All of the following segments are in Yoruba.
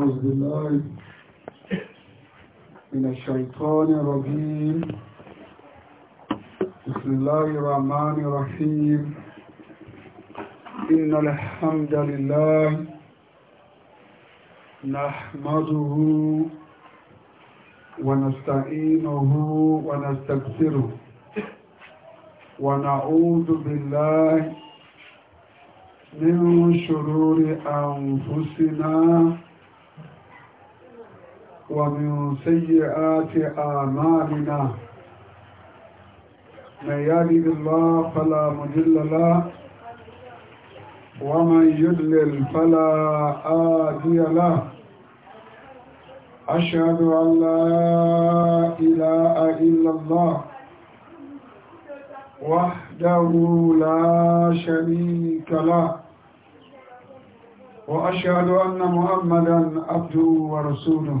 أعوذ بالله من الشيطان الرجيم بسم الله الرحمن الرحيم إن الحمد لله نحمده ونستعينه ونستكثره ونعوذ بالله من شرور أنفسنا ومن سيئات أعمالنا من يهده الله فلا مضل له ومن يضلل فلا هادي له أشهد أن لا إله إلا الله وحده لا شريك له وأشهد أن محمدا عبده ورسوله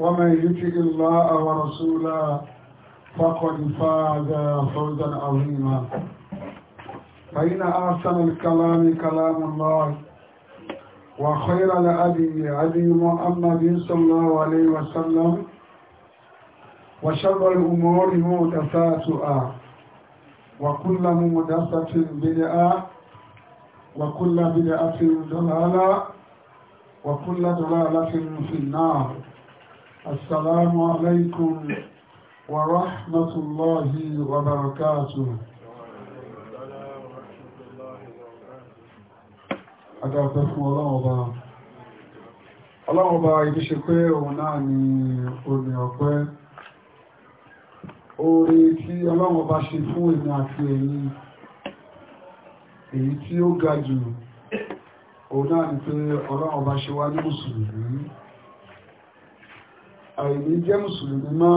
ومن يطع الله ورسوله فقد فاز فوزا عظيما فإن أحسن الكلام كلام الله وخير لابي أبي محمد صلى الله عليه وسلم وشر الأمور مهدساتها وكل مهدسة بدعة وكل بدعة ضلالة وكل ضلالة في النار السلام عليكم ورحمة الله وبركاته Adáwọ̀pẹ́ fún ọlọ́run ọba. ṣe pé òun náà ni omi ọ̀pẹ́. tí ọlọ́run ọba ṣe fún èmi àti èyí tí ó gajù òun náà ni àìlè jẹ́ mùsùlùmí má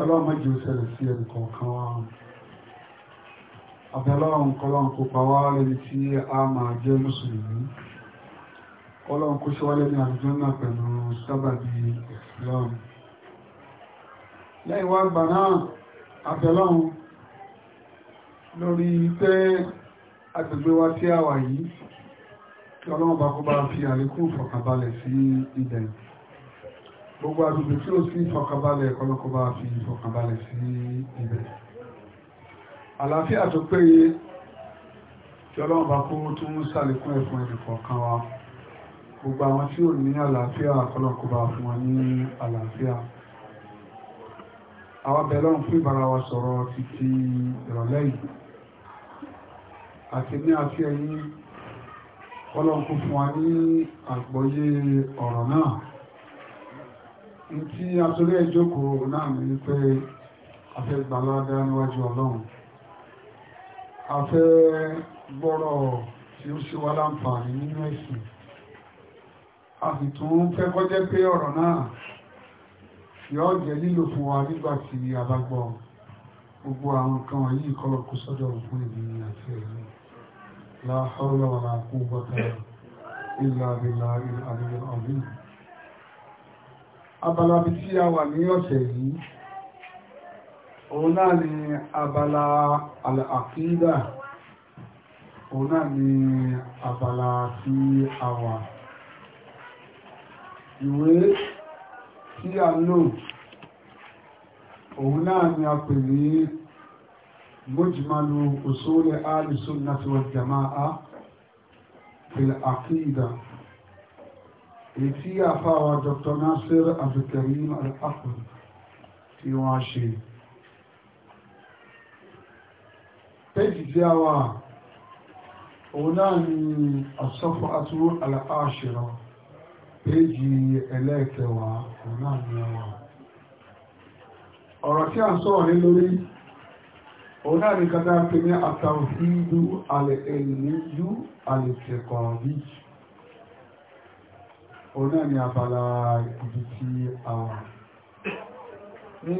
ọlọ́mọdé òṣèlẹ̀ sí ẹnì kọ̀ọ̀kan wa àbẹ̀lọ́run kọlọ́run kó pa wá lẹ́ni tí a máa jẹ́ mùsùlùmí kọlọ́run kó ṣe wá lẹ́ni àjọ náà pẹ̀lú sábàbí Islam lẹ́yìn wá gbà náà àbẹ̀lọ́run lórí pé agbègbè wa tí a wà yìí kí ọlọ́run bá kó bá fi àlékún ìfọ̀kànbalẹ̀ sí ibẹ̀ yìí gbogbo àdúgbò tí ó sí ìfọkànbalẹ̀ kọlọ́kọba fi ìfọkànbalẹ̀ sí ibẹ̀ àlàáfíà tó péye tí ọlọ́run bá kó tún sàlékún ẹ̀fún ẹnìkọ̀ọ̀kan wa gbogbo àwọn tí ò ní àlàáfíà kọlọ́kọba fún wọn ní àlàáfíà àwọn abẹ lọ́run fún ìbára wa sọ̀rọ̀ títí ìrọ̀lẹ́ yìí àti ní àti ẹ̀yìn ọlọ́run kó fún wa ní àgbọ́yé ọ̀rọ̀ náà tí àtúrí ẹjọ́kòó náà ní pé afẹ́ gbàládá níwájú ọlọ́run afẹ́ gbọ́rọ̀ tí ó ṣe wá láǹfààní nínú ẹ̀sìn a sì tún fẹ́ kọ́jẹ́ pé ọ̀rọ̀ náà yóò jẹ́ lílò fún wa nígbà tí a bá gbọ́ gbogbo àwọn nǹkan wọ̀nyí ìkọlọ̀ kó sọ́dọ̀ fún ìdí àti ẹ̀yìn la hawla wala quwwata illa billahi al-aliyyil azim abala bí tí a wà ní ọ̀sẹ̀ yìí òun náà ni abala al-aqida òun náà ni abala tí a wà ìwé tí a lò òun náà ni a pè ní mujmalu usuli ahli sunnati wal jama'a fil èyí tí àfáwà Dr. Nasir Abdulkarim al-Haqqi tí wọ́n ṣe péjì tí a wà òun náà ni àsọ́fọ́ atúrú al-Ashira péjì ẹlẹ́ẹ̀kẹwàá òun náà ni a wà ọ̀rọ̀ tí a sọ̀rọ̀ ní lórí òun náà ni kátà pé ní àtàwọ̀ sí ìlú alẹ́ ẹ̀lú alẹ́ tẹ̀kọ̀ọ̀bí òun náà ni abala ibi tí a wà ní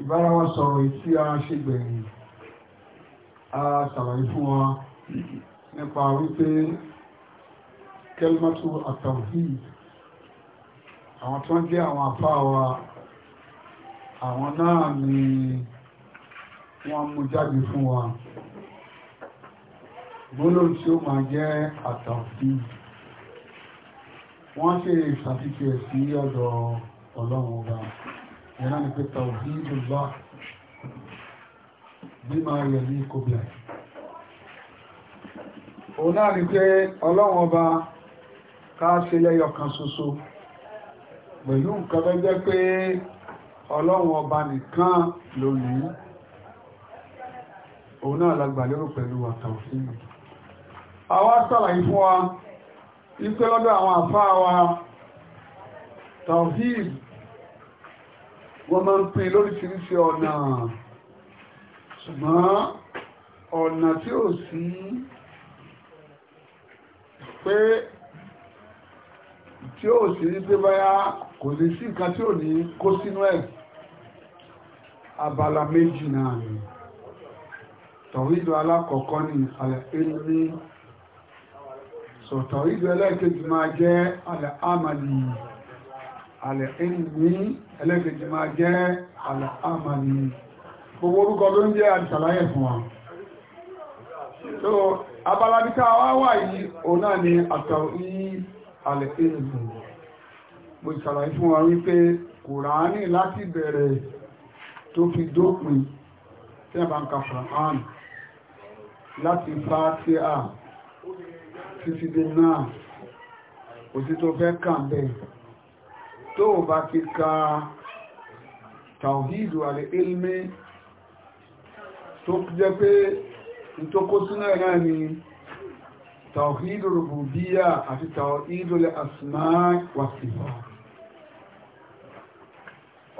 ìbárawa sọ̀rọ̀ tí a ṣe gbẹ̀yìn a ṣàlàyé fún wa nípa wípé kẹlmọ́tò àtàwíì àwọn tó ń jẹ́ àwọn àfáà wa àwọn náà ni wọ́n mú jáde fún wa gbólóhùn tí ó máa jẹ́ àtàwíì wọ́n ṣe ìṣàfihàn sí ọ̀dọ̀ ọlọ́run ọba ìyẹn náà ni pé tawhidullah bí máa yẹ ní kòbíà òun náà ni pé ọlọ́run ọba ká ṣe lẹ́yọ kan ṣoṣo pẹ̀lú nǹkan tó jẹ́ pé ọlọ́run ọba nìkan ló ní òun náà lágbàlérò pẹ̀lú àtàwọn fíìmù àwa sàlàyé fún wa ipé lọ́dọ̀ àwọn àfáà wa tawhid wọ́n máa ń pín lóríṣiríṣi ọ̀nà ṣùgbọ́n ọ̀nà tí ó sí pé tí ó sì rí pé báyá kò lè sí nǹkan tí ò ní kó sínú ẹ̀ abala méjì náà ni tọ̀wídọ̀ alákọ̀ọ́kọ́ ni alẹ́ ní sọ̀tọ̀ ìlú ẹlẹ́ẹ̀kejì máa jẹ́ alẹ́àmàlì alẹ́ẹ̀mí ẹlẹ́ẹ̀kejì máa jẹ́ alẹ́àmàlì gbogbo orúkọ ló ń jẹ́ àdìsàláyẹ̀ fún wa so abalabika wá wà yìí o náà ni àtọ̀ ní alẹ́ẹ̀mí mo ìsàlàyé fún wa wípé kùránì láti bẹ̀rẹ̀ tó fi dópin títí dé náà òsì tó fẹ́ kàn bẹ́ẹ̀ tó o bá ti ka tàwíìdù àlè ilmi tó jẹ́ pé ìtókó sínú ẹ̀ náà ni tàwíìdù rùbùbíyà àti tàwíìdù lè àsìmá wà sífà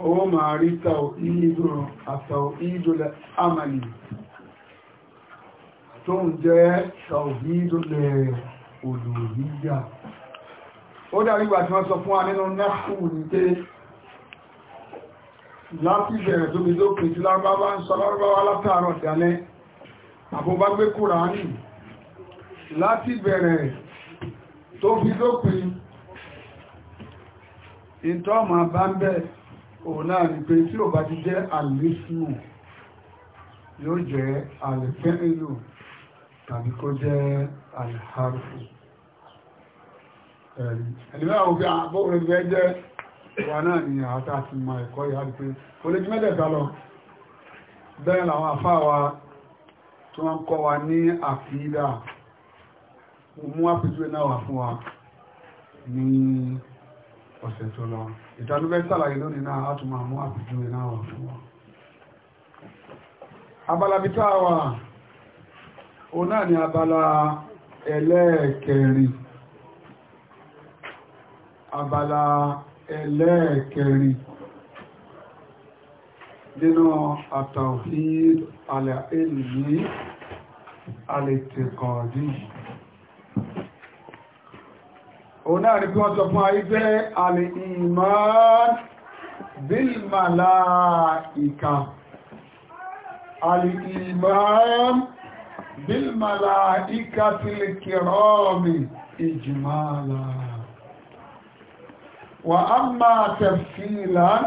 ó máa rí tàwíìdù àtàwíìdù lè àmàlì tó ń jẹ́ ṣàwùdílẹ̀ olùríyà ó dàrí ìgbà tí wọ́n sọ fún wa nínú nẹ́kùn ní pé láti bẹ̀rẹ̀ tóbi lókè tí lárúbáwá ń sọ lárúbáwá látàárọ̀ dálẹ́ àbúgbágbé kùránì láti bẹ̀rẹ̀ tó fi lópin ìtọ́mà bá ń bẹ́ òun náà ni pé tí ò bá ti jẹ́ àlèsùn yóò jẹ́ àlèfẹ́ ìlú tàbí kó jẹ́ alharfu ẹ̀lúwà òbí àbóhùn ẹgbẹ́ jẹ́ wà náà ni àtà ti ma ẹ̀kọ́ ìhà pé kò mẹ́lẹ̀ta lọ bẹ́ẹ̀ làwọn àfáàwà tó wọ́n kọ́ wa ní àfíìdà mú àpèjúwe náà wà fún wa ní ọ̀sẹ̀ tó lọ ìdánúbẹ́ sàlàyé lónìí náà á tún máa mú àpèjúwe náà wà fún wa abalabi o náà ni abala ẹlẹ́ẹ̀kẹrin abala ẹlẹ́ẹ̀kẹrin nínú àtàwíd alẹ́ẹ̀lì alẹ́tẹ̀kọ̀ọ̀dí o náà ni bí wọ́n sọ fún ayé jẹ́ alẹ́-ìmán bílmàláìka alẹ́-ìmán bílmàláìka بالملائكة الكرام إجمالا وأما تفصيلا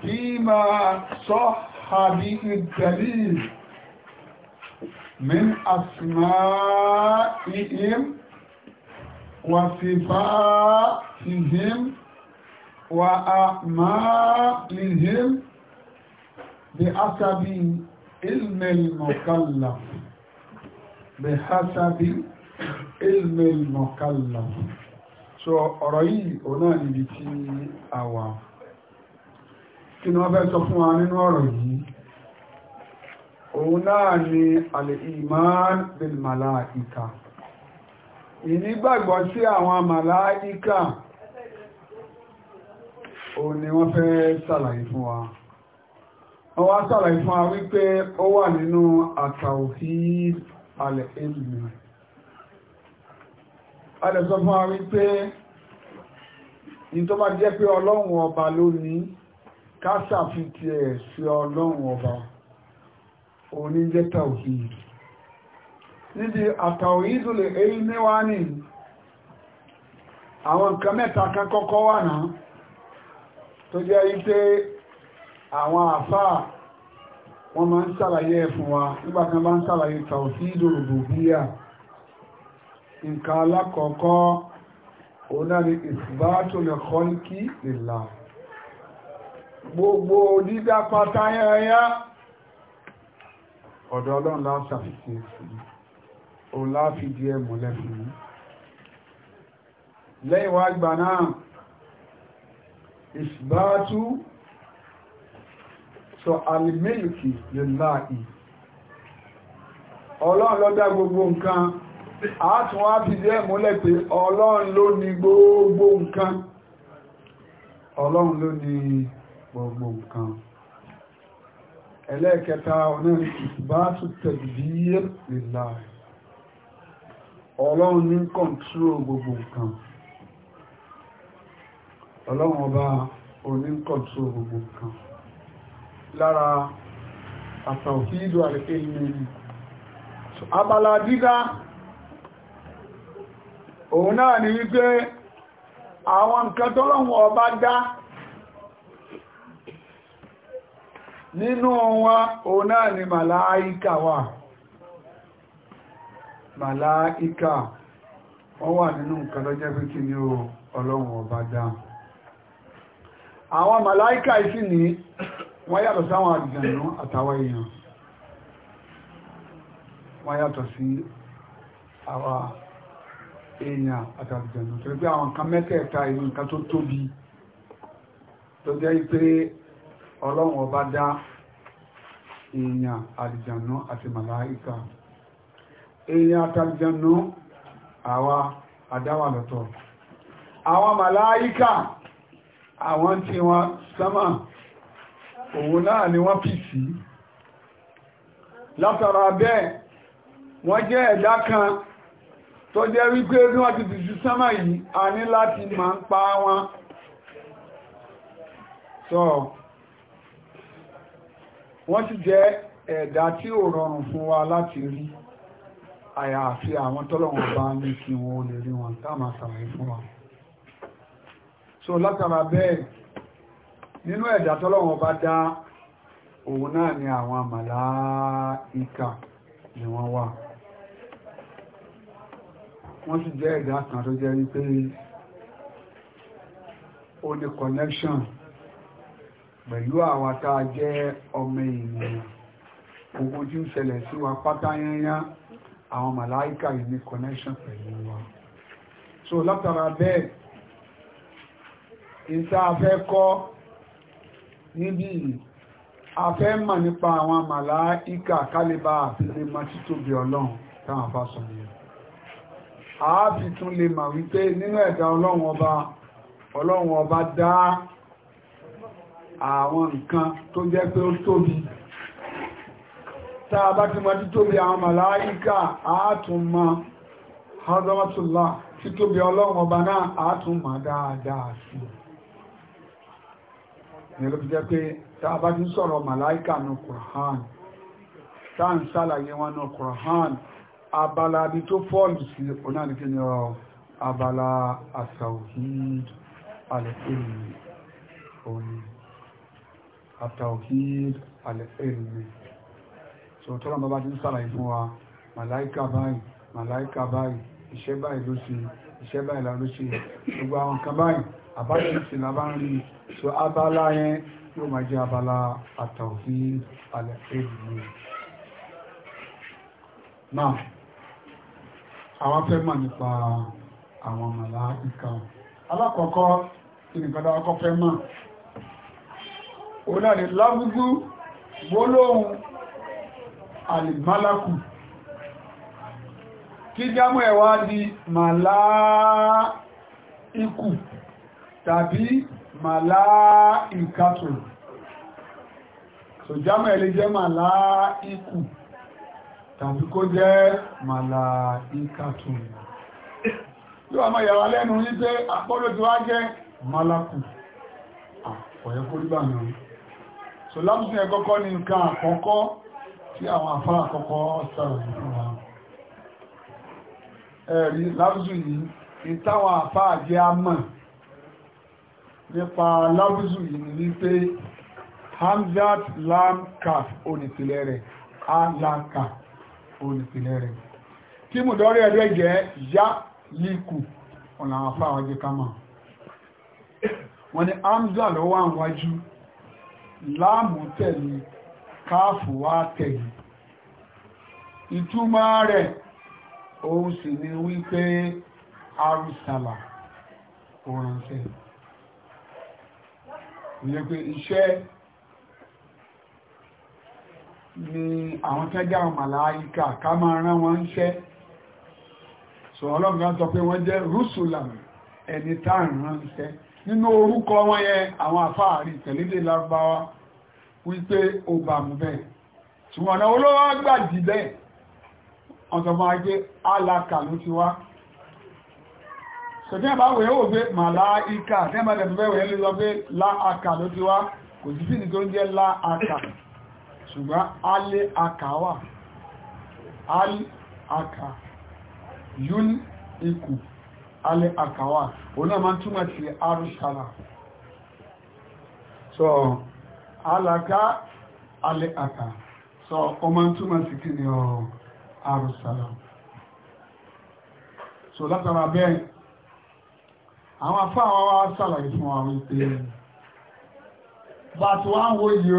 فيما صح به الدليل من أسمائهم وصفاتهم وأعمالهم بأسبين علم al بحسب علم ilmi al-mukallaf so ọ̀rọ̀ yìí òun náà níbi tí a wà kí ni wọ́n fẹ́ sọ fún wa nínú ọ̀rọ̀ yìí òun náà ni al-iman bil malaika ìnígbàgbọ́ sí àwọn malaika òun ni wọ́n fẹ́ ṣàlàyé fún wa wọ́n wá sàlàyé fún wa wípé ó wà nínú àtàwhíd al-ilmi adẹ̀sọ fún wa wípé ní tó bá jẹ́ pé ọlọ́run ọba ló ní ká ṣàfitì ẹ̀ sí ọlọ́run ọba òní jẹ́ tàwhíd níbi àtàwhíd al-ilmi wá ní àwọn nǹkan mẹ́ta kan kọ́kọ́ wà náà tó jẹ́ wípé àwọn àfáà wọ́n máa ń ṣàlàyé ẹ̀ fún wa nígbà tí wọ́n bá ń ṣàlàyé tàùsídò rùbùbíyà nǹkan alákọ̀ọ́kọ́ òun náà ni ìsìbáàtò lè kọ́ ní kí ìlà gbogbo dídá pátá yẹ́yá ọ̀dọ̀ ọlọ́run láṣàfihàn sí òun láfìdí ẹ̀ mọ́lẹ̀ fún mi lẹ́yìn wá gbà náà ìsìbáàtò so alimiliki lè láàáì ọlọ́run ló dá gbogbo nǹkan àátún wá fi díẹ̀ múlẹ̀ pé ọlọ́run ló ní gbogbo nǹkan ọlọ́run ló ní gbogbo nǹkan ẹlẹ́ẹ̀kẹta ọ̀nà ìbátú tẹ̀bìdíyẹ lè láàáì ọlọ́run ní kọ̀ntúrò gbogbo nǹkan ọlọ́run ọba oní gbogbo nǹkan lára àtàwòfíìdò àrẹ́fẹ́ so abala dídá òun náà ni wípé àwọn nǹkan tọ́lọ́wọ́ ọba dá nínú wa òun náà ni màláíkà wà màláíkà wọ́n wà nínú nǹkan lọ́jẹ́ pé kí ni ọlọ́run ọba dá àwọn màláíkà ìsìn ní wọ́n yàtọ̀ sáwọn àdìjànú àtàwọn èèyàn wọ́n yàtọ̀ sí àwọn èèyàn àtàdìjànú tó rí pé àwọn nǹkan mẹ́tẹ̀ẹ̀ta ìlú nǹkan tó tóbi tó jẹ́ pé ọlọ́run ọba dá èèyàn àdìjànú àti màláíkà èèyàn àtàdìjànú àwa àdáwà lọ́tọ̀ àwọn màláíkà àwọn tí wọ́n sámà òun náà ni wọ́n pì sí látara bẹ́ẹ̀ wọ́n jẹ́ ẹ̀dá kan tó jẹ́ wípé bí wọ́n ti tìsí sánmà yìí a ní láti máa ń pa wọn so wọ́n sì jẹ́ ẹ̀dá tí ò rọrùn fún wa láti rí àyàfi àwọn tọ́lọ̀wọ̀n bá ní kí wọ́n lè rí wọn táàmà sàmì so látara bẹ́ẹ̀ nínú ẹ̀dà tọ́lọ́wọ́n bá dá òun náà ni àwọn màláíkà ni wọ́n wà wọ́n sì jẹ́ ẹ̀dà kan tó jẹ́ wípé ó ní connection pẹ̀lú àwọn tá a jẹ́ ọmọ ènìyàn gbogbo tí ń ṣẹlẹ̀ sí wa pátá yányá àwọn màláíkà yìí ní connection pẹ̀lú wa so látara bẹ́ẹ̀ ìta afẹ́ kọ́ níbi afẹ́ mọ̀ nípa àwọn màláíkà kálíbà àti lè máa títóbi ọlọ́run táwọn afá sọ nìyẹn àáfi tún lè mà wípé nínú ẹ̀dá ọlọ́run ọba ọlọ́run ọba dá àwọn nǹkan tó jẹ́ pé ó tóbi táa bá ti mọ̀ títóbi àwọn màláíkà àátún mọ̀ hazamatullah títóbi ọlọ́run ọba náà àátún mọ̀ dáadáa sí i ní ló fi jẹ́ pé tá a bá ti sọ̀rọ̀ màláìkà ní Qur'an tá à ń ṣàlàyé wọn ní Qur'an abala bí tó fọ́ọ̀lù sí onáàdìkí ni ọ abala àtàwíd alẹ́kẹ́lì òní àtàwíd alẹ́kẹ́lì so tọ́lá bàbá ti ń ṣàlàyé fún wa màláìkà báyìí màláìkà báyìí iṣẹ́ báyìí ló ṣe iṣẹ́ báyìí so abala yẹn yóò máa jẹ́ abala àtàwí alẹ́fẹ́lú náà àwọn fẹ́ mọ̀ nípa àwọn màláíkà alákọ̀ọ́kọ́ ìnìkọ́dá ọkọ́ fẹ́ mọ̀ o náà lè lábúgbú gbólóhùn alìmálákù kí jámọ́ ẹ̀wà di màláíkù tàbí màláìkàtù so jámọ̀ ẹ̀lẹ́ jẹ́ màláìkù tàbí kó jẹ́ màláìkàtù yóò àmọ́ ìyàwó lẹ́nu ní pé àpọ́lò tí wá jẹ́ màláìkù ọ̀yẹ́ kó rí bà náà so lámùsùn ẹ̀ kọ́kọ́ ní nǹkan àkọ́kọ́ tí àwọn àfá àkọ́kọ́ sọ̀rọ̀ fún wa ẹ̀rí yìí nípa láwùzù yìí ní pé hamzat lamkaf onìpìlẹ̀ rẹ̀ alanka onìpìlẹ̀ rẹ̀ tí mùdọ́rí ẹ̀rẹ́ jẹ́ yá líkù ọ̀nà àfà ọjọ́ kama wọ́n ni hamza ló wà níwájú láàmù tẹ̀lé káàfù wá tẹ̀lé ìtumọ̀ rẹ̀ òun sì ni wípé arúsàlà òrànṣẹ́ ìyẹn pé iṣẹ́ ni àwọn tẹ́jà màláíkà ká máa rán wọn iṣẹ́ sọ ọlọ́run kan sọ pé wọ́n jẹ́ rúsùlàm ẹni tá ń rán iṣẹ́ nínú orúkọ wọn yẹn àwọn àfáàrí tẹ̀lédè lárúbáwá wípé ó bẹ́ẹ̀ sọ̀tí ẹ̀bá wẹ̀ ó pé màláíkà tẹ́mà tẹ̀tù bẹ́ẹ̀ wẹ̀ lè sọ pé láàkà ló ti wá kò sí sí ní tó ń jẹ́ láàkà ṣùgbọ́n alẹ́ àkà wà alẹ́ àkà yún ikù alẹ́ àkà wà òun náà máa túmọ̀ sí arúṣàlá so alaka alẹ́ àkà so o máa túmọ̀ sí kí ni ọ arúṣàlá so látara bẹ́ẹ̀ àwọn afá àwọn wá sàlàyé fún wa wípé bá ti wá ń wo yìí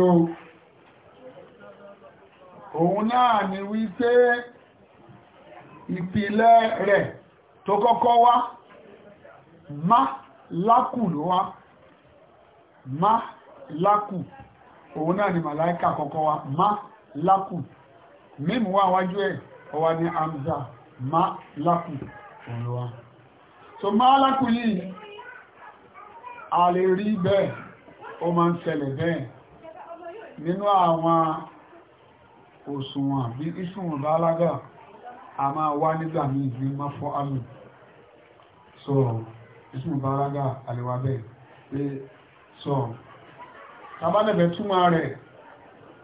òun náà ni wípé ìpìlẹ̀ rẹ̀ tó kọ́kọ́ wá má lákù ló wá má lákù òun náà ni màláíkà kọ́kọ́ wá má lákù mímú wá wájú ẹ̀ ọwá ní amza má lákù òun ló wá so málákù yìí a lè rí bẹ́ẹ̀ ó máa ń ṣẹlẹ̀ bẹ́ẹ̀ nínú àwọn òṣùwọ̀n bí ìṣùwọ̀n bá alága a máa wá nígbà míì ní mọ́fọ́ àmì so ìṣùwọ̀n bá alága àlewà bẹ́ẹ̀ pé so tàbálẹ̀bẹ̀ túmọ̀ rẹ̀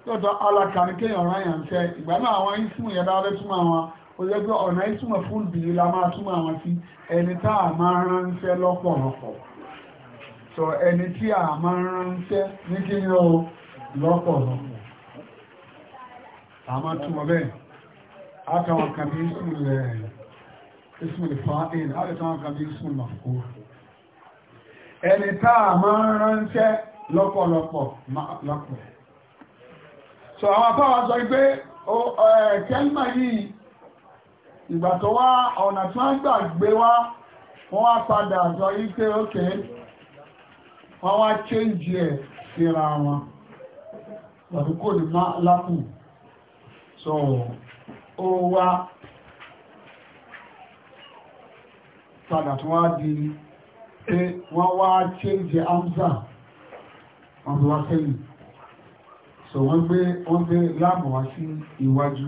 lọ́dọ̀ alákàníkéyàn ráyàn tẹ́ ìgbà náà àwọn ìṣùwọ̀n yẹ̀dá ó yẹ pé ọ̀nà ìtumọ̀ fún bìí la máa túmọ̀ àwọn sí ẹni tá a máa ránṣẹ́ lọ́pọ̀lọpọ̀ sọ ẹni tí a máa ránṣẹ́ ní kí ni ó lọ́pọ̀lọpọ̀ a máa túmọ̀ bẹ́ẹ̀ a kà wọn kàn bí ìsúnlẹ̀ ìsúnlẹ̀ eh, fa'il a lè kà wọn bí ìsúnlẹ̀ maf'ul ẹni tá a máa ránṣẹ́ lọ́pọ̀lọpọ̀ lọ́pọ̀ so ìgbà tó wá ọ̀nà tí wọ́n gbà gbé wá wọ́n wá padà sọ ike òkè wọ́n wá chéǹjì ẹ̀ síra wọn tàbí ní lápù so ó wá padà tó wá di pé wọ́n wá chéǹjì amza wọ́n fi wá sẹ́yìn so wọ́n gbé wọ́n wá sí iwájú.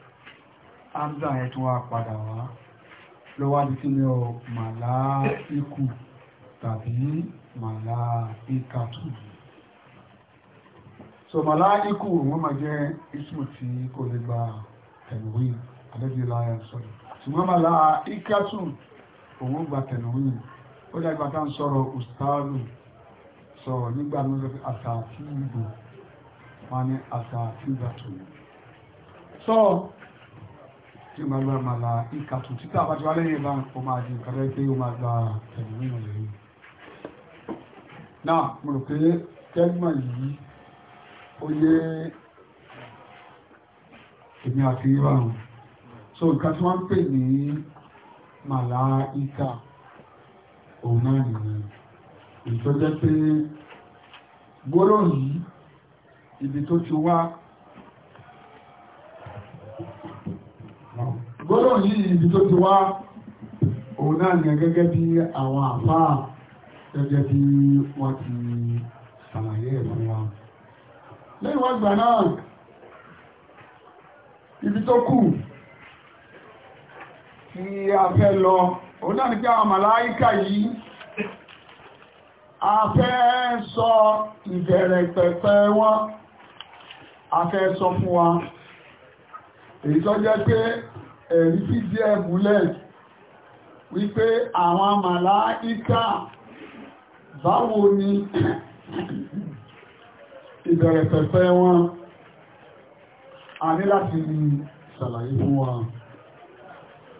hamza ẹ̀ tó wá padà wá ló wá di kíni ọ màláíkù tàbí màláíkàtù so màláíkù wọ́n máa jẹ́ ismu tí kò lè gba tẹ̀lúwìn alẹ́bí láyà sọ̀rọ̀ ṣùgbọ́n màláíkàtù òun gba tẹ̀lúwìn ó dàgbà tá à ń sọ̀rọ̀ ustaaru sọ̀rọ̀ nígbà tó ìbò wọn ni àtàtì ìbàtò so tí ó máa lọ àmàlà ìkàtù títà àbájọ alẹ́yìn ìbá ó máa di nǹkan rẹ̀ pé ó máa gba ẹ̀mí mìíràn lẹ́yìn náà mo rò pé kẹ́gbọ̀n yìí ó yé èmi àti ìbáhùn so nǹkan tí wọ́n ń pè ní màláìka òun náà nìyẹn ìjọ jẹ́ pé gbólóhùn yìí ibi tó ti wá gbọ́dọ̀ yìí ibi tó ti wá òun náà ní gẹ́gẹ́ bí àwọn àfáà gẹ́gẹ́ bí wọ́n ti ṣàlàyé ẹ̀ fún wa lẹ́yìn wọ́n gbà náà ibi tó kù tí a fẹ́ lọ òun náà ní pé àwọn màláíkà yìí a fẹ́ sọ ìbẹ̀rẹ̀ pẹ̀pẹ̀ wọn a fẹ́ sọ fún wa èyí tó jẹ́ pé ẹ̀rí sí díẹ̀ múlẹ̀ wípé àwọn màláíkà báwo ni ìbẹ̀rẹ̀ pẹ̀pẹ̀ wọn a ní láti ní ṣàlàyé fún wa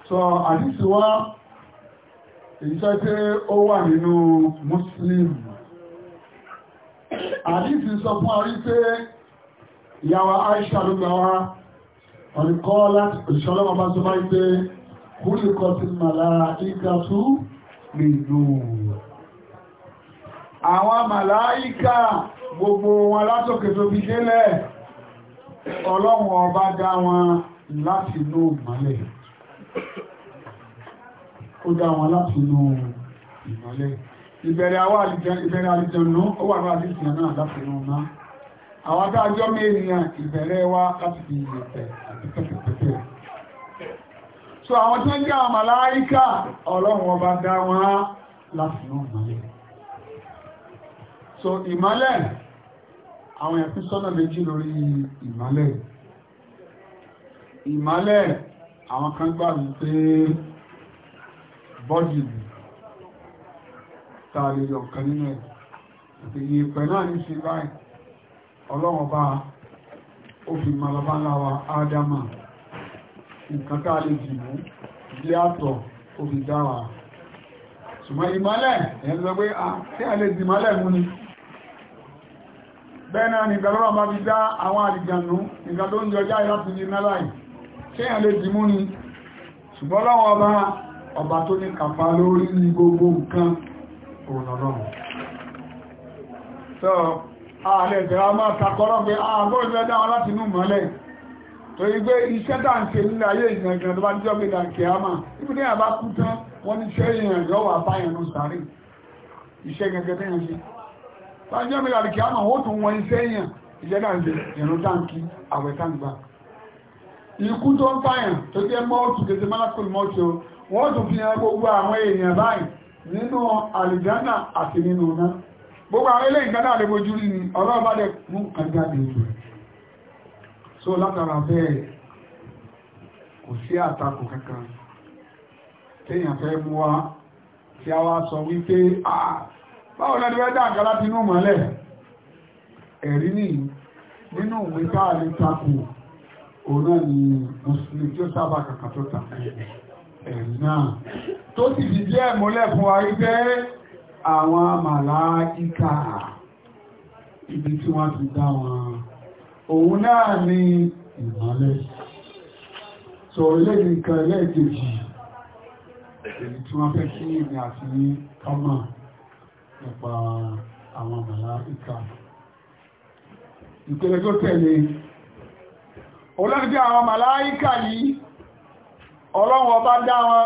sọ àdísí wá èyí tẹ́ pé ó wà nínú Muslim àdísí sọ fún àrí pé ìyàwó Aisha ló gbà wá ọ̀rìnkọ́lá ìṣọ́lọ́wọ́ bá tó bá ń gbé kúrìkọ́ ti màlá ìgbà tó lè lò àwọn màlá ìkà gbogbo wọn látòkè tó bí délẹ̀ ọlọ́run ọba dá wọn láti inú ìmọ́lẹ̀ ó dá wọn láti inú ìmọ́lẹ̀ ìbẹ̀rẹ̀ àwọn àlìjẹ̀nú ó wà láti ìsìn náà láti inú náà àwọn adájọ́ mẹ́rin ìbẹ̀rẹ̀ wá láti fi ìyẹ̀pẹ̀ so àwọn tí wọ́n jẹ́ àwọn màláíkà ọlọ́run ọba dá wọn láti náà mọ́lẹ̀ so ìmọ́lẹ̀ àwọn ẹ̀fí sọ́nà méjì lórí ìmọ́lẹ̀ ìmọ́lẹ̀ àwọn kan gbà wípé bọ́dì tààrí ọ̀kan nínú ẹ̀ ìpẹ̀lú àníṣe báyìí ọlọ́run ọba ó fi ma bàbá ńlá wa ádámà nǹkan tá a lè dìbò ilé àtọ̀ ó fi dá wa ṣùgbọ́n ìmọ́lẹ̀ ẹ̀yẹn sọ pé a ah, tí a lè dì mọ́lẹ̀ mú ni bẹ́ẹ̀ náà nìkan lọ́wọ́ bá fi dá àwọn àdìjànú nǹkan tó ń jọjá láti ní náláì tí a lè dì mú ni ṣùgbọ́n lọ́wọ́ ọba ọba tó ní kàfà lórí gbogbo nǹkan òun ọlọ́run ààrẹ ìbẹ̀rẹ̀ máa takọ́rọ́ pé àgbọ́rẹ̀ ah, dáwọn láti inú mọ́lẹ̀ tó igbé iṣẹ́ dáǹkè nílẹ̀ ayé ìgbẹ̀gbẹ̀ tó bá jọ́ pé dáǹkè á máa ibi ní àbá kú tán wọ́n ní ṣe èèyàn yọ́ wà báyàn ló sàárè iṣẹ́ gẹ́gẹ́ tẹ́yàn ṣe bá jọ́ pé dáǹkè á máa ó tún wọ́n iṣẹ́ èèyàn iṣẹ́ dáǹkè ìrún dáǹkì àwẹ̀ táǹgbà ikú tó gbogbo àwọn ilé ìgbádà àdẹ́gbò jú ní ọ̀rọ̀ bá dẹ̀ àjáde ètò rẹ̀ so látara bẹ́ẹ̀ kò sí àtakò kankan téèyàn fẹ́ mú wá tí a wá sọ wípé báwo lẹ́nu fẹ́ dá àgbà láti inú mọ́lẹ̀ ẹ̀rí ní nínú ìwé ni mùsùlùmí tí ó sábà kàkà tó takò ẹ̀rí náà sì fìdí ẹ̀ mọ́lẹ̀ fún wa wípé àwọn màláíkà ibi tí wọ́n ti dá wọn òun náà ni ìmọ́lẹ̀ so ilé nìkan ilé ìkejì èyí tí wọ́n fẹ́ kí ìrìn àti kọ́mọ̀ nípa àwọn màláíkà ìpele tó tẹ̀lé olóògbé àwọn màláíkà yìí ọlọ́run ọba dá wọn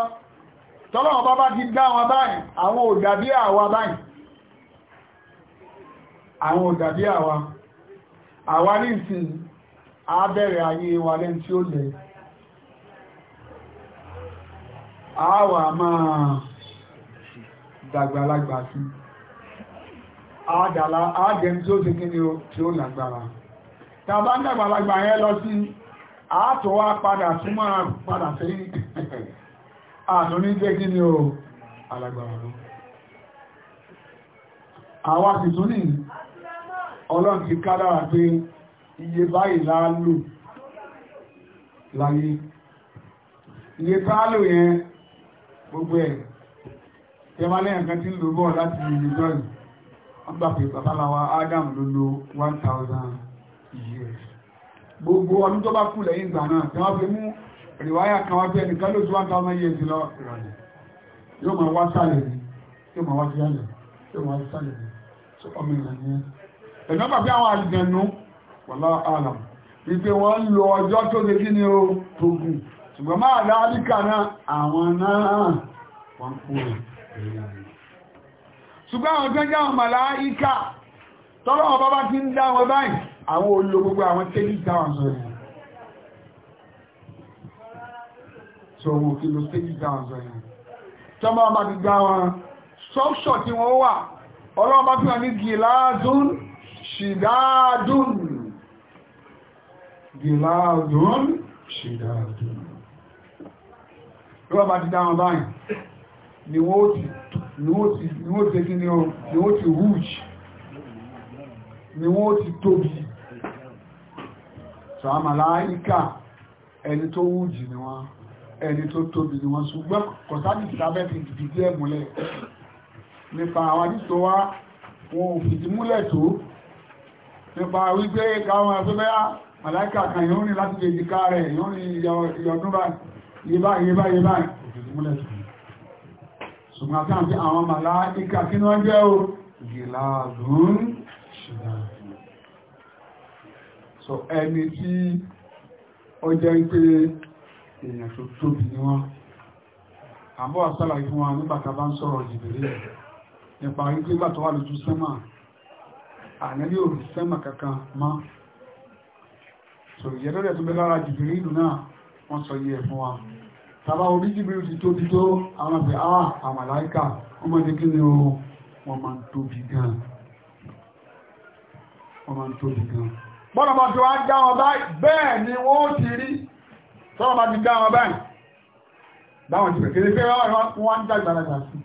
tọ́lọ́wọ́ bá bá ti dá wọn báyìí àwọn ò dà bí àwa báyìí àwọn ò dà bí àwa àwa ní ìsìn a bẹ̀rẹ̀ ayé wa lẹ́n tí ó lẹ àwa máa dàgbàlagbà sí àdàlá àjẹm tí ó ti kí ni ó tí ó lágbára tàbá dàgbàlagbà yẹn lọ sí àátọ́wà padà túnmọ́ padà sẹ́yìn àtúní jẹ́ kí ni o alágbára lọ àwọn àtìtún ní ọlọ́run ti kádàrà pé iye báyìí láàlù láyé iye táàlù yẹn gbogbo ẹ̀ tẹ́mà lẹ́yìn kan tí ń lò bọ́ láti ìlú jọ́rì wọ́n gbà pé babaláwa Adam ló lò 1000 years gbogbo ọdún tó bá kù lẹ́yìn ìgbà náà tẹ́wọ́n fi mú ìwáyà kan wá pé ẹnìkan ló tí wá tàwọn ẹyẹ ti lọ yóò máa wá sálẹ̀ ní yóò máa wá sí sálẹ̀ yóò máa wá sí sálẹ̀ ní tó ọmọ ìrìn ní ẹ ẹ̀nà bàbá àwọn àjẹnú wọ̀lá àlà wípé wọ́n ń lo ọjọ́ tó lè kí ni ó tó gùn ṣùgbọ́n máa dá áríkà náà àwọn náà wọ́n kú rẹ̀ ṣùgbọ́n àwọn tó jẹ́ àwọn màláíkà tọ́lọ́wọ́n bá bá ti ń dá wọn báyìí àwọn olóògbogbo àwọn tẹ́lí táwọn sọ̀rọ̀ so wọn kí ló sí ìgbà ọ̀zọ̀ yẹn tọ́mọ ọmọ ti gbá wọn sọ́ọ̀ṣọ̀ tí wọ́n wà ọlọ́ọ̀bá fi wà ní gìláàdún ṣìdáàdún gìláàdún ṣìdáàdún lọ́wọ́ bá ti dáwọn báyìí ni wọ́n ti ni wọ́n ti ni wọ́n ti hújì ni wọ́n ti tóbi sàmàláìkà ẹni tó hújì ni wọ́n ẹni tó tóbi ni wọ́n ṣùgbọ́n kọ̀sádìsì lábẹ́ ti dìdí ẹ̀ múlẹ̀ nípa àwọn àdìsọ wa wọn ò fìdí múlẹ̀ tó nípa wípé káwọn ẹgbẹ́ ah, àláìkà kan yóò ní láti lè jìká rẹ̀ yóò ní ìyọdún báyìí báyìí báyìí báyìí so ẹni tí èèyàn tó tóbi ní wọ́n àbọ̀ àṣàlàyé fún wa nígbà tá a bá ń sọ̀rọ̀ jìbìrì nípa wípé nígbà tó wà lójú sẹ́mà ànábì ò rí sẹ́mà kankan mọ́ sòrìyẹ́ lọ́dẹ̀ tó bẹ́ lára jìbìrì ìlú náà wọ́n sọ yẹ fún wa tàbá orí jìbìrì ti tóbi tó ah, àwọn àbẹ̀ àwọn àmàláìkà ọmọdé kí ni o wọ́n máa ń tóbi gan wọ́n máa ń tóbi gan bọ́nà bá ti wá dá báyìí bẹ́ẹ̀ ni wọ́n ti rí sọ́wọ́ bá ti dá wọn báyìí báwọn ti pẹ̀kẹ́lẹ́ pé wọ́n ń dàgbà lágbà sí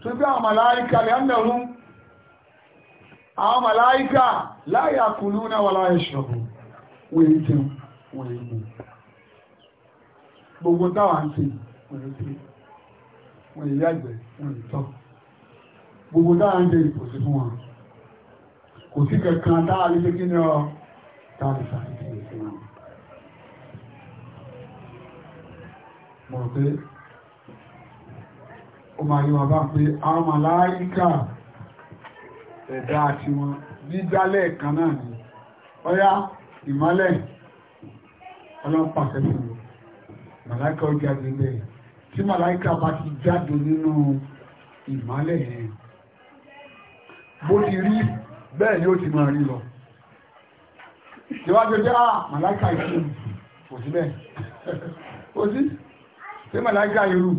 tó bí àwọn màláíkà lè ọ́nàrún àwọn màláíkà láyà kùlú náà wà láyà ṣọ̀bù wèé jẹun wèé mú gbogbo táwọn ń kò sí kankan táwọn lè kí ni ọ táwọn lè ṣàkíyèsí wọn mọ̀ pé ó máa yíwa bá pé àwọn màláíkà ẹ̀dá àti wọn dídálẹ̀ kan náà ni ọyá ìmọ́lẹ̀ ọlọ́pàá màláíkà ó jáde lẹ̀ tí màláíkà bá ti jáde nínú ìmọ́lẹ̀ yẹn bó ti rí bẹ́ẹ̀ ni ó ti máa rí lọ ìwájú jẹ́ àà ìṣẹ́ òsì bẹ́ẹ̀ òsì sí màláìkà irú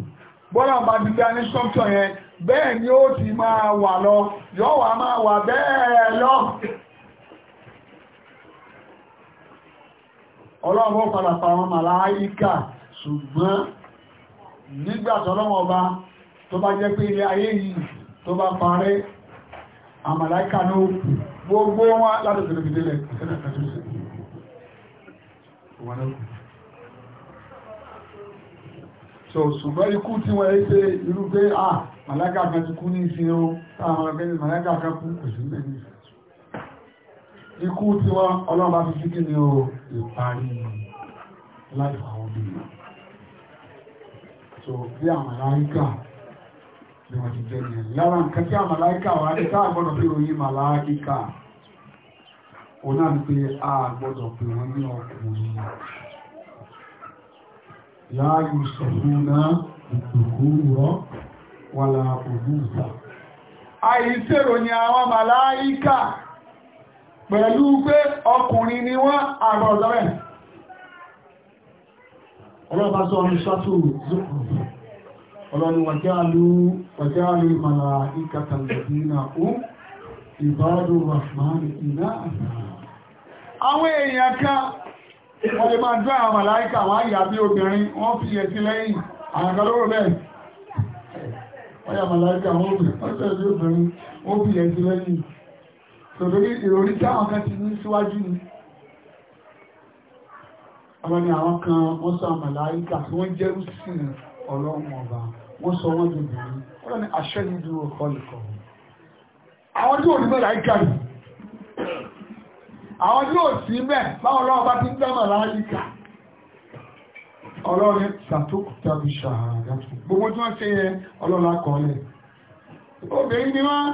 bọ́lá bá ti dá ní sọ́tọ̀ yẹn bẹ́ẹ̀ ni ó ti máa wà lọ yóò wà máa wà bẹ́ẹ̀ lọ ọlọ́run padà pa àwọn màláìkà ṣùgbọ́n nígbàtọ́lọ́wọ́ ọba tó bá jẹ́ pé ilé ayé yìí tó bá parẹ́ àmàláìkà ní òkú gbogbo wọn látọ̀tẹ̀lẹ̀ so ṣùgbọ́n ikú tí wọ́n ẹ́ pé irú pé à màláìkà kan ti kú ní ìsìn o táwọn akẹ́kẹ́ màláìkà kan kú kò sí mẹ́rin ikú tí wọ́n ọlọ́run bá fi sí kí o ìparí láìfà àwọn obìnrin so bí àwọn màláìkà ni wọ́n ti jẹ́ yẹn lára nǹkan tí àwọn màláìkà wà ní káà gbọ́dọ̀ pé oyin màláìkà òun náà ni pé a gbọ́dọ̀ pé wọ́n láàyè ṣẹ̀húnná ìdòkúrọ̀ wàlà ògúnfà. àìsèrò ni àwọn màláíkà pẹ̀lú pé ọkùnrin ni wọ́n àrọ̀lọ́rẹ̀ ọlọ́pàá sọ ọmọ ṣátò zókùnfà ọlọ́ni wàjálù wàjálù màláíkà tàbílẹ̀dínà ó ìbáàdù rahman ìná àwọn èèyàn kan wọ́n lè máa dọ́ àwọn màláíkà wọ́n àyà bí obìnrin wọ́n fi yẹ̀ sí lẹ́yìn àwọn akọlọ́rọ̀ bẹ́ẹ̀ ọ̀yà màláíkà wọ́n fẹ́ sí obìnrin wọ́n fi yẹ̀ sí lẹ́yìn tòlórí ìròrí táwọn kan ti ní síwájú ni àwọn ni àwọn kan wọ́n sọ màláíkà tí wọ́n jẹ́rú sí ọlọ́run ọba wọ́n àwọn yóò sí mẹ́ báwọn ọlọ́wọ́ bá ti ń dámà láyíká ọlọ́rin sàtókù tàbí ṣàhàdá gbogbo tí wọ́n ṣe yẹ ọlọ́lá kọ́lẹ̀ obìnrin ni wọ́n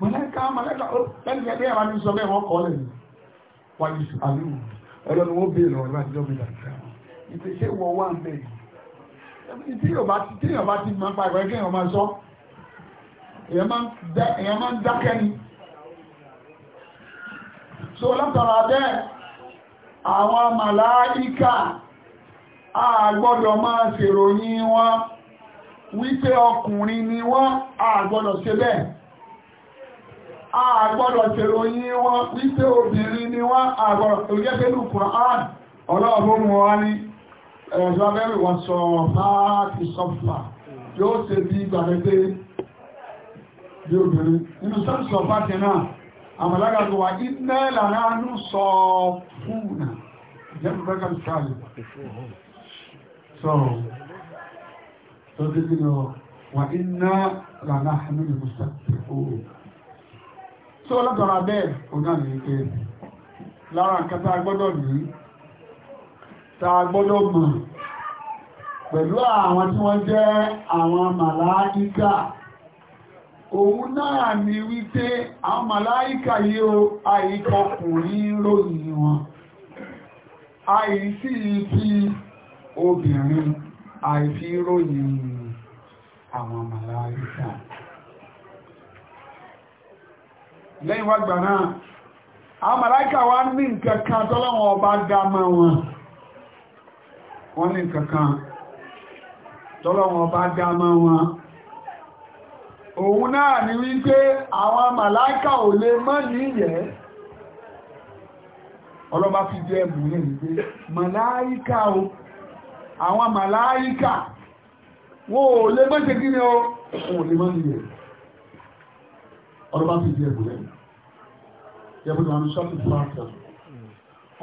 mọ̀lẹ́ká mọ̀lẹ́ká pẹ́lú ẹgbẹ́ àwọn ní sọ bẹ́ẹ̀ wọ́n kọ́lẹ̀ ni wọ́n yìí àlú ọlọ́run ó bèèrè ọ̀rọ̀ àjọ mi dàgbà ìpèsè wọ wà ń bẹ̀ tí yóò bá ti máa pa ìwẹ́gẹ́ èèyàn máa sọ èèyàn máa ń dákẹ́ ni so látara bẹ́ẹ̀ àwọn màláíkà a gbọ́dọ̀ máa ṣèròyìn wọn wípé ọkùnrin ni wọ́n a gbọ́dọ̀ ṣe bẹ́ẹ̀ a gbọ́dọ̀ ṣèròyìn wọn wípé obìnrin ni wọ́n a gbọ́dọ̀ ṣèròyìn pẹ̀lú Kùránì ọlọ́ọ̀bọ̀n wọn ni ẹ̀rọ abẹ́rẹ̀ wọn sọ láti sọ́fà yóò ṣe bí ìgbàlẹ́gbẹ́ bí obìnrin nínú sọ́fà kẹ náà àwọn alága tó wà iná lára ń sọ fúnà jẹ́bù bẹ́kà ìsáàlì sọ̀rọ̀ tó dé bí lọ wà iná lára hàmì ní musa fúnà tó látara bẹ́ẹ̀ ọ̀nà ní ike lára nǹkan tá a gbọ́dọ̀ ní tá a gbọ́dọ̀ mọ̀ pẹ̀lú àwọn tí wọ́n jẹ́ àwọn màláíkà òun náà ni wípé àwọn màláíkà o àìkọkùnrin ròyìn wọn àìsí fi obìnrin àìfi ròyìn àwọn màláíkà lẹ́yìn wá gbà náà àwọn màláíkà wá ní ọba wọn wọ́n ní ọba wọn òun náà ni wípé àwọn màláìkà ò lè mọ́ níyẹ̀ ọlọ́ba fi jẹ́ ẹ̀bùn yẹn wípé màláìkà o àwọn màláìkà wọ́n ò lè mọ́ ṣe kí o òun lè mọ́ níyẹ̀ ọlọ́ba fi jẹ́ ẹ̀bùn yẹn yẹ́bùn ní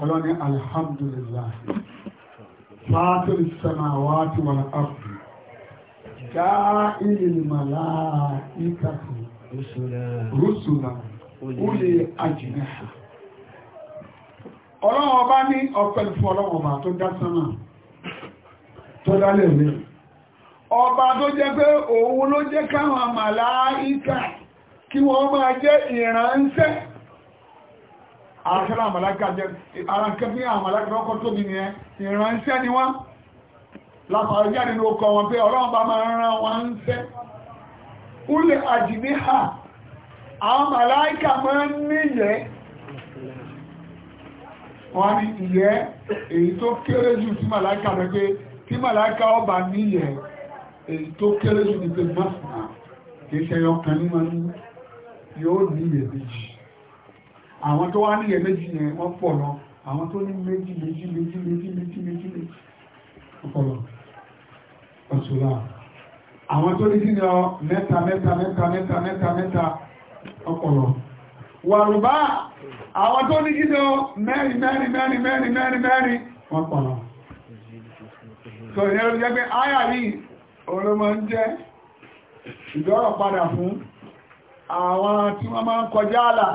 ọlọ́ni alhamdulillah fàátìrì sàmáwá ti wà جاعل الملائكة رسلا رسلا أولي أجنحة ọlọ́run ọba ní ọpẹ́ fún ọlọ́run ọba tó dá sánmà tó dálẹ̀ mi ọba tó jẹ́ pé òun ló jẹ́ káwọn màláíkà kí wọ́n máa jẹ́ ìránṣẹ́ àṣẹ́lá màláíkà jẹ́ ara kẹfí àwọn màláíkà ọkọ̀ tóbi ni ẹ ìránṣẹ́ ni wọ́n látàrí jáde ló kọ wọn pé ọlọ́run bá máa rán wọn ń fẹ́ ulè àjìní ha àwọn màláìkà máa ń níyẹ́ wọ́n ní ìyẹ́ èyí tó kéré jù tí màláìkà rẹ̀ pé tí màláìkà ọba níyẹ́ èyí tó kéré jù ní pé mọ́sùnà kìí ṣẹyọ kan ní wọn yóò níyẹ́ méjì àwọn tó wá níyẹ́ ọ̀ṣùlá àwọn tó ní kíni ọ mẹ́ta mẹ́ta mẹ́ta mẹ́ta mẹ́ta mẹ́ta ọpọlọ wàrùbá àwọn tó ní kíni ọ mẹ́rin mẹ́rin mẹ́rin mẹ́rin mẹ́rin mẹ́rin ọpọlọ tó ìyẹn ló jẹ́ pé áyà yìí olómọ ń jẹ́ ìdọ́rọ̀ padà fún àwọn tí wọ́n máa ń kọjá àlà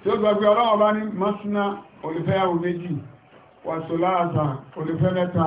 tí ó gbàgbé ọlọ́wọ́ bá ní mọ́síná olùfẹ́ àwọn méjì wàṣọ́lá àzà olùfẹ́ mẹ́ta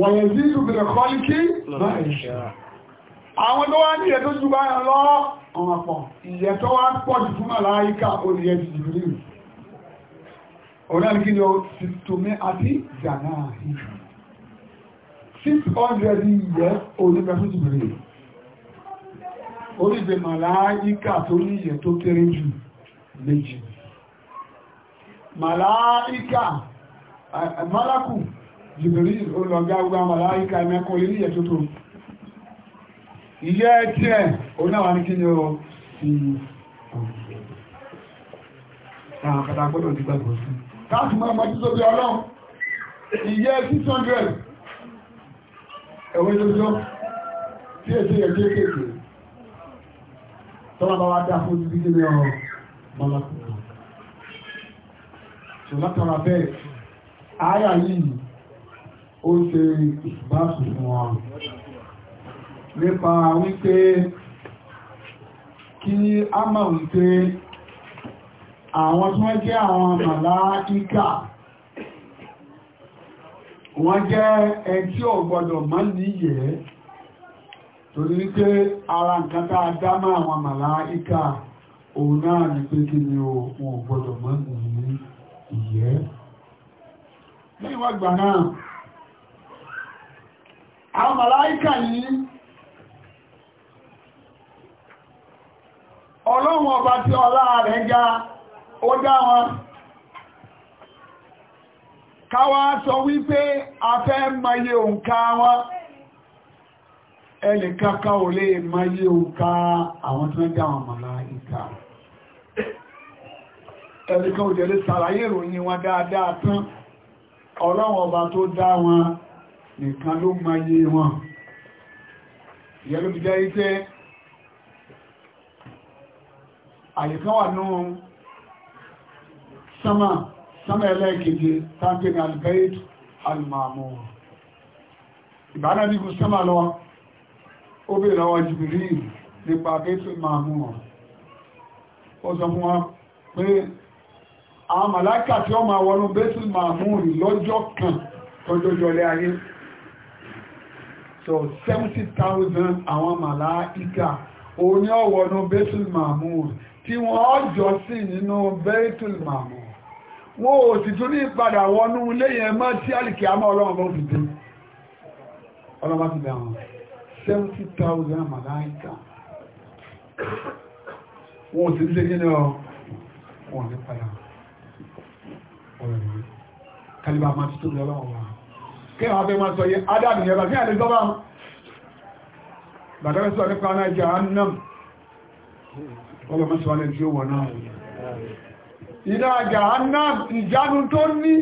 wọ̀nyẹ̀ sí ìbìlẹ̀ kọ́líkí àwọn tó wá ní ìyẹ̀ tó jù bá yàn lọ ọmọ pọ̀ ìyẹ̀ tó wá pọ̀ jù fún àláyíká olùyẹ̀ ti jìbìlì ọ̀rẹ́ kí ni ó ti tòmí àti jàná ìhù 600 ìyẹ̀ olùyẹ̀ fún jìbìlì oríbe màláyíká tó ní ìyẹ̀ tó kéré jù méjì màláyíká màlákù jìbìrí olùgbà gbogbo àmàláríkà mẹ́kọ́ ilé ìyẹ̀ tó tó ìyẹ́ tí ẹ̀ onáwà ní kí ni ó fi àwọn kàtàkọ́lọ̀ ti gbàgbọ́ sí káàkì mọ́ ọmọ títọ́ bí ọlọ́run ìyẹ́ 600 ọ̀rọ̀ mọ́lákùnrin ṣùgbọ́n látara bẹ́ẹ̀ áyà yìí ó ṣe ìbáṣù fún wa nípa wípé kí a mọ̀ wípé àwọn tí wọ́n jẹ́ àwọn màláíkà wọ́n jẹ́ ẹni tí ò gbọdọ̀ mọ́ níyẹ̀ torí wípé ara nǹkan tá a dá mọ́ àwọn màláíkà òun náà ni pé kí ni wọn ò gbọdọ̀ mọ́ nìyí ìyẹ́ lẹ́yìn wá gbà náà àwọn màláíkà yìí ọlọ́run ọba tí ọlá rẹ̀ ga ó dá wọn káwà sọ wípé a fẹ́ mọye òǹkà wọn ẹnìkankan ò lè mọye òǹkà àwọn tí wọ́n dá wọn màláíkà ẹnìkan ò sàlàyé ìròyìn wọn dáadáa tán ọlọ́run ọba tó dá wọn nìkan ló máa yé wọn ìyẹ́ ló fi jẹ́ iṣẹ́ àyíká wà náà sánmà sánmà ẹlẹ́ẹ̀kejì tàbí ní albert almamu ìbára ní gùn sánmà lọ ó bèèrè lọ́wọ́ jìbìrí nípa albert almamu ó sọ fún wọn pé àwọn màláìkà tí ó máa wọnú bẹ́tùl mamu lọ́jọ́ kan tọ́jọ́jọ́ lẹ́ ayé so seventy thousand àwọn màláìka òní ọ̀wọ́nú bẹ́tùl mahmud tí wọ́n jọ sí nínú bẹ́tùl mahmud wọ́n ò sì tún ní ìpadà wọnú ilé yẹn mọ́ tí àlìkì àmọ́ ọlọ́run bó fi dé ọlọ́run bá fi dé àwọn màláìka wọ́n ò sì ń ṣe kí ni wọ́n ní padà ọlọ́run kí àwọn abẹ́ máa sọ yẹ adáàbì yẹ bá sí àlè sọ́bà bàtà sọ nípa náà jẹ́ annam ọlọ́mọsọ alẹ́ tí ó wọ̀ náà ìdá àjà annam ìjánu tó ní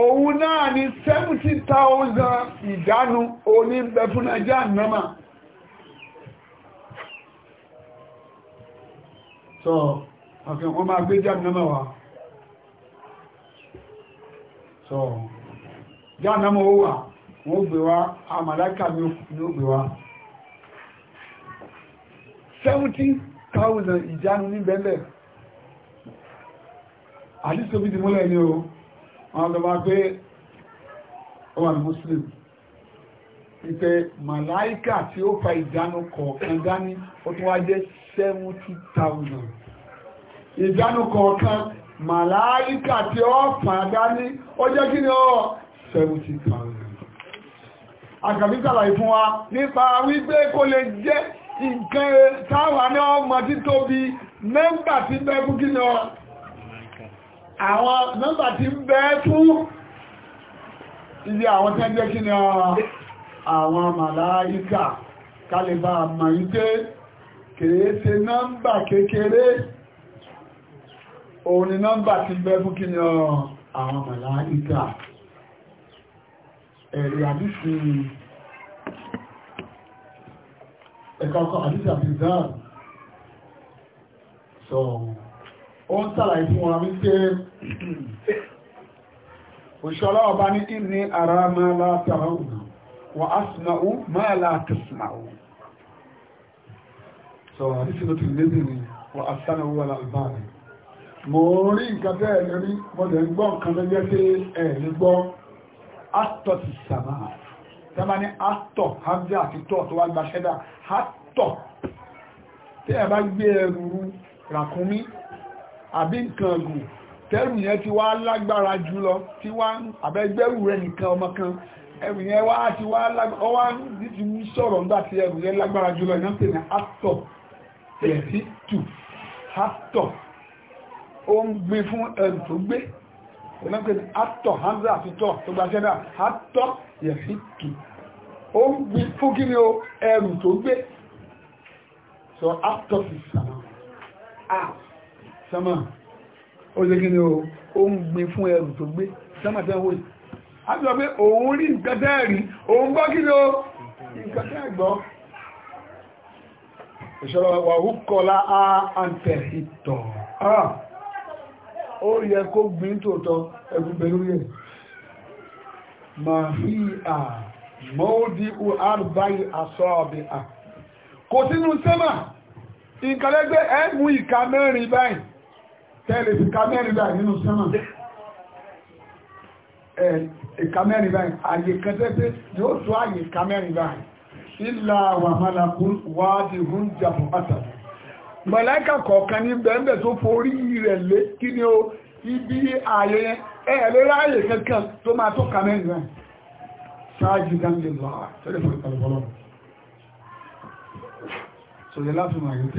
òun náà ni 70,000 ìdánu oníbẹ̀ fún ajá so àfihàn wọ́n máa gbé jáde náà wà so jáàmù ó wà wọ́n gbé wá àmàlákà ni o gbé wá 70,000 ìjánu ní bẹ́lẹ̀ àdísòbí ti múlẹ̀ ní o wọ́n lọ bá pé ó wà ní muslim ìpẹ màláíkà tí ó fa ìjánu kọ̀ọ̀kan dání ó tún wá jẹ́ 70,000 ìjánu kọ̀ọ̀kan màláíkà tí ó fàdá ní ó jẹ́ kí ni ó 70,000 àkàbíkàlà ìfún wa nípa wípé kó lè jẹ́ nǹkan táwà ní ọmọ títóbi nọ́mbà tí bẹ́ fún kí ni ó àwọn nọ́mbà tí bẹ́ fún ibi àwọn tẹ́ jẹ́ kí ni ó àwọn màláíkà kálẹ̀bà màá ń pé kékeré òun ni nọ́mbà ti bẹ́ fún kí ni àwọn màláíkà ẹ̀rí àdísì ẹ̀kọ́kọ́ àdísì àbìzáà sọ ó ń sàlàyé fún wa wípé òṣọ́lá ọba ní ìní ara máa látara òun wà á sina'ú so látẹ̀sìnàú sọ àdísì ló ti lébìnrin wà á sánàú wà láàbáàrin mo rí nǹkan tẹ́ ẹ̀lẹ́ rí mọ́lẹ̀ ń gbọ́ nǹkan tó jẹ́ pé ẹ̀lẹ́ gbọ́ atọ̀ ti sàmà tẹ́bà ní atọ̀ hamza àti tọ́ tó wá gba ṣẹ́dà atọ̀ tẹ́ ẹ̀ bá gbé ẹrù ràkúnmí àbí nǹkan ọ̀gùn tẹ́rù yẹn ti wá lágbára jùlọ tí wá àbẹ́gbẹ́rù rẹ̀ nìkan ọmọ kan ẹrù yẹn wá ti wá lágbára ti ń sọ̀rọ̀ nígbà ó ń gbé fún ẹrù tó gbé ìlọ́pẹ̀lú atọ̀ hamza àfitọ́ tó gba ṣẹ́dá atọ́ yẹ̀fíkì ó ń gbé fún kí ni ó ẹrù tó gbé sọ atọ́ fi sàmà à sàmà ó lè kí ni ó ó ń gbé fún ẹrù tó gbé sàmà tẹ́ wọ́n a ti sọ pé òun rí nǹkan tẹ́ẹ̀rí òun gbọ́ kí ni ó nǹkan tẹ́ẹ̀gbọ́ ìṣọ́rọ̀ wà àǹtẹ̀ ìtọ̀ ah ó yẹ kó gbìn tòótọ́ ẹgbùgbẹ̀ lórí ẹ̀ mahia mọ́ọ́dí arba'i asọ́ọ̀bì à kò sínú sẹ́mà ìkàlẹ́gbẹ́ ẹ̀mú ìka mẹ́rin báyìí tẹ́lẹ̀ ìka mẹ́rin báyìí nínú sẹ́mà ìka mẹ́rin báyìí àyè kan tẹ́tẹ́ yóò tó àyè ìka mẹ́rin báyìí ìlà wàmàlàkún wáàdì hún jàpọ̀ pàtàkì mọ̀láíkà kọ̀ọ̀kan ní bẹ̀ẹ̀bẹ̀ tó forí rẹ̀ lé kí ni ó ibi ààyè yẹn ẹ̀ lórí ààyè kankan tó máa tó kà mẹ́rin rẹ̀ ṣáájú dáńlẹ̀ lọ́wọ́ tẹ́lẹ̀ fún ìpàlọ́pọ̀lọ́ sọ̀rọ̀ láti mọ̀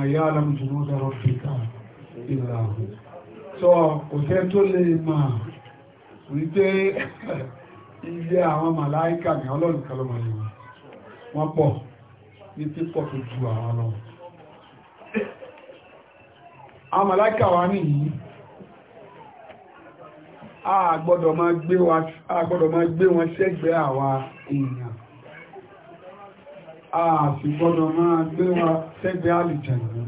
àyè ìlàhù sọ kò tẹ́ tó lè máa wípé ilé àwọn màláíkà ní ọlọ́run kalọ́mọ̀ ni wọ́n pọ̀ ní pípọ̀ tó ju àwọn lọ àwọn màláíkà wá nìyí a gbọ́dọ̀ máa gbé wọn sẹ́gbẹ́ àwa èèyàn a sì gbọ́dọ̀ máa gbé wọn sẹ́gbẹ́ àlìjẹ̀nà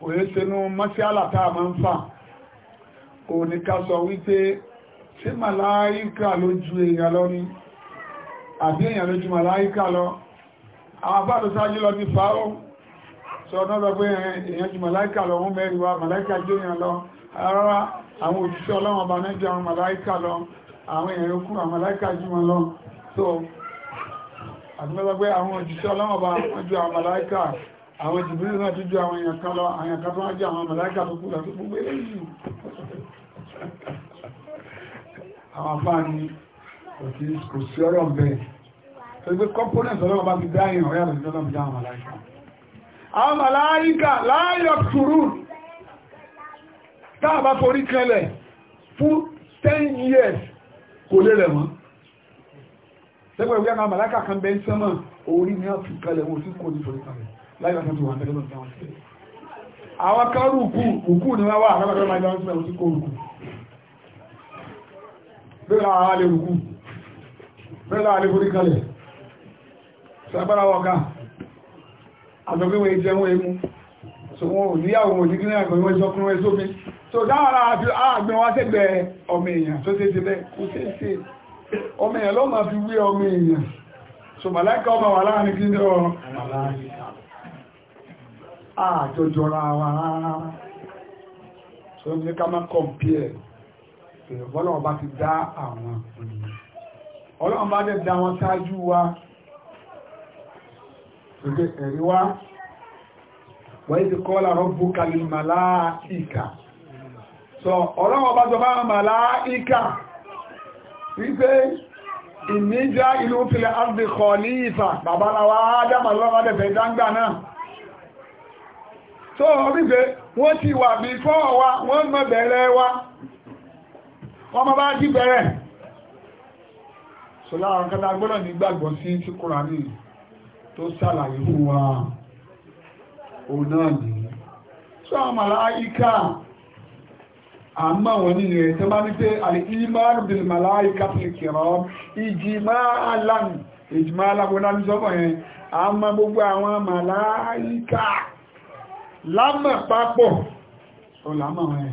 kò yé sínú mọ́síálà tá a máa ń fà kò ní ká sọ wípé ṣé màláíkà ló ju èèyàn lọ ni àbí èèyàn ló ju màláíkà lọ àwọn àbáàdó sáájú lọ ti fàárọ̀ sọ náà lọ pé èèyàn ju màláíkà lọ wọ́n mẹ́rin wa màláíkà ju èèyàn lọ rárá àwọn òṣìṣẹ́ ọlọ́run ọba náà ju àwọn màláíkà lọ àwọn èèyàn yókù àwọn màláíkà ju wọn lọ so àti mẹ́ta pé àwọn òṣìṣẹ́ ọlọ́run ọba wọ́n ju àwọn màláíkà àwọn jìbìrì náà jíjú àwọn èèyàn kan lọ àyàn kan tó wá jẹ́ àwọn mẹ̀láìkà tó kú lọ́tún gbogbo eléyìí àwọn afáà ni kò sí ọ̀rọ̀ bẹ́ẹ̀ tó gbé component ọlọ́wọ́ bá ti dáyìn ọ̀rẹ́ àti ìjọ́nà bí dáwọn mẹ̀láìkà àwọn mẹ̀láìkà láyọ̀ tùrù táà bá forí kẹlẹ̀ fún 10 years kò lè rẹ̀ mọ́ sẹ́gbẹ̀rẹ̀ wíyá àwọn mẹ̀láìkà kan bẹ́ ń sẹ́mọ̀ orí ní àfikàlẹ̀ wọn sí kò ní forí kẹlẹ̀ láyé ọ̀sán tó wà tẹ́lẹ̀ lọ́sàn wọn sí. àwọn kan rúkú rúkú ni wọ́n wà lọ́wọ́dọ́ máa lọ́wọ́ sí ọ̀sán kó rúkú bẹ́ẹ̀ làwọn àwọn alẹ́ rúkú bẹ́ẹ̀ làwọn alẹ́ forí kalẹ̀ sàgbára wọ̀ká àtọ́gbéwọ̀n ìjẹun èmú so wọn ò níyàwó wọn ní kíníyàn kan wọ́n sọkùnrin wọn sómi so dáwọn àti àgbẹ̀ wọn sẹ́gbẹ̀ ọmọ èèyàn tó tẹ́ tẹ́lẹ̀ kò tẹ́ẹ̀tẹ́ ọmọ èèyàn lọ́mọ fi wé ọmọ èèyàn so màláìkà ọmọ wà láàrin kí ní ọ àjọjọra wa rárá tó ní ká má kọ̀m̀pìẹ̀ ọlọ́run bá ti dá àwọn ènìyàn ọlọ́run bá dẹ̀ dá wọn ṣáájú wa gbogbo ẹ̀rí wa wọ́n ti kọ́ làrọ́ bú kalẹ̀ màláìkà sọ ọlọ́run bá jọba màláìkà wípé ìníjà ìlú fìlẹ̀ àdìkọ̀ ní ìfà bàbá làwọn ádámà lọ́wọ́ dẹ̀ fẹ́ dáńgbà tó rígbé wọ́n ti wà bí fọ́ wa wọ́n mọ̀ bẹ̀rẹ̀ wa wọ́n mọ̀ bá jí bẹ̀rẹ̀ so lára nǹkan tá gbọ́dọ̀ nígbàgbọ́ sí tí Kùránì tó ṣàlàyé fún wa òun náà nìyí so àwọn màláíkà àmà wọn nìyẹn tó bá ní pé al-iman bil màláíkà fil kiram ìjìmá alánì ìjìmá alágbọ́dá ní sọ́kọ̀ yẹn àwọn màláíkà lámà papọ̀ ọ̀làmà ẹ̀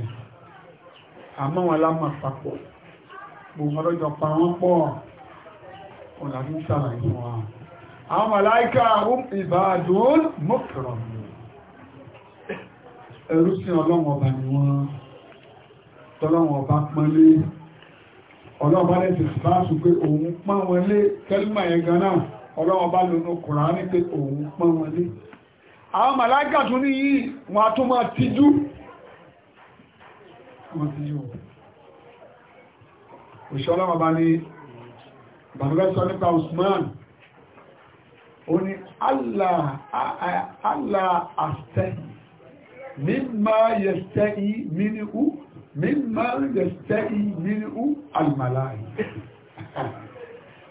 àmọ́ wọn lámà papọ̀ gbogbo ọlọ́jọ́ pa wọ́n pọ̀ ọ̀làmí sára ìwọ̀n wa àwọn màláíkà um ìbàdùn mọ́kànlá ẹ̀rú sí ọlọ́wọ̀n ọba ni wọ́n tọ́lọ́wọ̀n ọba pọ́nlé ọlọ́ọ̀bá àwọn màláìkà tún ní yìí wọ́n a tún máa tijú wọ́n ti yíò òṣìṣẹ́ ọlọ́wọ́ bá ní bàbá sọ nípa Usman ó ní Allah àstẹ́yìn mímá yẹ̀stẹ́yìn mínú mímá yẹ̀stẹ́yìn mínú alìmàláì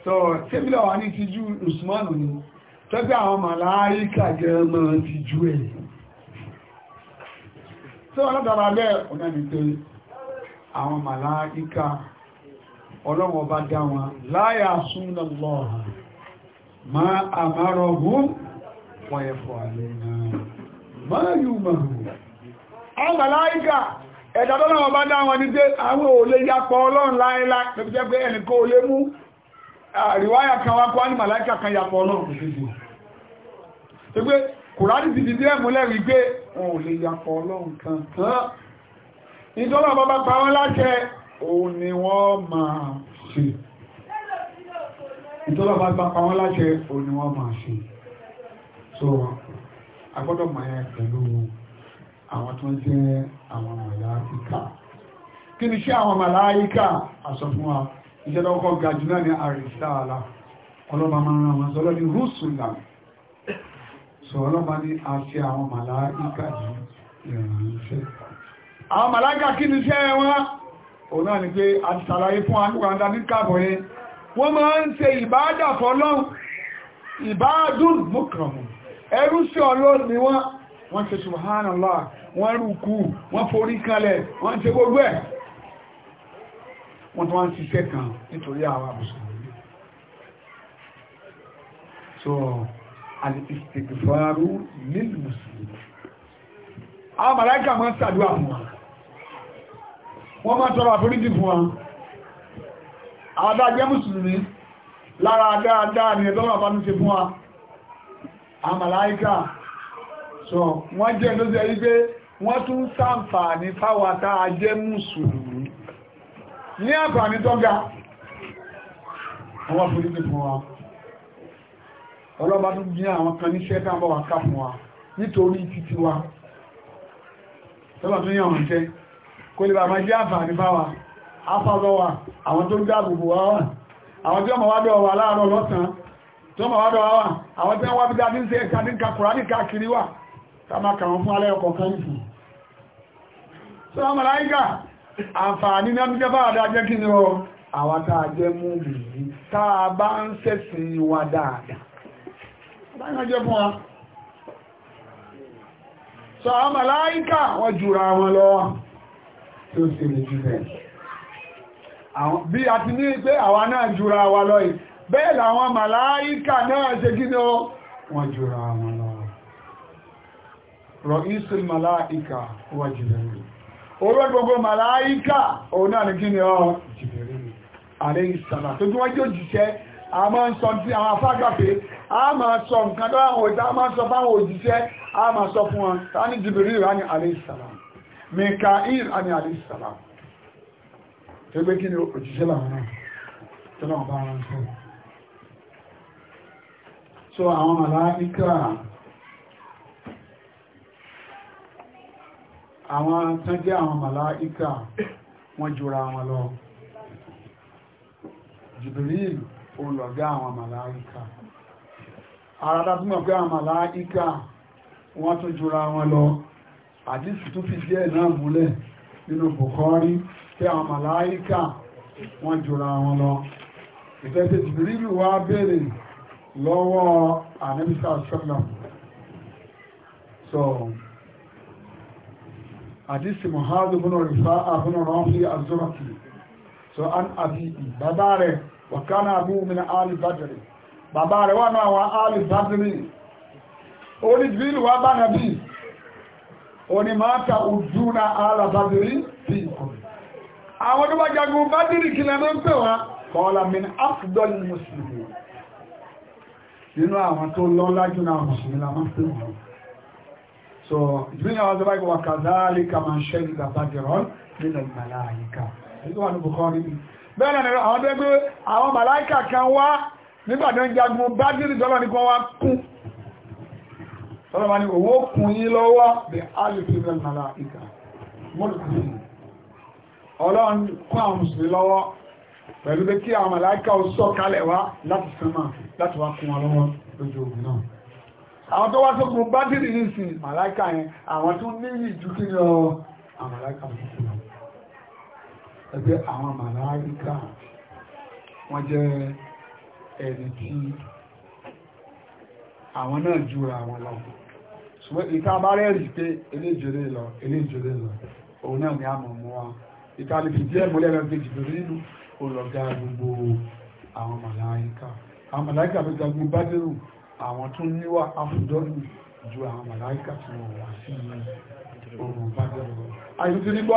so tẹ́bílẹ̀ wà ní tijú Usman ni tẹ́gbẹ́ àwọn màláíkà gẹ́ẹ̀mọ́ ti jú ẹ̀ tí wọ́n látara bẹ́ẹ̀ ọ̀nà ní pé àwọn màláíkà ọlọ́wọ́ bá dá wọn láyà súnlọ lọ́ọ̀hà ma àmárọ̀ hún wọ́yẹ̀fọ́ alẹ́ àríwáyà kan wá kọ́ ní kan kò tó pé kùránì ti di díẹ̀ múlẹ̀ wípé wọn ò lè yàpọ̀ ọlọ́run kankan nítorí ọmọ bá pa wọn láṣẹ òun ni wọ́n máa ṣe nítorí ọmọ pa wọn láṣẹ òun ni wọ́n máa ṣe so agbọ́dọ̀ máa yẹ pẹ̀lú àwọn tó ń jẹ́ àwọn màláíkà kí ni ṣe àwọn màláíkà àsọ fún wa ìṣẹ́lọ́kọ́ gajúmọ́ ní àrìsáàlá ọlọ́bàá máa so ọlọ́pàá ní a fi àwọn màláíkà yìí ìrànṣẹ́ àwọn màláíkà kí ni iṣẹ́ wọn òun náà ni pé a ti sàlàyé fún àkùkàndà ní kààbọ̀ yẹn wọ́n máa ń ṣe ìbáadà fọ́lọ́hun ìbáadùn mọ́kànmù ẹrú sí ọlọ́run ni wọ́n wọ́n ṣe subhanallah wọ́n rúkú wọ́n forí kalẹ̀ wọ́n alìsìtìfàárú nílùú mùsùlùmí àwọn màláìkà máa ń ṣàdúrà fún wa wọ́n máa tọrọ àforíjì fún wa àwọn adájẹ́ mùsùlùmí lára dáadáa ni ẹ̀tọ́rọ̀ bá ń ṣe fún wa àwọn màláìkà sọ wọ́n jẹ́ ló jẹ́ wípé wọ́n tún ṣàǹfààní fáwa tá a jẹ́ mùsùlùmí ní àǹfààní tọ́ga wọ́n foríjì fún wa ọlọ́ba tó jí àwọn kan níṣẹ́ táwọn bá wà ká fún wa nítorí títí wa tọ́lọ̀ tó yàn wọ́n jẹ́ kó lè bà máa jẹ́ àǹfààní bá wa afọ́gọ́ wa àwọn tó dáàbòbò wa wà àwọn tí wọ́n wá dọ̀ wà láàárọ̀ lọ́sàn tó mọ̀ wá dọ̀ wà àwọn tí wọ́n wá bí dáadé ń ṣe ẹ̀ka ní kakùrá ní káàkiri wà ká máa kà wọ́n fún alẹ́ ọkọ̀ kan nìfún tó wọ́n àǹfààní náà tó jẹ́ àdá jẹ́ kí ni ọ àwọn tá a jẹ́ mú bìí tá a bá ń ṣẹ̀sìn wa dáadáa sáyẹn jẹ́ fún wa sọ àwọn màláíkà wọ́n jùra wọn lọ tí ó sì rí jù bí a ti ní pé àwa náà jùra wa lọ yìí bẹ́ẹ̀ làwọn màláíkà náà ṣe kí ní ó wọ́n jùra wọn lọ rọ̀ ìsìn màláíkà wọ́n jùra wọn oró gbogbo màláíkà òun náà ní kí ni ọ a máa ń sọ tí àwọn afágbà pé a máa sọ nǹkan tó àwọn òjá a máa sọ fáwọn òjíṣẹ́ a máa sọ fún wọn ta ní Jibril àní alayhisalam Mikail àní alayhisalam tó gbé kí ni òjíṣẹ́ làwọn náà tó náà bá so àwọn màláíkà àwọn tán jẹ́ àwọn màláíkà wọ́n jùra olọ̀gá àwọn màláíkà àrádá túnmọ̀ pé àwọn màláíkà wọ́n tún jura wọn lọ àdísì tó fi díẹ̀ náà múlẹ̀ nínú Bukhari pé àwọn màláíkà wọ́n jura wọn lọ ìfẹ́sẹ̀ Jibrilu wá béèrè lọ́wọ́ ànẹ́bísà sọ́nà so àdísì Muhammadu bin Rifa'a bin Rafi az-Zurqi so an àbí bàbá rẹ̀ wọ̀kánà àbúrú mi ní alì bàdìrì bàbá rẹ̀ wà náà wọn alì bàdìrì orí bílù wá bá nàbí oní máa ta ojú na alà bàdìrì sí àwọn tó bá jagun bàdìrì kí lẹ́nu ń pè wọn kọ́ọ̀lá mi ní afdọ́lì mùsùlùmí nínú àwọn tó lọ́lájú náà mùsùlùmí la máa ń bẹ́ẹ̀ ni àwọn tẹ́gbé àwọn màláìkà kan wá nígbàdán jagun bá dìrì tọ́lọ́ ní kan wá kún tọ́lọ́ ma ní owó kún yí lọ́wọ́ bí alìfẹ́fẹ́ màláìkà mọ́lùkùn ọlọ́run kún àwọn mùsùlùmí lọ́wọ́ pẹ̀lú pé kí àwọn màláìkà ó sọ kalẹ̀ wá láti sánmà láti wá kún wọn lọ́wọ́ lójú ogun náà àwọn tó wá sókun bá dìrì nísìn màláìkà yẹn àwọn tó níyì jù kí ni ọ àwọn màláìkà mùsùlùmí ẹgbẹ́ àwọn màláríkà wọ́n jẹ́ ẹni tí àwọn náà jùra àwọn lọ ṣùgbọ́n ìta bá rẹ̀rì pé eléjòrè lọ eléjòrè lọ òun náà ni a mọ̀ mọ́ wa ìta lè fi díẹ̀ múlẹ̀ lọ́gbẹ́ jùlọ nínú olọ̀gá gbogbo àwọn màláríkà àwọn màláríkà tó jagun bá dérò àwọn tún níwà áfùdọ́nù ju àwọn màláríkà tí wọ́n wà sí orùn bá dérò àìsí ti ní gbọ́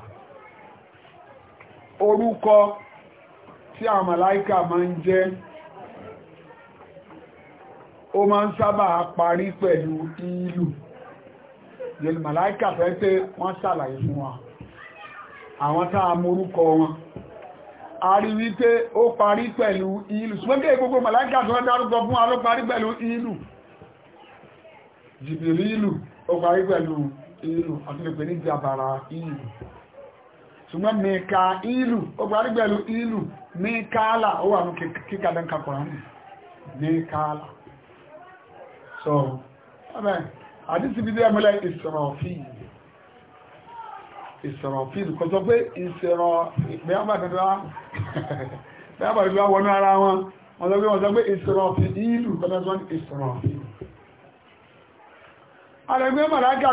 orúkọ tí àwọn màláíkà máa ń jẹ́ ó máa ń sábà parí pẹ̀lú ìlú yẹ̀lú màláíkà fẹ́ pé wọ́n ṣàlàyé fún wa àwọn táa morúkọ wọn a rí wípé ó parí pẹ̀lú ìlú ṣùgbọ́n gbogbo màláíkà tó wọ́n dárúkọ fún wa ló parí pẹ̀lú ìlú jìbìrì ìlú ó parí pẹ̀lú ìlú àti lè pè ní jàbàrà ìlú ṣùgbọ́n mẹ́ka ìlú ó gbárí pẹ̀lú ìlú mẹ́kàálà ó wà ní kíkàdán kakọ̀ránì mẹ́kàálà so ọ̀bẹ̀ àdísì bí i ẹmọ́lẹ̀ ìsọ̀rọ̀fíì ìsọ̀rọ̀fíì kọjọ pé ìsọ̀rọ̀ ìgbẹ́yàbàdìlá wọnú ara wọn wọ́n sọ pé wọ́n sọ pé ìsọ̀rọ̀fíì ìlú kọjọ ìsọ̀rọ̀fíì àrẹgbẹ́ mọ̀láńkà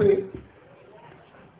bí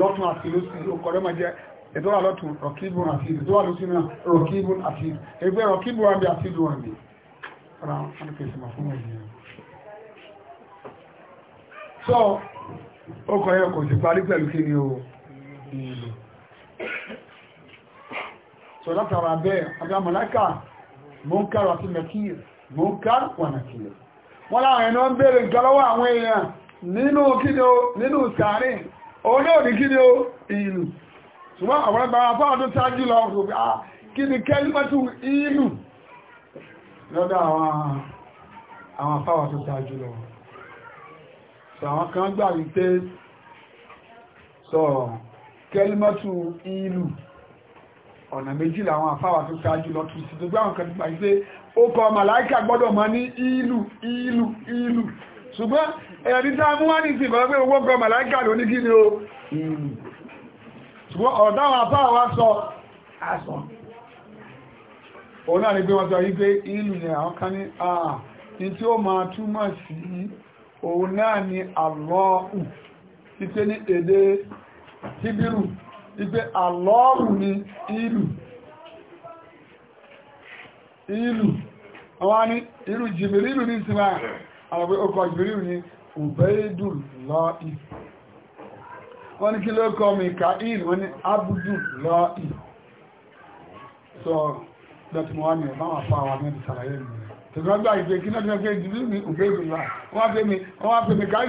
lọ́tún àti lósì orúkọ rẹ̀ máa jẹ́ ètò wà lọ́tún rọ̀kíbùn àti ètò wà lósì náà rọ̀kíbùn àti ẹgbẹ́ rọ̀kíbùn àbí àti ìlú àbí ọ̀rọ̀ àwọn kèsì so orúkọ yẹn kò sì parí pẹ̀lú so látara bẹ́ẹ̀ agbámọ̀láka mọ́ńkàrọ̀ àti mẹ́kìr mọ́ńkàr wà nàkìr wọ́n láwọn ẹ̀nà ń bèèrè ìgbàlọ́wọ́ àwọn èèyàn nínú kíni nínú sàárín òun náà ní kí ni ó ìlú ṣùgbọ́n àwọn ẹgbẹ̀rẹ̀ afọ́wọ́n tó tájú lọ rò pé ah kí ni kẹ́límọ́tù ìlú lọ́dọ̀ àwọn afọ́wọ́n tó tájú lọ sọ àwọn kan gbà wípé sọ kẹ́límọ́tù ìlú ọ̀nà méjì làwọn afáwà tó ṣáájú lọ tún sí gbogbo àwọn kan nípa ìgbé ó kọ màláìkà gbọ́dọ̀ mọ́ ní ìlú ìlú ìlú ṣùgbọ́n èyàn tí tá mú wá ní ìsìn ìbọn pé owó gan màláìkà ló ní gíní o ṣùgbọ́n ọ̀dáwọn apá sọ àsàn òun náà ni pé wọ́n sọ yí pé ìlú ni àwọn kan ní àà ní tí ó máa túmọ̀ sí òun náà ni àlọ́ọ̀hù ní èdè tíbírù àwọn ọkọ̀ ìgbèrú ní Ubaydul Lahi wọ́n ní kí ló kọ́ Mikail wọ́n ní Abdul Lahi sọ dọ̀tìmọ̀ wá ní ọ̀bá wà àwọn mẹ́rin sàlàyé mi tẹ̀sán ìgbé kí náà gbé ìdílé mi Ubaydul Lahi wọ́n wá pè Mikail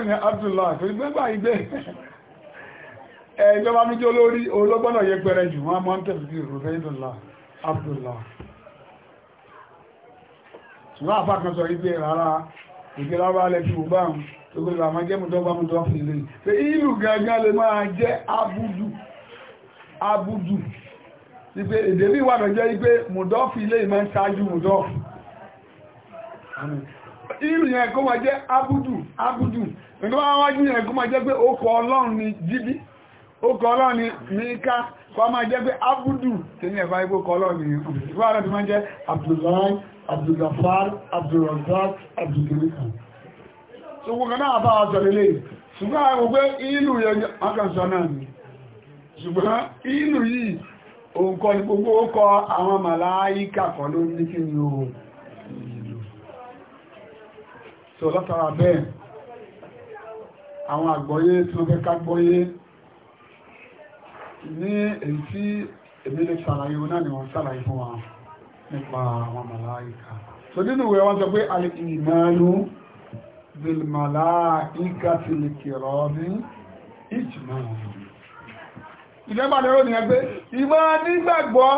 olóbọ́nà yẹ pẹrẹ jù wọ́n mọ́ ń tẹ̀sí Ubaydul Lahi Abdul Lahi ṣùgbọ́n àfákan sọ ibi rárá ìgbéláwà alẹ́ fi wò báhùn ogun ìlàmà jẹ́ mọ̀tọ́gbàmọ́tọ́ fi lè pé ìlú gangan lè máa jẹ́ abúdù abúdù ìpé èdè bí wà lọ́jẹ́ ipé mọ̀dọ́fì ilé ìmọ̀ ń ṣáájú mọ̀dọ́fì ìlú yẹn kó máa jẹ́ abúdù abúdù nígbà yẹn kó máa jẹ́ pé ó kọ ọlọ́run ni jíbí ó kọ ọlọ́run ni míká kọ́ máa jẹ́ pé abudu tí ní ẹ̀fà igbó kọlọ́ ni ìwà rẹ̀ tí máa jẹ́ abdullahi abdulgafar abdulrazak abdulgirikan tó gbogbo náà bá ọ̀tọ̀ lélé ṣùgbọ́n àwọn pé ìlú ọkànṣọ náà ni ṣùgbọ́n ìlú yìí òǹkọ́ ni gbogbo ó kọ àwọn màláíkà kan ló ní kí ni o ìlú so látara bẹ́ẹ̀ àwọn àgbọ́yé tí wọ́n fẹ́ ká gbọ́yé ní èyí tí èmi lè ṣàlàyé wọn náà ni wọ́n ṣàlàyé fún wa nípa àwọn màláìka so nínú ìwé wọn sọ pé al-imanu bil malaikati al-kirami ijman ìjọba lérò ní ẹgbẹ́ ìmọ̀ nígbàgbọ́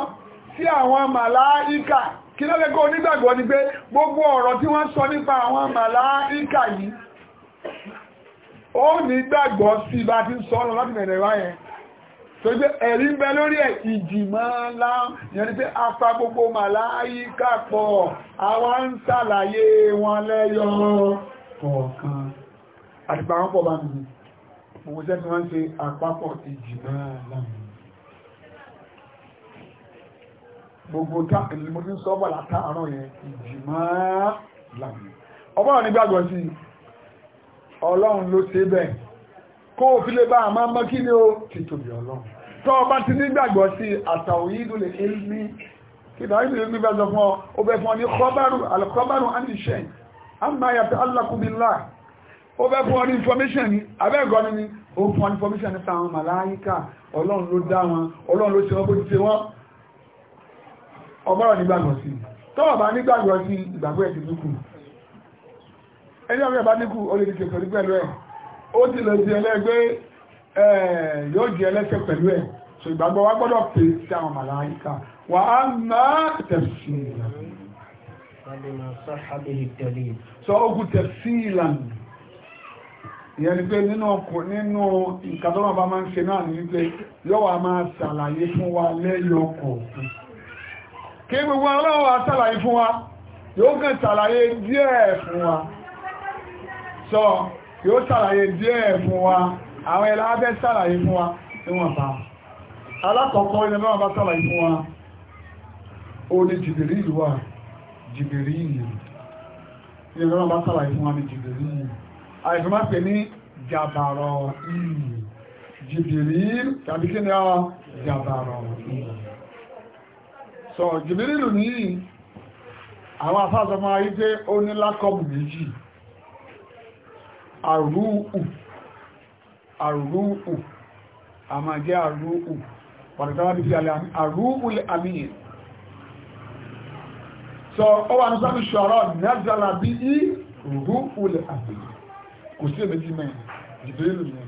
sí àwọn màláìka kí ló lè kó onígbàgbọ́ ni pé gbogbo ọ̀rọ̀ tí wọ́n sọ nípa àwọn màláìka yìí ó nígbàgbọ́ sí bá ti ń sọ ọ́nà láti tó gbé ẹ̀rí ń bẹ lórí ẹ̀ ìjìmọ́ ńlá yẹn ni pé afa gbogbo màláyíká pọ̀ àwa ń ṣàlàyé wọn lẹ́yọ kọ̀ọ̀kan àtìgbà wọn pọ̀ bá mi gbogbo sẹ́ni wọ́n ń ṣe àpapọ̀ ìjìmọ́ ńlá gbogbo tá ìlú ní sọ́bà látàárọ̀ yẹn ìjìmọ́ ńlá ọbọ̀ nígbàgbọ́ sí ọlọ́run ló ṣe bẹ́ẹ̀ kó o fi lè bá àmá mọ́ kí ni ó ti tòbí ọlọ́run tó o bá ti nígbàgbọ́ sí àtàwò yìí lè ní kìdá ìlú ní bẹ́ẹ̀ sọ fún ọ ó bẹ fún ọ ní kọ́bárù alùkọ́bárù á ní iṣẹ́ yìí á máa yàtọ̀ alákùnbílà ó bẹ fún ọ ní information ni abẹ́ẹ̀gọ́ ni ó fún ọ ní information nípa àwọn màláyíkà ọlọ́run ló dá wọn ọlọ́run ló ṣe wọn bó ti ṣe wọn ọgbọ́rọ̀ nígbàgbọ́ sí tó o bá nígbàgbọ́ sí ìgbàgbọ́ ẹ̀ ó ti lè di ẹlẹ́gbẹ́ yóò di ẹlẹ́fẹ́ pẹ̀lú ẹ̀ so ìgbàgbọ́ wa gbọ́dọ̀ pé sí àwọn màláyíká wà á má tẹ̀sí ìlànà so ogun tẹ̀sí ìlànà ìyẹn ni pé nínú nínú nǹkan tó bá máa ń ṣe náà ní pé yóò wá máa ṣàlàyé fún wa lẹ́yọ kọ̀ọ̀kan kí gbogbo ọlọ́wọ́ ṣàlàyé fún wa yóò kàn ṣàlàyé díẹ̀ fún wa so yóò ṣàlàyé díẹ̀ fún wa àwọn ẹlẹ́ abẹ́ ṣàlàyé fún wa tí wọ́n bá alákọ̀ọ́kọ́ ilẹ̀ mẹ́wàá bá ṣàlàyé fún wa ó ní jìbìrí ìlú wa jìbìrí ìlú ilẹ̀ mẹ́wàá bá ṣàlàyé fún wa ní jìbìrí ìlú àìfẹ́ má pè ní jàbàrọ̀ ìlú jìbìrí tàbí kí ni ọ jàbàrọ̀ ìlú so jìbìrí ìlú ní àwọn afáàsọmọ ayé pé ó ní lákọ̀ọ́bù méjì àrúù àrúù a máa jẹ́ àrúù pàtàkì wọ́n ti alẹ́ àrúù lè àmìyàn so ó wà ní sáàmì ṣọ́rọ̀ nẹ́zàlá bí i rúù lè àmìyàn kò sí èméjì mẹ́rin jìbìrìlù eh, ní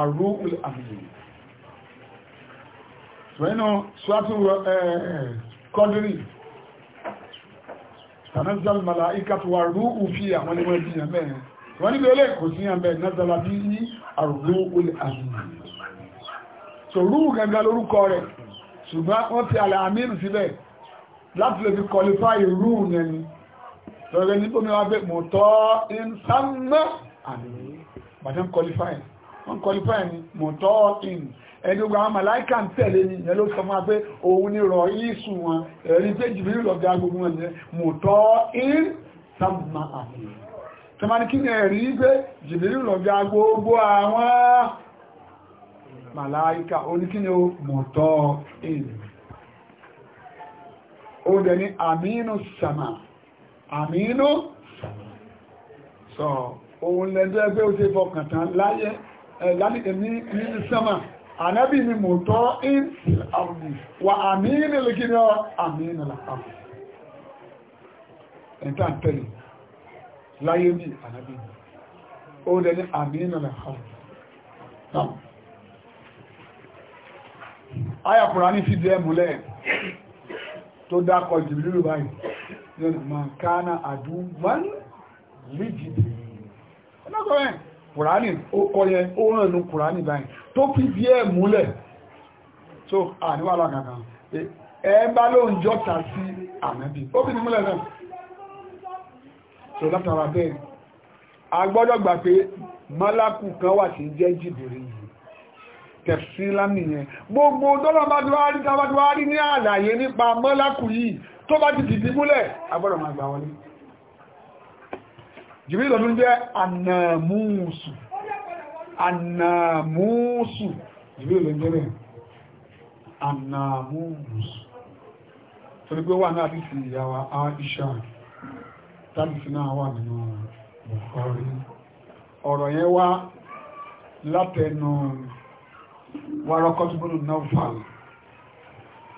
àrúù lè àmìyàn so inú ṣwátù kọdírì tànẹ́zàlá màláíkà tó wà rúù fi àwọn ẹgbẹ́ ìyàn mẹ́rin wọ́n níbi olè kò sí àmì ẹ̀nàzọ́lá bí ní àrùgbó olè àmì so rúù gangan lórúkọ rẹ̀ ṣùgbọ́n wọ́n ti alẹ́ àmìrù síbẹ̀ láti lè fi kọlifáì rúù nẹni lọ́rẹ́ ní bómi wá pé mọ̀tọ́ ìsánmọ́ àmì bàtẹ́ kọlifáì wọ́n kọlifáì ní mọ̀tọ́ ìn ẹ̀dùgbà àwọn màláìkà ń tẹ̀lé ní ìyẹn ló sọ máa pé òun ni rọ̀ ìsùn wọn ẹ̀rí péjì bí lọ́gá gbogbo wọn ní mọ̀tọ́ ìsánmọ́ àmì tọ́mọ́ni kí ni ẹ̀rí pé jìbìrì lọ́gá gbogbo àwọn màláíkà oníkíni o mọ̀tọ́ ìlú ó dẹ̀ ní àmínú sàmà àmínú sàmà sọ ohun lẹ́jọ́ ẹgbẹ́ ó ṣe fọkàn tán láyé lálẹ́ ní sàmà ànábì ni mọ̀tọ́ ìlú wà àmínú lè kí ni ọ àmínú làkàmù ẹ̀ntà tẹ́lẹ̀ láyé bí ànábì ó dẹ̀ ní àmìnà nàkàrà náà ayàkùnrà ní fìdí ẹmùlẹ̀ tó dákọ̀ jìbìlú báyìí yóò máa kánà àdúgbọ́n líjìdì ẹ̀nàkọ̀rẹ́ kùránì ó kọ́yẹ ó rán inú kùránì báyìí tó fi bí ẹ múlẹ̀ tó àníwà lágàgà ẹ bá lóun jọ́ta sí ànábì ó fi ní múlẹ̀ náà so látara bẹ́ẹ̀ a gbọ́dọ̀ gbà pé málákù kan wà tí ń jẹ́ jìbìrì yìí tẹ̀sí lámì yẹn gbogbo dọ́lọ́ bá ti wá rí tá bá ti wá rí ní àlàyé nípa málákù yìí tó bá ti dìdí múlẹ̀ a gbọ́dọ̀ máa gbà wọlé jìbìrì lọ́dún jẹ́ ànàmúùsù ànàmúùsù jìbìrì lọ́dún jẹ́ bẹ́ẹ̀ ànàmúùsù wà náà ti fi ìyàwó Aisha tàbí náà wà nínú Bukhari ọ̀rọ̀ yẹn wá látẹnu Waraqatubun Nawfal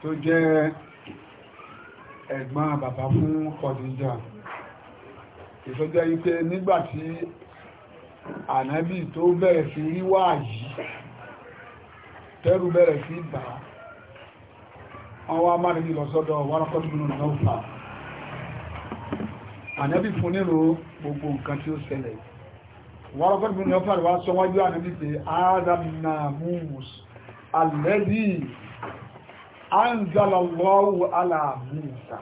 tó jẹ́ ẹ̀gbọ́n bàbá fún Khadija ìfẹ́jẹ́ ipé nígbàtí ànábì tó bẹ̀rẹ̀ sí ríwá yìí tẹ́rù bẹ̀rẹ̀ sí bà wọ́n wá má rí lọ sọ́dọ̀ Waraqatubun Nawfal ànábì fún nírò gbogbo nǹkan tí ó ṣẹlẹ̀ wọ́n rọ́gbọ́n bí wọ́n fàríwá sọ wájú ànábì pé adamunamus alẹ́dí anzalallahu ala Musa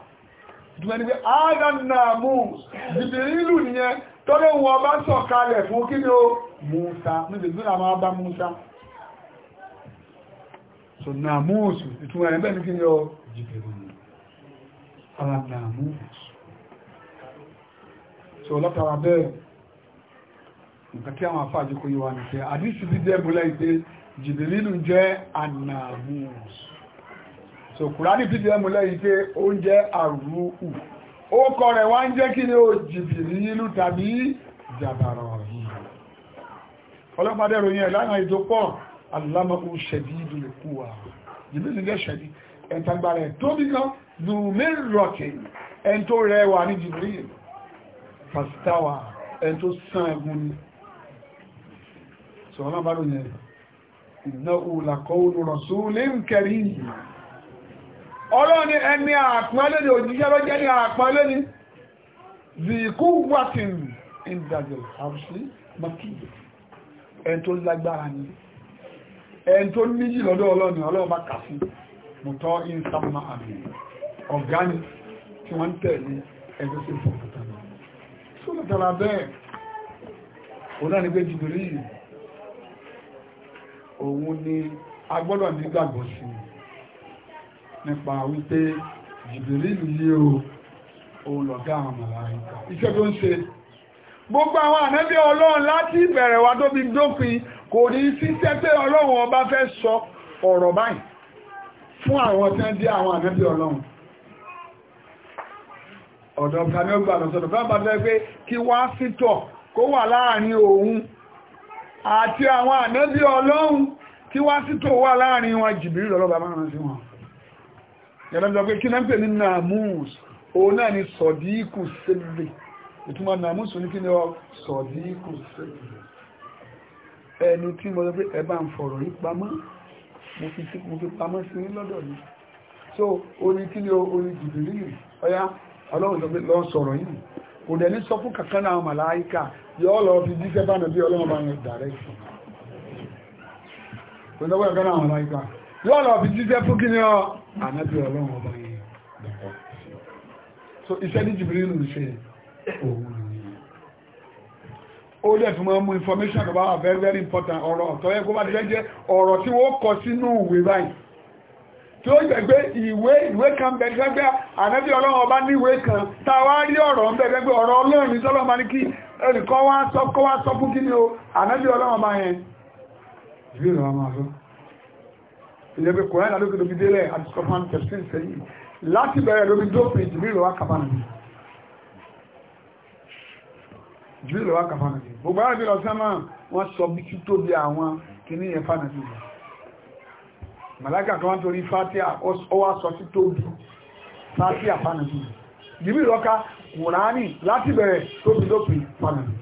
dùmẹ́ni pé adamunamus Jibrilu nìyẹn tọ́lẹ̀ wọn bá sọ kalẹ̀ fún kí ni ó Musa níbi ìgbìnà máa bá Musa so namus ìtumọ̀ ẹ̀rẹ́bẹ̀ ní kí ni ó Jibrilu ala namus so látara bẹ́ẹ̀ nǹkan tí àwọn afáàjì kò yíwa nìkẹ́ àdísì ti jẹ́ múlẹ̀ ìpé jìbìlínú jẹ́ anàmús so kùránì ti jẹ́ múlẹ̀ ìpé oúnjẹ àrùkù ó kọ rẹ̀ wá ń jẹ́ kí ni ó jìbìlínú tàbí jàbàrà ọ̀hún ọlọ́pàá dẹ̀rọ yẹn lánàá ètò pọ̀ alámọ̀kú ṣẹ̀dí ìdílé kú wa jìbìlínú jẹ́ ṣẹ̀dí ẹ̀ntàgbà rẹ̀ tóbi kan zùmí rọ̀kì ẹ̀ntó rẹwà ní jìbìlínú fàstáwà ẹni tó sán ẹ̀gùn ni sọ ọlọ́bàá ló yẹn iná òlàkọ́ olùrọ̀ sólé ń kẹrí yìí ọlọ́ni ẹni àpọ́nlẹ́ ni òjíṣẹ́ ló jẹ́ ní àpọ́nlẹ́ ni zikú wàtín ìdàjẹ̀ àrùsí makíyè ẹni tó lágbára ni ẹni tó níjì lọ́dọ̀ ọlọ́ni ọlọ́ọ̀bá kàfí mọ̀tọ́ ìsàmà àmì ọ̀gá ni tí wọ́n tẹ̀lé ẹgbẹ́ sí fòkútà tó lè tàrà bẹ́ẹ̀ òun náà ni pé jìbìrì òun ni a gbọ́dọ̀ nígbàgbọ́ sí nípa wípé jìbìrì yìí o òun lọ̀gá àwọn màláíkà iṣẹ́ tó ń ṣe gbogbo àwọn ànábí ọlọ́run láti ìbẹ̀rẹ̀ wa tó fi dópin kò ní síṣẹ́ pé ọlọ́run ọba fẹ́ sọ ọ̀rọ̀ báyìí fún àwọn tí àwọn ànábí ọlọ́run ọ̀dọ̀ kàmí ọgbà lọ́sọ̀dọ̀ fún àbájọ́ pé kí wá sítọ̀ kó wà láàrin òun àti àwọn ànábí ọlọ́run kí wá sítọ̀ wà láàrin wọn jìbìrì lọ́lọ́bà márùn sí wọn yẹ̀lọ́bà pé kí náà pè ní namus òun náà ni sọ̀díkù sẹ́lẹ̀ ìtumọ̀ namus ní kí ni ọ sọ̀díkù sẹ́lẹ̀ ẹni tí mo sọ pé ẹ bá ń fọ̀rọ̀ yí pamọ́ mo fi pamọ́ sí lọ́dọ̀ yìí so orin kí ni orin jìbìrì ọ̀yá ọlọ́run sọ pé lọ sọ̀rọ̀ yìí kò dẹ̀ ní sọ fún kankan náà màláíkà yọ́ lọ fi jíṣẹ́ bá nàbí ọlọ́run bá rẹ̀ dàrẹ́ yọ́ lọ fi jíṣẹ́ fún kí ni ọ ànábí ọlọ́run ọba yẹn dàkọ́ so iṣẹ́ ní jìbìrìlù ṣe òun ó dẹ̀ tún mú information about bá very very important ọ̀rọ̀ ọ̀tọ́ yẹ kó bá ti jẹ́ ọ̀rọ̀ tí wọ́n kọ sínú ìwé báyìí tí ó gbẹ̀gbẹ́ ìwé ìwé kan bẹ̀gbẹ́gbẹ́ ànábí ọlọ́run ọba ní ìwé kan tàwà rí ọ̀rọ̀ ń bẹ̀gbẹ́gbẹ́ ọ̀rọ̀ ọlọ́run ìsọ́lọ́ ma ní kí ẹnìkọ́ wá sọ kọ́ wá sọ kí ni o ànábí ọlọ́run ọba yẹn ìwé ìrọ̀ máa sọ ilé bí kòrán ìlàlókè lóbi délẹ̀ àti sọfán tẹ̀sín sẹ́yìn láti bẹ̀rẹ̀ lóbi dópin ìjìbí ìrọ̀ wá kàfà nàbí ìjìbí ìrọ̀ wá kàfà nàbí gbogbo àwọn màláìkà kan torí fatia ó wá sọ sí tóbi fatia fanabi jìbí lọ́ka kùránì láti bẹ̀rẹ̀ tóbi lópin fanabi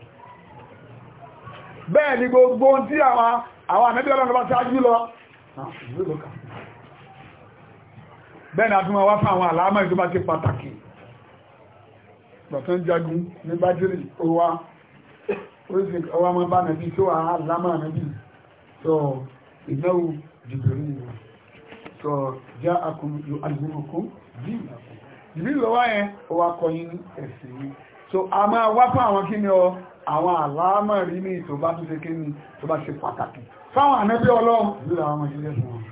bẹ́ẹ̀ ni gbogbo tí àwọn àwọn àmẹ́bí ọlọ́run bá ṣáájú lọ bẹ́ẹ̀ ni a tún wá fún àwọn àlàámọ̀ ìjọba ti pàtàkì bàtán jagun ní bájírì owá orísìí àlámà nàbí sọ já akùn yóò alìmọ̀kún bí ìbílù lọ́wọ́ yẹn ó wá ẹ̀sìn yìí so a máa wá fún àwọn kí ni ọ àwọn àlámà rí ní tó bá tún ṣe kí ni tó bá ṣe pàtàkì fáwọn ànẹ́bí ọlọ́run ìbílù àwọn ìṣẹ́lẹ̀ fún wọn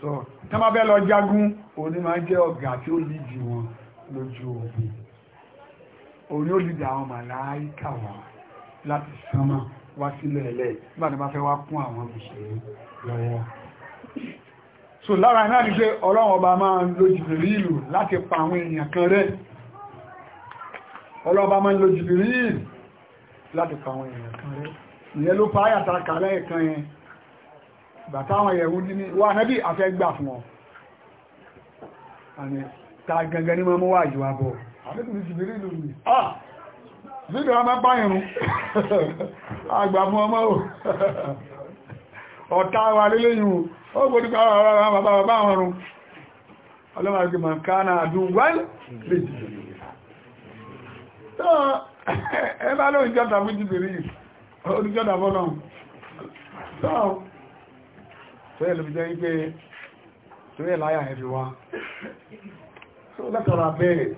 so tí wọ́n bẹ́ lọ jagun òní máa jẹ́ ọ̀gá tí ó lídìí wọn lójú ogun òní ó lídìí àwọn màláíkà wà láti sánmà wá sílẹ̀ ẹlẹ́ nígbà wá kún àwọn mùsùlùmí lọ́wọ́ so lára náà ní pé ọlọ́run ọba máa ń lo jìbìrìlù láti pa àwọn èèyàn kan rẹ̀ ọlọ́run ọba máa ń lo jìbìrìlù láti pa àwọn èèyàn kan rẹ̀ ìyẹn ló pa áyàtà kàlẹ́ ẹ̀kan yẹn bàtà àwọn ẹ̀wú ní wà náà bí afẹ́ gbà fún ọ ah Zídò a máa báyìnrún, àgbà fún ọmọ ò, ọ̀tá ó gbọ́dí pa bàbá bàbá àwọn ọrùn ọlọ́mà àti mọ̀kánà àdúgbọ́n lè jìdì tó ẹ bá lóòrùn jọta fún jìdì rí oníjọta fọ́nà tó tóyẹ̀ lè fi jẹ́ wípé tóyẹ̀ láyà ẹ̀fì wá tó lẹ́tọ̀rọ̀ abẹ́rẹ̀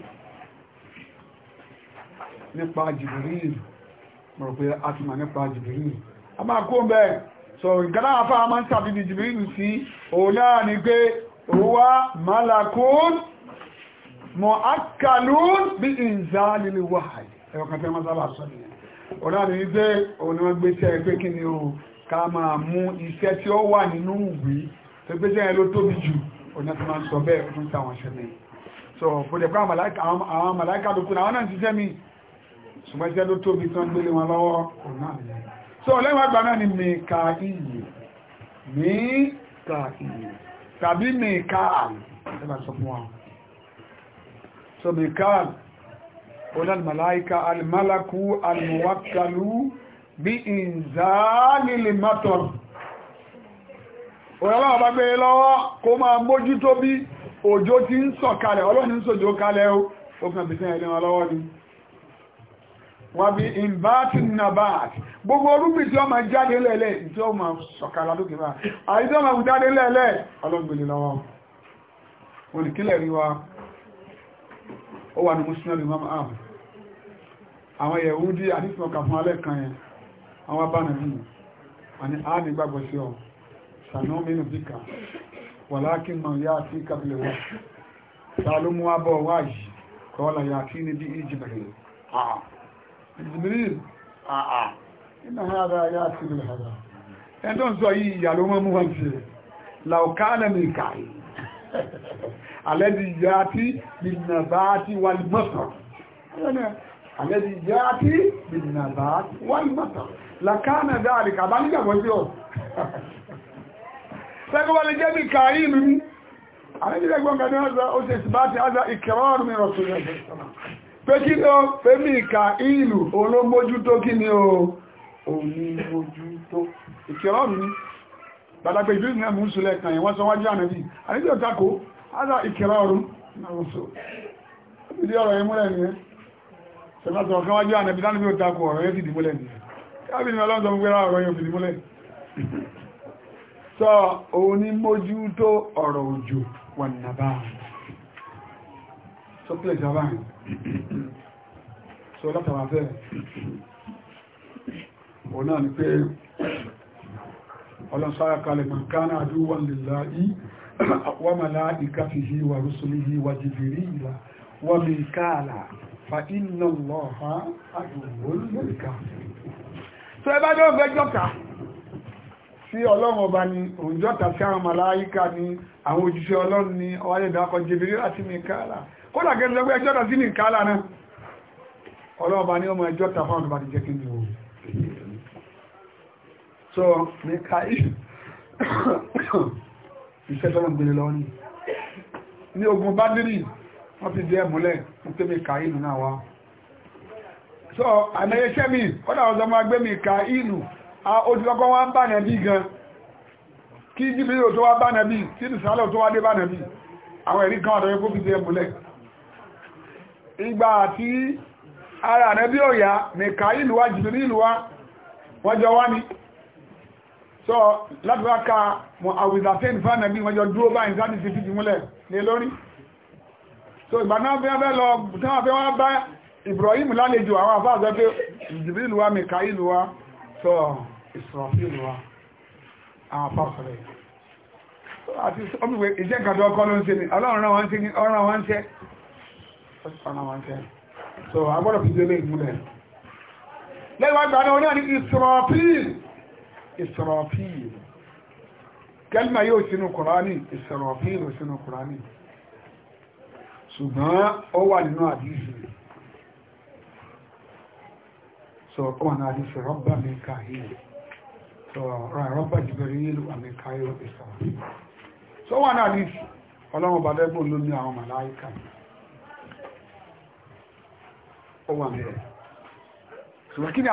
nípa jìdì rí mọ̀rọ̀ pé a ti mà nípa jìdì rí a máa kó bẹ́ẹ̀ so ìgbàlá àfá a máa ń tàbí bí jìbìrìlù ni pé huwa malakun mu'akkalun bí ìzà lílé wáhàí ẹ̀kọ́ tẹ́ máa sábà sọ nìyẹn òun náà ni wípé òun ni wọ́n gbé sí ẹgbẹ́ kí ni o ká máa mú iṣẹ́ tí ó wà nínú ìwé tó gbé sí ẹ ló tóbi jù ti máa ń sọ bẹ́ẹ̀ ó tún táwọn ṣe mí so bóde pé àwọn màláìka tó kú náà wọ́n náà ti ṣẹ́ mi ṣùgbọ́n iṣẹ́ ló tóbi tán gbélé wọn lọ́wọ́ òun so lẹ́wọ̀n àgbà náà ni mẹ́ka iyì mẹ́ka iyì tàbí mẹ́ka àlù ẹgbà sọ fún wọn so mẹ́ka àlù onílmàláíkà alìmálàkú alìmọ̀wákàlú bí ìzáàlìlì mátọ̀rù òyàwó bá gbé e lọ́wọ́ kó máa mójútó bí òjò ti ń sọ̀kalẹ̀ ọlọ́ni ń sòjò kalẹ̀ ó fún àbìsẹ́ ẹ̀lẹ́wọ̀n lọ́wọ́ ni wàbí ìbáàtì nàbáàtì gbogbo orúgbì tí ó ma jáde lẹ́lẹ́ tí ó máa sọ̀kàlà lókè àyí tí ó máa jáde lẹ́lẹ́ ọlọ́gbìnrin lọ́wọ́ olùkílẹ̀ rí wa ó wà ní àwọn yẹ̀húdí àdífọ́kà fún àwọn ọ Jibril àà iná hàrá yá sí ilẹ̀ hàrá ẹn tó ń sọ yìí ìyà ló mọ́ mú wọn sí laukana mi kàí alẹ́dì ìyá tí bìnnàbá tí wà ní mọ́sàn alẹ́dì ìyá tí bìnnàbá tí wà ní mọ́sàn laukana dáàrí kàbá nígbàgbọ́ sí ọ̀ sẹ́gbọ́n lè jẹ́ bí kàí mi alẹ́dì ìgbọ́n kàdé ó pé kí ni ó fẹ́mí ìka ìlú olómójútó kí ni ó onímójútó ìkìrọ̀ mi gbàdàgbé ìlú ìrìnà mú sílẹ̀ kan ìwọ́n sọ wájú ànàbí àníbí ọ̀tàkó ádá ìkìrọ̀ ọrún náà sọ ìdí ọ̀rọ̀ yẹn múlẹ̀ nìyẹn sẹ́fàtọ̀ ọ̀kan wájú ànàbí láníbí ọ̀tàkó ọ̀rọ̀ ni ọlọ́dọ̀ ọ̀rọ̀ òjò wà nàbáà tó pè jọba rìn tó látàwà bẹ́ẹ̀ òun náà ni pé ọlọ́sára kalẹ̀ man kana àdúwàn lillahi wa malaikatihi wa rusulihi wa jibirila wa mikala fa inna Allaha aduwwul kafirin tó ẹbá jọ fẹ́ jọta sí ọlọ́run ọba ni òun jọta sí àwọn màláíkà ni àwọn òjíṣẹ́ ọlọ́run ni ọwáyẹ̀dá ọkọ̀ jibirila àti mikala kódà gẹ́gẹ́ lọ́gbẹ́ ẹjọ́ta sí ní ìkálà náà ọlọ́ọ̀bá ní ọmọ ẹjọ́ta fáwọn ọmọ ìjẹ́ kí ní o so ní ká iṣẹ́ tọ́lọ̀ gbèrè lọ ní ní ogun Bádírì wọ́n ti dẹ́ múlẹ̀ ní pé mi ká ìlú náà wá so àmẹ́yẹṣẹ́ mi kódà ọ̀zọ́ máa gbé mi ká ìlú ojúlọ́kọ́ wá ń bà nẹ́bí gan kí jíbìlì tó wá bà nẹ́bí kí nìsàlọ̀ dé bà nẹ́bí àwọn ẹ̀rí kan ọ̀dọ́ fi dẹ́ múlẹ̀ ìgbà àti ara ànẹ́bí òyà nìka ìlú wa ní ìlú wa wá ní so láti wá ka mọ̀ àwùzàtẹ́n fún ànẹ́bí wọ́n jọ dúró báyìí sáà ti fi fìdí múlẹ̀ lé lórí so ìgbà náà fẹ́ fẹ́ lọ tán àfẹ́ wá bá Ibrahim lálejò àwọn àfáà sọ pé jìdú ìlú so ìsọ̀rọ̀fí ìlú wa àwọn àfáà sọ̀rọ̀ yìí àti ọmọ ìwé ìṣẹ́ ìkàtọ̀ ọkọ ló ń Ọlọ́run rán wọn ṣe So I ọ̀nà wọn kẹ́ so agbọ́dọ̀ fi délé ìmúlẹ̀ lẹ́wọ́n gbà náà náà ní ìsọ̀rọ̀pìl ìsọ̀rọ̀pìl kẹ́lìmà yóò sínú kùránì ìsọ̀rọ̀pìl sínú kùránì ṣùgbọ́n ó wà nínú àdíṣì so ó wà nínú àdíṣì rọ́bà mẹ́ka yìí so rọ́bà jìbẹ̀rẹ̀ yìí wà mẹ́ka yóò ìsọ̀rọ̀pìl so wà nínú àdíṣì ọlọ́run bàdẹ́gbò ló ní àwọn màláìkà ó wà ní ṣùgbọ́n kí ni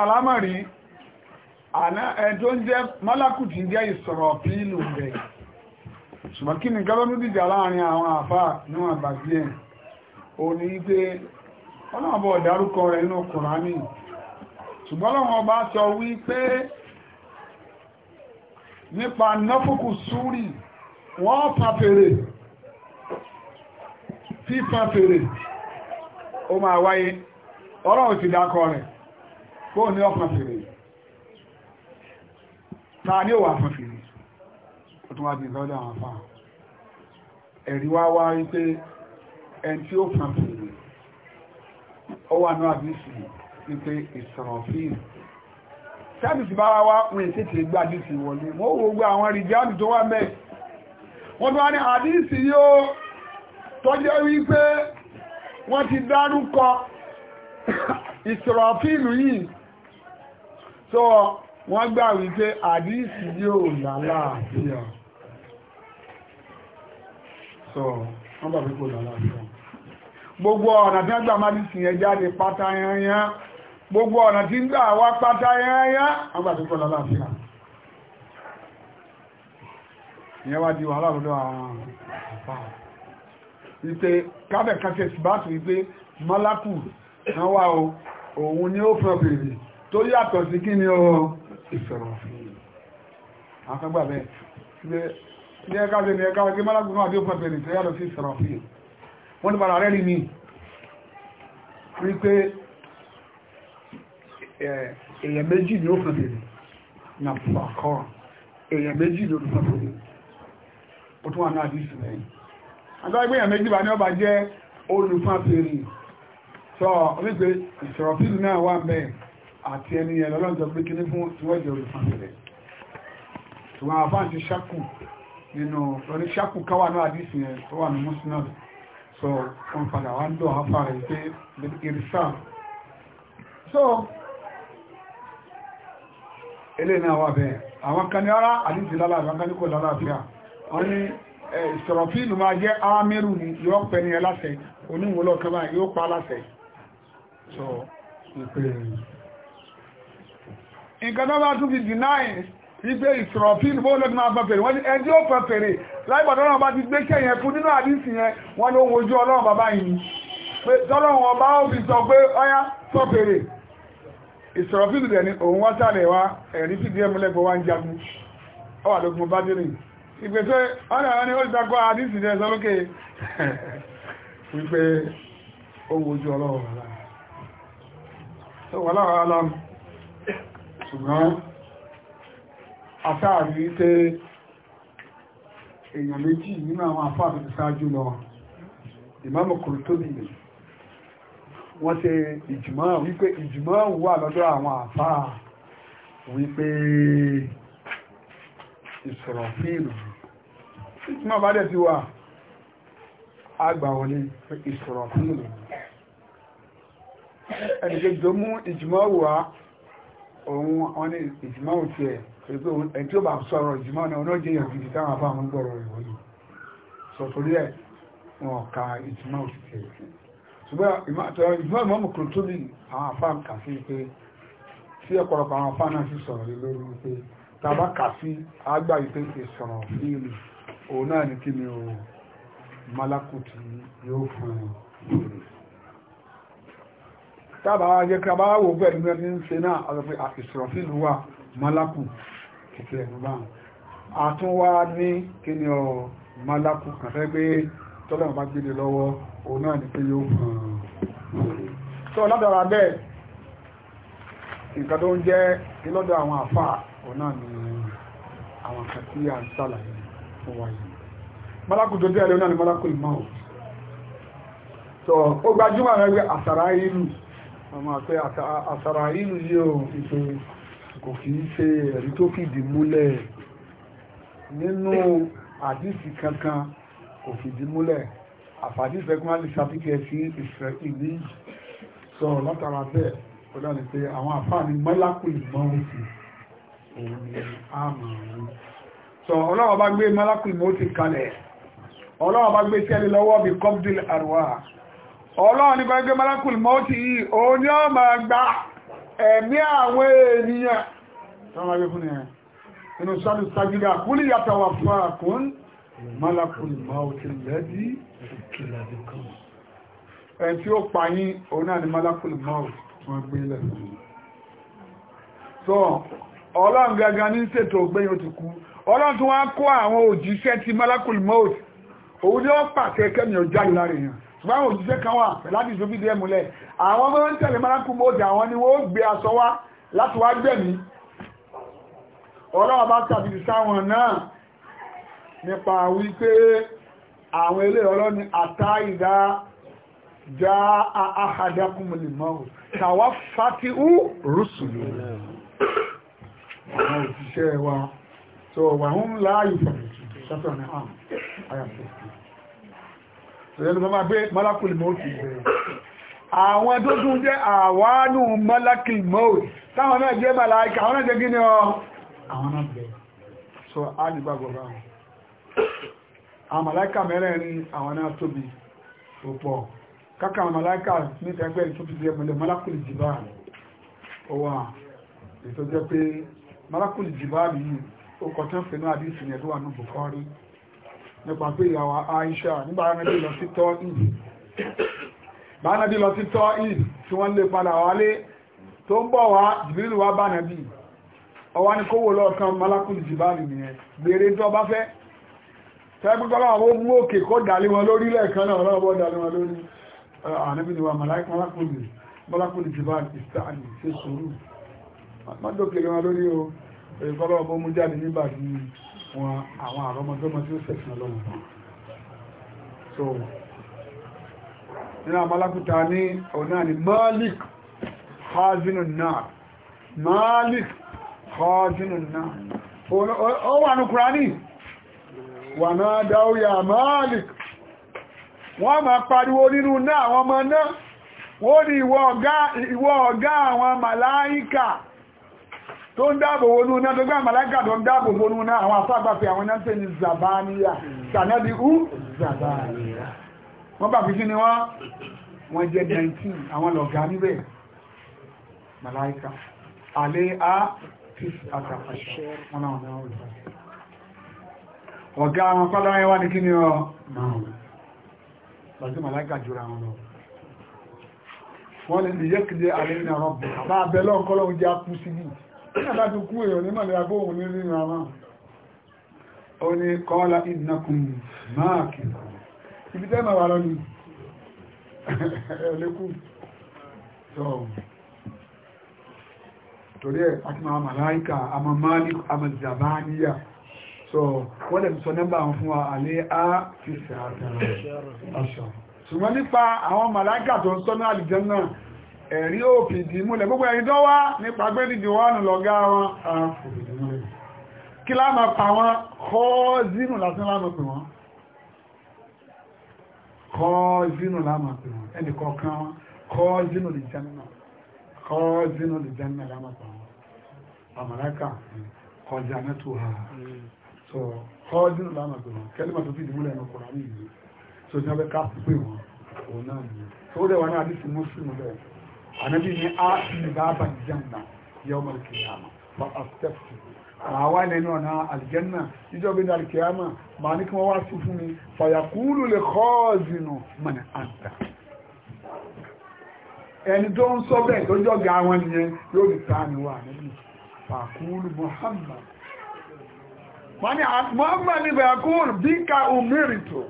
ń jẹ́ mọ́lákù jẹ́ ìsọ̀rọ̀ pílù rẹ̀ ṣùgbọ́n kí ni gọ́lọ́nú dìjà láàrin àwọn àfá níwọ̀n àgbàgbé ẹ̀ o ní pé ọlọ́ọ̀bọ̀ ọ̀dárúkọ ọlọ́run ti dákọ rẹ̀ kó ní ọkàn fèrè ní òwà fún fèrè ó tún wá di lọ́dọ̀ àwọn afá ẹ̀rí wá wá rí pé ẹni tí ó fún fèrè ó wà ní àbísì wípé ìsọ̀rọ̀ bá wá wọn ìsẹ́tì wọlé àwọn tó wà mẹ́ wọ́n tó wá ní yóò ìsọ̀rọ̀fíìlù yìí tó wọ́n gbà wípé àdíìsì yóò lálàáfíà so wọ́n bàbí kò lálàáfíà gbogbo ọ̀nà tí wọ́n gbà má dìsì yẹn jáde pátá yányán gbogbo ọ̀nà tí ń gbà wá pátá yányán wọ́n bàbí kò lálàáfíà ìyẹn wá di wàhálà lọ́dọ̀ àwọn àpá wípé kábẹ̀ kásẹ̀ sí bá kan wá o òun ni ó fẹ́ bèèrè tó yàtọ̀ sí kí ni ó ìfẹ̀rọ̀ fún àkọgbà bẹ́ẹ̀ ní ẹka bẹ́ẹ̀ ní ẹka wọ́n kí málágbùnú àbí ó fẹ́ bèèrè tó yàtọ̀ sí ìfẹ̀rọ̀ fún wọ́n ní bàrà rẹ̀ rí mi wípé èèyàn méjì ni ó fẹ́ bèèrè na pàkọ́ èèyàn méjì ni ó fẹ́ bèèrè ó tún wà náà dì sí lẹ́yìn àgbà ẹgbẹ́ èèyàn méjì bá ní ọba jẹ́ olùfẹ́ bèèrè sọ wípé ìṣọ̀rọ̀fíìlú náà wà bẹ́ẹ̀ àti ẹni yẹn lọ́lọ́jọ́ pé kí ní fún tíwọ́jọ́ orí fún ìrẹ̀ ṣùgbọ́n àbá ti ṣákù nínú lórí ṣákù káwà náà àdísì yẹn tó wà ní musnad so wọn padà wá ń dọ̀ afá rẹ̀ pé irisa so ilé náà wà bẹ́ẹ̀ àwọn kan ní ara àdísì lálà àwọn kan ní kò lálàáfíà wọ́n ní ìṣọ̀rọ̀fíìlú máa jẹ́ ámírù ni yóò pẹ́ ní ẹ láṣẹ oníwòlọ́ kan báyìí yóò pa láṣẹ sọ wípé nǹkan tó bá tún fi deny wípé ìsọ̀rọ̀fíìlì bó lọ́dún máa pẹ̀pẹ̀rẹ̀ wọ́n ní ẹjọ́ ó pẹ̀pẹ̀rẹ̀ láìpọ̀tọ́ náà bá ti gbé kẹ́yẹn fún nínú àdísì yẹn wọ́n ló wojú ọlọ́run bàbá yìí pé tọ́lọ́run ọba ó fi sọ pé ọyá sọ̀pẹ̀rẹ̀ ìsọ̀rọ̀fíìlì rẹ̀ ni òun wá sálẹ̀ wá ẹ̀rí fìdí ẹmúlẹ́gbọ̀ wá ń jagun ọwà lógun bá dé nìyí ìgbésẹ̀ ọ̀nà ó ìtakọ́ tó wà láwàá alam ṣùgbọ́n afáàrí wípé èèyàn méjì nínú àwọn afáàrí ti sáájú lọ ìmáàmù Qurtubi wọ́n ṣe ìjùmọ́ wípé ìjùmọ́ wà lọ́dọ̀ àwọn àfáà wípé ìsọ̀rọ̀ fíìlù ìjùmọ́ bá dẹ̀ ti wà àgbà wọlé ìsọ̀rọ̀ fíìlù ẹnìkejì tó mú ìjìmọ́ wà òun wọn ní ìjìmọ́ òtí ẹ̀ pẹ̀lú ẹ̀ tí ó bá sọ̀rọ̀ ìjìmọ́ náà ní ó jẹ́ ìyàn gidi táwọn afáàmù gbọ́rọ̀ rẹ̀ wọ́n yìí sọ torí ẹ̀ wọn ka ìjìmọ́ òtí ẹ̀ ṣùgbọ́n ìjìmọ́ ìmọ̀mù kò tóbi àwọn afáàmù kà sí pé tí ọ̀pọ̀lọpọ̀ àwọn afáàmù náà sì sọ̀rọ̀ lé lórí wípé tàbá kà sí àgbà ìpè ìsọ̀rọ̀ fíìlì òun náà ní kí ni malakuti yóò fún un tábà jẹ́ kí a bá wò pẹ̀lú mẹ́rin ní ṣe náà àgbẹ̀fẹ́ ìsọ̀rọ̀fíìlú wà malakú kìtẹ̀ ẹ̀rùbá àtún wá ní kí ni ọ malakú kàfẹ́ pé tọ́lọ̀ bá gbélé lọ́wọ́ òun náà ní pé yóò hàn látara bẹ́ẹ̀ nǹkan tó ń jẹ́ ilọ́dọ̀ àwọn àfáà òun náà ní àwọn wa yìí malakú tó gbajúmọ̀ rẹ̀ àsàrà ìlú ọmọ pé àtàrà ìlú yóò ìpè kò kì í ṣe ẹ̀rí tó fìdí múlẹ̀ nínú àdìsí kankan kò fìdí múlẹ̀ àfàdíṣẹ́ kí wọ́n lè ṣàfihàn sí ìṣẹ̀lẹ̀ sọ látara bẹ́ẹ̀ ó dá ní pé àwọn àfáàní mọ́lápù ìmọ̀ọ́sì òun ni a mọ̀ ọ́n sọ ọlọ́wọ́ bá gbé mọ́lápù ìmọ̀ọ́sì kalẹ̀ ọlọ́wọ́ bá gbé sẹ́ni lọ́wọ́ bí kọ́bdìl àrùwá ọlọ́run ní gbẹ́gbẹ́ malakul mọ́tí yìí o ní ọ máa gba ẹ̀mí àwọn ènìyàn tọ́wọ́ gbé fún ẹ̀ inú sọ́lù sàgídà kúlì yàtọ̀ wà fún àkún malakul mọ́tí lẹ́dí kìlàdìkan ẹ̀ tí ó pààyí òun náà ni malakul mọ́tí wọ́n gbé lẹ̀ ọlọ́run gangan ní ṣètò ògbẹ́yìn ó ti kú malakul mọ́tí òun ni ó pàṣẹ kẹ́mi ọjà ṣùgbọ́n àwọn òṣìṣẹ́ kan wà pẹ̀láti ìṣòbí díẹ̀ múlẹ̀ àwọn ọmọ ń tẹ̀lé mọ́rákù mọ́ọ̀dì àwọn ni wọ́n gbé aṣọ wá láti wá gbẹ̀mí ọlọ́wọ́ bá tàbí sáwọn náà nípa wípé àwọn ilé ọlọ́ni àtà ìdá já àhàdákùnmùlì mọ́ọ̀ tàwà fàtí ú rúsùlù àwọn òṣìṣẹ́ wa tó wà ń láàyè fàtí sátọ̀ ní àmì àyàfẹ́ àwọn dúdú jẹ́ àwánú malakil maut táwọn náà jẹ́ malaika àwọn náà jẹ́ gíní ọ àwọn náà bẹ̀ so a lè gbàgbọ́ bá wọn àwọn malaika mẹ́rẹ̀ẹ̀rin àwọn náà tóbi púpọ̀ kákà malaika níta ẹgbẹ́ ìtóbi jẹ́ mẹ́lẹ̀ malakul nípa pé ìyàwó Aisha nígbà anábí lọ sí tọ́ ìdí bá anábí lọ sí tọ́ ìdí tí wọ́n lè padà wálé tó ń bọ̀ wá jìbìrìlù wá bá anábí ọwá ní kówó lọ́ọ̀kan malakul jibali nìyẹn gbèrè tó bá fẹ́ tẹ́gbẹ́gbẹ́lá àwọn mú òkè kó dàlé wọn lórí lẹ́ẹ̀kan náà ọlọ́ọ̀bọ̀ dàlé wọn lórí anábí ni wa malakul jibali ìsáàlì ṣe sùúrù mọ́dọ̀kẹ̀lẹ̀ wọn o èkọ́lọ́ ọmọ mú jáde nígbà wọn àwọn àrọmọdọ́mọ tí ó sẹ̀sìn ọlọ́run náà so nínú àmàlákùta ní ọ̀nà ni malik hazinu náà malik hazinu náà ó wà ní kùránì wà náà dáúyà malik wọ́n ma pariwo nínú náà àwọn ọmọ náà wọ́n ni ìwọ ọ̀gá àwọn màláíkà tó ń dáàbò wọnú náà tó gbá màláìkà tó ń dáàbò wọnú náà àwọn afágbàfẹ́ àwọn náà tẹ́ ní zabaniya sànẹ́bí ú zabaniya wọ́n bá fi kí ni wọ́n wọ́n jẹ́ 19 àwọn lọ̀gá níbẹ̀ màláìkà alẹ́ a peace àtàkàṣẹ́ wọn náà náà rí ọ̀gá àwọn pálá ẹwà ní kí ni ọ márùn-ún nígbà tó kú èèyàn ní mọ̀lẹ́ abó òun ní rírìn àmà ó ní kọ́ọ́lá ìdínàkùn máàkì ibi tẹ́ màá wà lọ ní ẹ̀lẹ́kù torí ẹ̀ àti máa màláíkà àmà máàlìkù àmà jàbáníyà so wọ́n lè sọ nẹ́bà fún wa alẹ́ á fi sàátàrà ṣùgbọ́n nípa àwọn màláíkà tó ń sọ ní àlìjẹ́ náà ẹ̀rí òpìdì múlẹ̀ gbogbo ẹ̀yìn tó wá nípa pé dìdì wà nù lọ́gá wọn kí láàmà pa wọn kọ́ọ̀zínù lásán láàmà pè wọn kọ́ọ̀zínù láàmà pè wọn ẹnì kọ̀ọ̀kan wọn kọ́ọ̀zínù lè jẹ́ náà kọ́ọ̀zínù lè jẹ́ náà láàmà pa wọn àmàlákà kọjá mẹ́tò ha so kọ́ọ̀zínù láàmà pè wọn kẹ́lẹ́mà tó fìdí múlẹ̀ ẹnu kọ̀ọ̀rọ̀ àmì yìí so ní ọbẹ̀ ká pè wọn òun náà ni so ó dẹ̀ wà ní àdìsí mọ́sùlùmí anabi ni ah, a baban janna yawmal qiyamah fa astafti àwa nínú ọ̀nà aljanna ìjọba ní alkiyama ma ní kí wọ́n wá sí fún mi fa yaqulu li khazinu man anta ẹni tó ń sọ bẹ́ẹ̀ tó jọ ga wọn nìyẹn yóò di ta ni wà níbi fàkúlù muhammad wọ́n ni ah, muhammad ni fàkúlù bí ká umiritu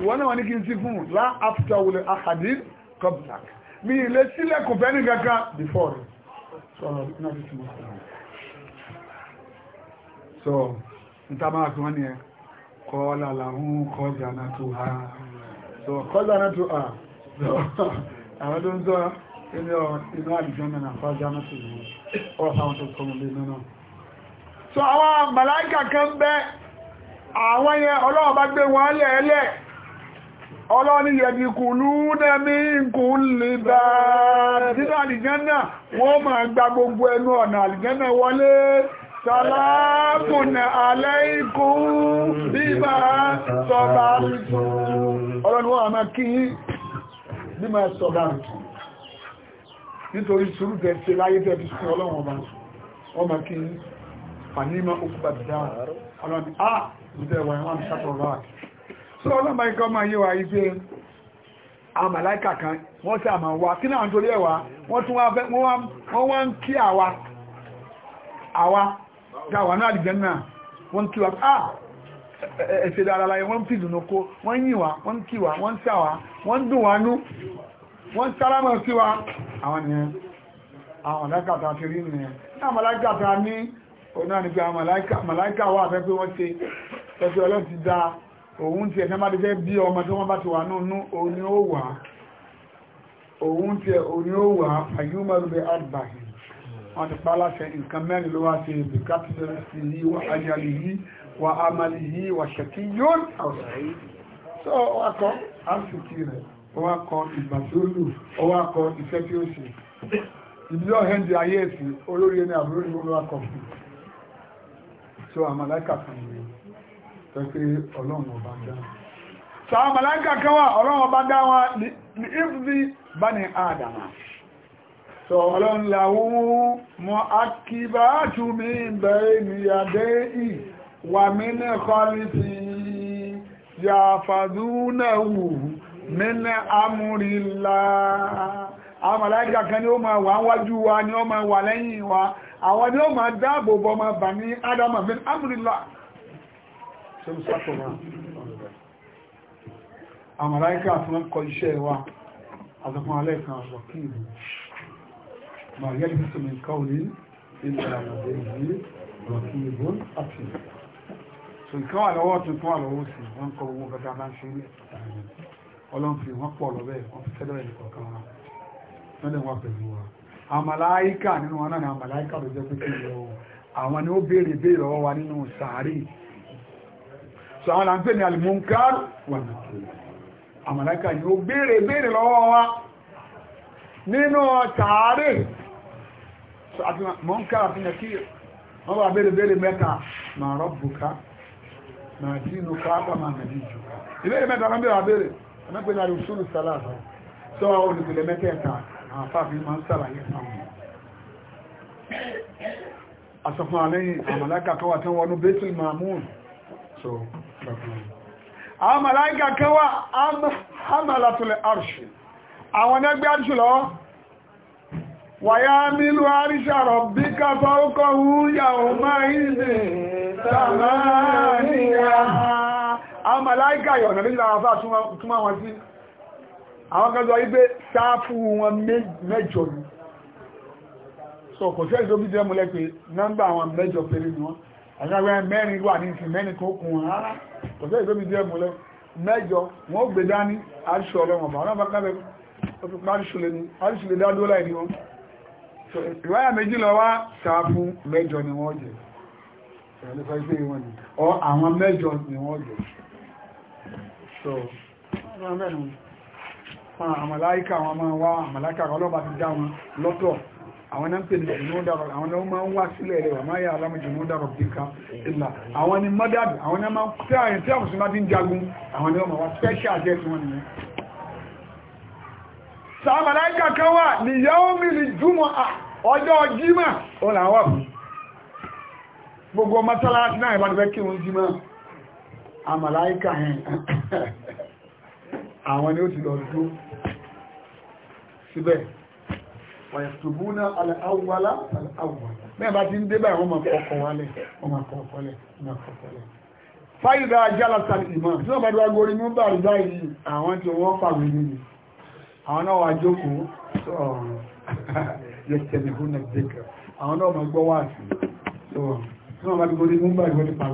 wọ́n náà wọ́n ní kí n sí ahadin qablak mi ilé sílẹ̀ kò fẹ́ ní kankan before rẹ̀ sọ̀rọ̀ náà fi túnmọ̀ so n ta máa fi wọ́n ni ẹ kọ́ọ́lá làwọn kọ́jànà tó ha so kọ́jànà tó ha àwọn tó ń sọ inú inú àdìjọ́nà náà kọ́jànà tó yìí ọ̀rọ̀ sáwọn tó kọ́mọ lé náà so àwọn màláìkà kan bẹ́ àwọn yẹn ọlọ́wọ́ bá gbé wọn lẹ́ẹ̀lẹ́ẹ̀ ọlọ́ni yẹ̀dì kùlú nẹ́mí kù lè bá títà àlìjẹ́nà wọ́n máa gba gbogbo ẹnu ọ̀nà àlìjẹ́nà wọlé sàlámùnà aláìkún bíbá sọ̀bà ọlọ́ni wọ́n máa kí bí máa sọ̀bà nítorí sùúrù tẹ̀sẹ̀ láyé tẹ̀sẹ̀ sí ọlọ́run ọba wọ́n máa kí fàníma ah. ọlọ́ni ah ìdẹ̀wà ẹ̀wọ̀n sátọ̀ láàkì so ọlọ́mọ ikọ́ máa yé wa ife àmàláìkà kan wọ́n sì àmà wa kí náà nítorí ẹ̀wà wọ́n tún wá ń kí àwa àwa dáwà náà dìgbẹ́ náà wọ́n kí wa ah ẹ̀ṣẹ̀ dára láyé wọ́n fi dùn oko wọ́n yìn wa wọ́n kí wa wọ́n sà wa wọ́n dùn wa nú wọ́n sáramọ̀ sí wa àwọn nìyẹn àwọn àmàláìkà òun tí ẹ̀sán bá fẹ́ bí ọmọ tí wọ́n bá ti wà nínú oní ó wà òun tí oní ó wà àyúmọ̀lúbẹ̀ àbáyé wọ́n ti pa láṣẹ nǹkan mẹ́rin ló wá sí ibi capitalist yìí wà ajalì yìí wà amali yìí wà ṣẹ̀kí yóò so wakọ̀ àṣìkí rẹ̀ wakọ̀ pẹ́pẹ́ ọlọ́run ọba dá sàwọn màláíkà kan wà ọlọ́run ọba dá wọn ní ìfúdí bá ní àdàmà sọ ọlọ́run làwọn mọ́ akíbá túnmí bẹ̀rẹ̀ níyàdé ì wà mí ní kọ́lìtì yàfàdúnàwù mí ní amúrìlá àwọn màláíkà kan ni ó máa wà wájú wa ni ó máa wà lẹ́yìn wa àwọn ni ó máa dáàbò bọ́ máa bà ní àdàmà mí ní ṣe ń sàkọ̀wà àmàláìkà fún ọkọ iṣẹ́ wa àtàkùn alẹ́kàn àṣọ̀kìlù mariel bitumen kauli ilẹ̀ àmàlẹ́ yìí rọ̀kìlù àti so ìkan wà lọ́wọ́ tún tún wà lọ́wọ́ sí wọ́n kọ owó gẹ́gẹ́ bá ń ṣe ilẹ̀ ọlọ́mfì wọ́n pọ̀ lọ́bẹ̀ wọ́n fi tẹ́lẹ̀ ẹ̀kọ́ kan wá ni àmàláìkà ló jẹ́ pé kí ni àwọn ni ó béèrè béèrè so àwọn àǹtẹ́ ni alimunkar wà nàkìlá àmàlẹ́kà yóò béèrè béèrè lọ́wọ́ wa nínú tààrí àti munkar àti nàkìlá wọ́n wà béèrè béèrè mẹ́ta ma rabbuka ma dinuka bá ma nabijuka ìbéèrè mẹ́ta wọ́n béèrè béèrè ẹ̀mẹ́pẹ́ ní alùsùlù sálàtà tó olùgbèlè mẹ́tẹ̀ẹ̀ta àwọn afáàfin máa ń sàlàyé sáwọn asọ̀fún àlẹ́yìn àmàlẹ́kà so àwọn màláìkà kan wà amàlàtulẹ̀ arṣù àwọn ẹgbẹ́ arṣù lọ wàyá mílù àríṣàrọ̀ bí káfà ó kọ́ yàwó máa ìdè tàbáníyà àwọn màláìkà yọ̀nà méjìlá àwọn afá túnmà wọn sí àwọn kan sọ wípé sáfù wọn mẹ́jọ ni so kò sí ẹ̀sọ́ bí jẹ́ múlẹ́ pé nọ́mbà àwọn mẹ́jọ pẹ̀lú ni wọ́n àgbàgbà mẹ́rin wà ní ìsìn mẹ́rin tó kún rárá kò sẹ́ ìgbómi díẹ̀ mú lọ mẹ́jọ wọ́n gbé dání àríṣù ọlọ́wọ̀n bá wọ́n bá kábẹ̀ àríṣù lè dádó láì ní wọn ìwáyà méjì lọ wá sáàfún mẹ́jọ ni wọ́n jẹ ọ so àwọn mẹ́rin àwọn àmàláìkà wọn máa wá àmàláìkà ọlọ́bàá ti já wọn lọ́tọ̀ àwọn náà ń pè ní jùmúdàrọ̀ àwọn náà máa ń wá sílẹ̀ rẹ̀ wà máa yà alámù jùmúdàrọ̀ bí ìlà àwọn ni mọ́dàbí àwọn náà máa tí àyìn tí àmùsùn láti ń jagun àwọn náà máa wá special guest tí wọ́n nìyẹn sàmàláìkà kan wà ní yaomi ní jùmọ̀ ọjọ́ jímà òun là wà fún gbogbo mọ́sálásí náà ìbá fẹ́ kí wàyẹ̀sùbúnà aláwọ̀lá aláwọ̀lá bẹ́ẹ̀ bá ti ń débà wọ́n máa kọ́kọ́ wálẹ̀ wọ́n máa kọ́kọ́ lẹ̀ wọ́n máa kọ́kọ́ lẹ̀ fáyidà ajálà sàlì ìmọ̀ tí wọ́n bá dúró agorí mú bá àrùbá yìí àwọn tí wọ́n fàwé nínú àwọn náà wà jókòó sọ yẹtẹ̀lẹ̀hún náà dẹ́kẹ̀ àwọn náà máa gbọ́ wáàsì sọ tí wọ́n bá dúró agorí mú bá àrùbá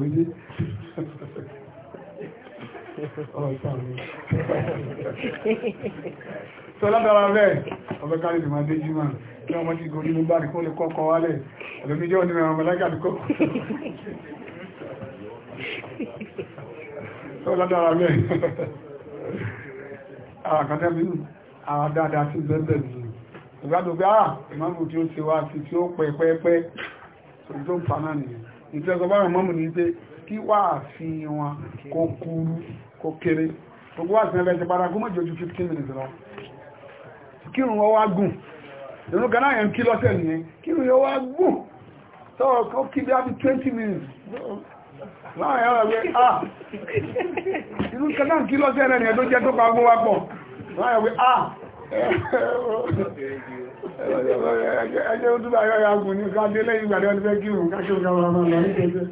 tó látara rẹ̀ ọbẹ̀ kárí lè máa dé jí máa kí ọmọ ti gòrí ní bá nìkan lè kọ́kọ́ wálẹ̀ ẹ̀lómíjọ́ ní ọmọ láìka nìkan tó látara rẹ̀ àkàtà mi àwọn dáadáa sí bẹ́ẹ̀ ni ìgbádùn pé àà ìmáàmù tí ó ti wá sí tí ó pẹ́pẹ́pẹ́ tó tó ń fa náà nìyẹn ìtẹ́sọ bá rẹ̀ mọ́mù ní pé kí wà fi wọn kó kúrú kó kéré gbogbo àti ẹgbẹ́ ti padà gómọ̀jọ́jú 15 minutes lọ kírun wọ́n wá gùn ìrún kan náà yẹn kí lọ́sẹ̀ nìyẹn kírun yóò wá gùn tọ́wọ́ kó kí bí á bí 20 minutes láàrin ọ̀rọ̀ pé ah ìrún kan náà kí lọ́sẹ̀ rẹ̀ nìyẹn tó jẹ́ tó pa gbówá pọ̀ láàrin pé ah ẹjẹ́ ó túbà yọ́ yàgùn ní ká délé ìgbàdẹ́ ọdún fẹ́ kírun káṣẹ́ òkè àwọn ọmọ lọ ní kẹsẹ̀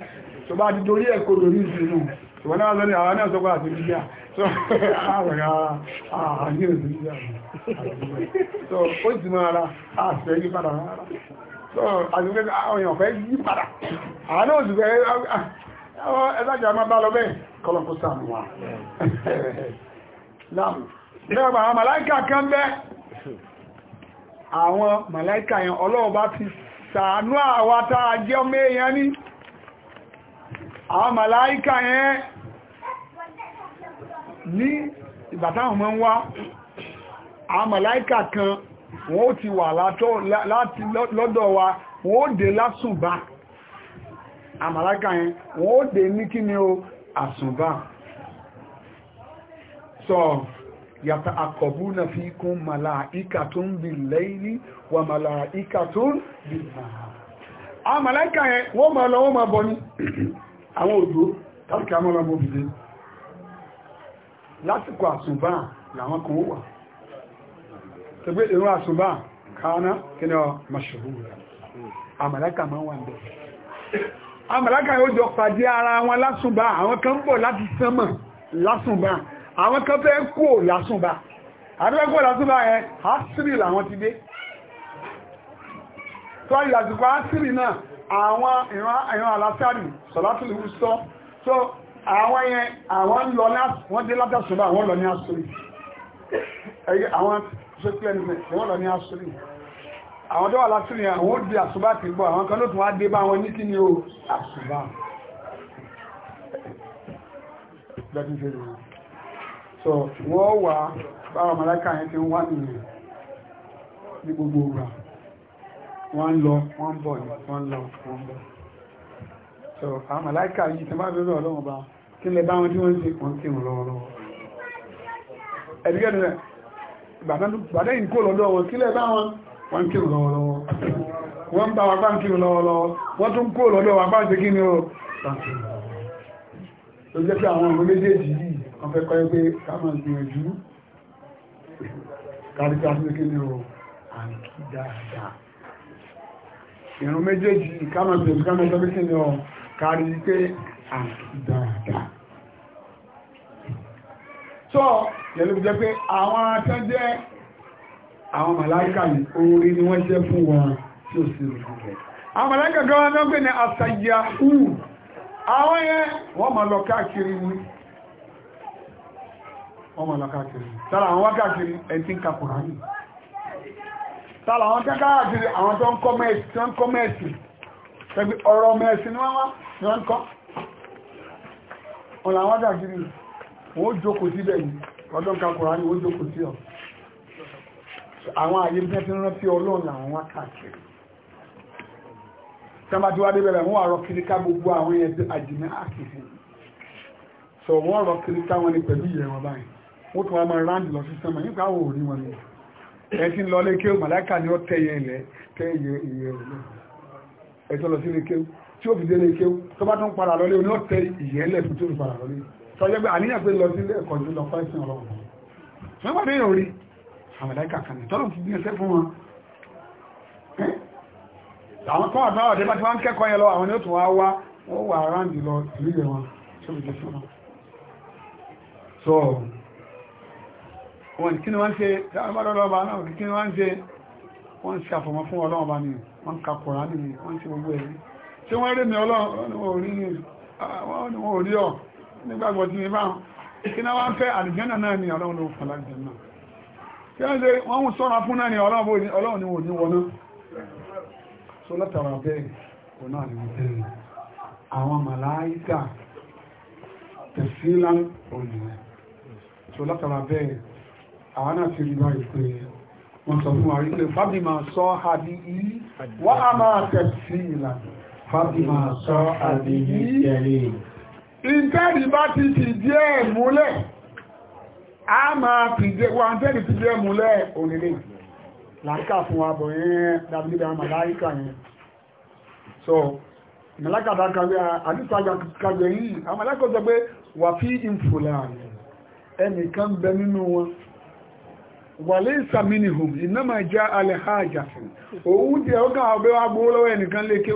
tó bá ti torí ẹ̀kọ́ lórí ìsinú ìwọ̀n náà lọ́nà àwọn náà sọ́pàá àti bíyà so ó ti mọ́ ara àṣẹ yí padà rárá so àṣẹ àwọn èèyàn fẹ́ yí padà àwọn náà sì fẹ́ ẹ̀sájà máa bá lọ bẹ́ẹ̀ kọlọ̀kú sàmù wa lẹ́gbà àwọn màláìkà kan bẹ́ àwọn màláìkà yẹn ọlọ́ọ̀bá ti sàánú àwátá jẹ́ ọmọ èèyàn ní àwọn màláìkà yẹn ní ìgbà táwọn mọ́ ń wá àmàláìkà kan wọ́n ó ti wà láti lọ́dọ̀ wa wọ́n ó dé lásùnbà àmàláìkà yẹn wọ́n ó dé ní kí ni o àsùnbà sọ yàtà àkọ̀bú na fi kún màláìkà tó ń bi lẹ́yìnì wà màláìkà tó ń bi àmàláìkà yẹn wọ́n máa lọ wọ́n máa bọ̀ ní àwọn òdó tàbí a mọ́ lọ́mọ́ lásìkò àṣùbá làwọn kan wà tẹgbẹ́ ìrún àṣùbá káná kí ni ọ mọ̀ṣùrù rẹ̀ àmàlákà máa wà bẹ̀ àmàlákà yóò jọ pàdé ara wọn lásùbá àwọn kan bọ̀ láti sánmọ̀ lásùbá àwọn kan fẹ́ kó lásùbá àdúgbò lásùbá yẹn àṣírí làwọn ti dé tó ìlàsìkò àṣírí náà àwọn ìran àlásàrì sọ̀látùlù sọ àwọn yẹn àwọn ń lọ wọ́n dé látàṣọ́bà wọ́n lọ ní asúrì àwọn sókè ẹnìyàn wọ́n lọ ní asúrì àwọn tó wà látúrì àwọn ó di àṣọ́bà ti gbọ́ àwọn kan ló tún wá dé bá wọn ní kí ni ó àṣọ́bà so I'm a like mọ̀láká yẹn ti ń wá nìyàn ní gbogbo ọgbà wọ́n tí lẹ bá wọn tí wọ́n ń ṣe kàn sí wọn lọ́wọ́lọ́wọ́ ẹ̀dígẹ́dẹ̀ bàdẹ́yìn kó lọ́dọ̀ wọn kí lẹ bá wọn wọ́n ń kírun lọ́wọ́lọ́wọ́ wọ́n bá wa bá ń kírun lọ́wọ́lọ́wọ́ wọ́n tún kó lọ́dọ̀ wa bá ń ṣe kí ni ó tó jẹ́ pé àwọn ọmọ méjèèjì yìí wọ́n fẹ́ kọ́ pé ká máa gbìyànjú káríkà sí kí ni ó àǹkí dáadáa ìrun méjèèjì ká máa gbìyànjú ká máa dáadáa tó yẹ̀lú jẹ́ pé àwọn atán jẹ́ àwọn ní orí ni wọ́n jẹ́ fún wọn tí ó sì rùn rẹ̀ àwọn màláíkà gọ́wọ́n náà pè ní àwọn yẹn wọ́n ma lọ káàkiri ní wọ́n ma lọ káàkiri sára àwọn wákàkiri ẹ̀tí ń kàkùrá ní sára àwọn káàkiri àwọn tó ń kọ́ mẹ́ẹ̀sì ọ̀rọ̀ mẹ́ẹ̀sì ni wọ́n wá wọ́n kọ́ wọ́n jókòó síbẹ̀ ní ọdún kakùnrà ní wọ́n jókòó sí ọ̀ àwọn àyè bí rántí ọlọ́run àwọn wá káàkiri bẹ̀rẹ̀ wọ́n àrọ kiri gbogbo àwọn ẹ̀dẹ́ àjìmẹ́ àkìsí so wọ́n rọ kiri wọn ni pẹ̀lú ìyẹ̀ wọn báyìí wọ́n tún wá máa ráńdì lọ sí sánmà nípa àwọn òní wọn ni ẹ ti ń lọ lékè màláìka ni ó tẹ̀yẹ ilẹ̀ tẹ̀yẹ ìyẹ̀ ilẹ̀ ẹ tó lọ sí lékè tí ó fi dé lékè tó bá tún padà lọlé ó tọ́jẹ́ àníyàn pé lọ sílé ẹ̀kọ́ jù lọ fẹ́sìn ọlọ́run wọ́n wà orí àwọn ẹ̀lẹ́kà kan tọ́lọ̀ ti gbíyànṣẹ́ fún wọn àwọn tó àbáwọ̀ àti wọ́n kẹ́kọ̀ọ́ yẹn lọ àwọn yóò tún wá wá wọ́n wà ráǹdì so nígbàgbọ́ ti ní báwọn ìkíná wá ń fẹ́ àlìjẹ́nà náà ni ọlọ́run ló fún àlìjẹ́nà kí wọ́n ṣe wọ́n ń sọ́ra fún náà ni ọlọ́run ni wò ní wọná so látara bẹ́ẹ̀ kò náà ni wọ́n bẹ́ẹ̀ àwọn màláíkà tẹ̀sílá so látara bẹ́ẹ̀ àwọn náà ti rí báyìí pé wọ́n sọ fún àrí pé fábí máa sọ àdí yìí wọ́n á máa tẹ̀sílá fábí máa sọ àdí yìí ìtẹ́rì bá ti ti díẹ̀ múlẹ̀ a máa fi jẹ́ wà ń tẹ́rì ti díẹ̀ múlẹ̀ òrìlẹ̀ láìka fún àbọ̀ yẹn dábílẹ̀ àmà láìka yẹn so ìmọ̀lákàtà kàwé àdísàgbà kàwé yìí àmàlákọ̀ sọ pé wà fí ìfòlà ẹnìkan bẹ nínú wọn wà lè sàmìnì hùm iná máa jẹ́ alẹ́ hajjá fún òun jẹ́ ọkàn àgbẹ́wà gbówó lọ́wọ́ ẹnìkan lékè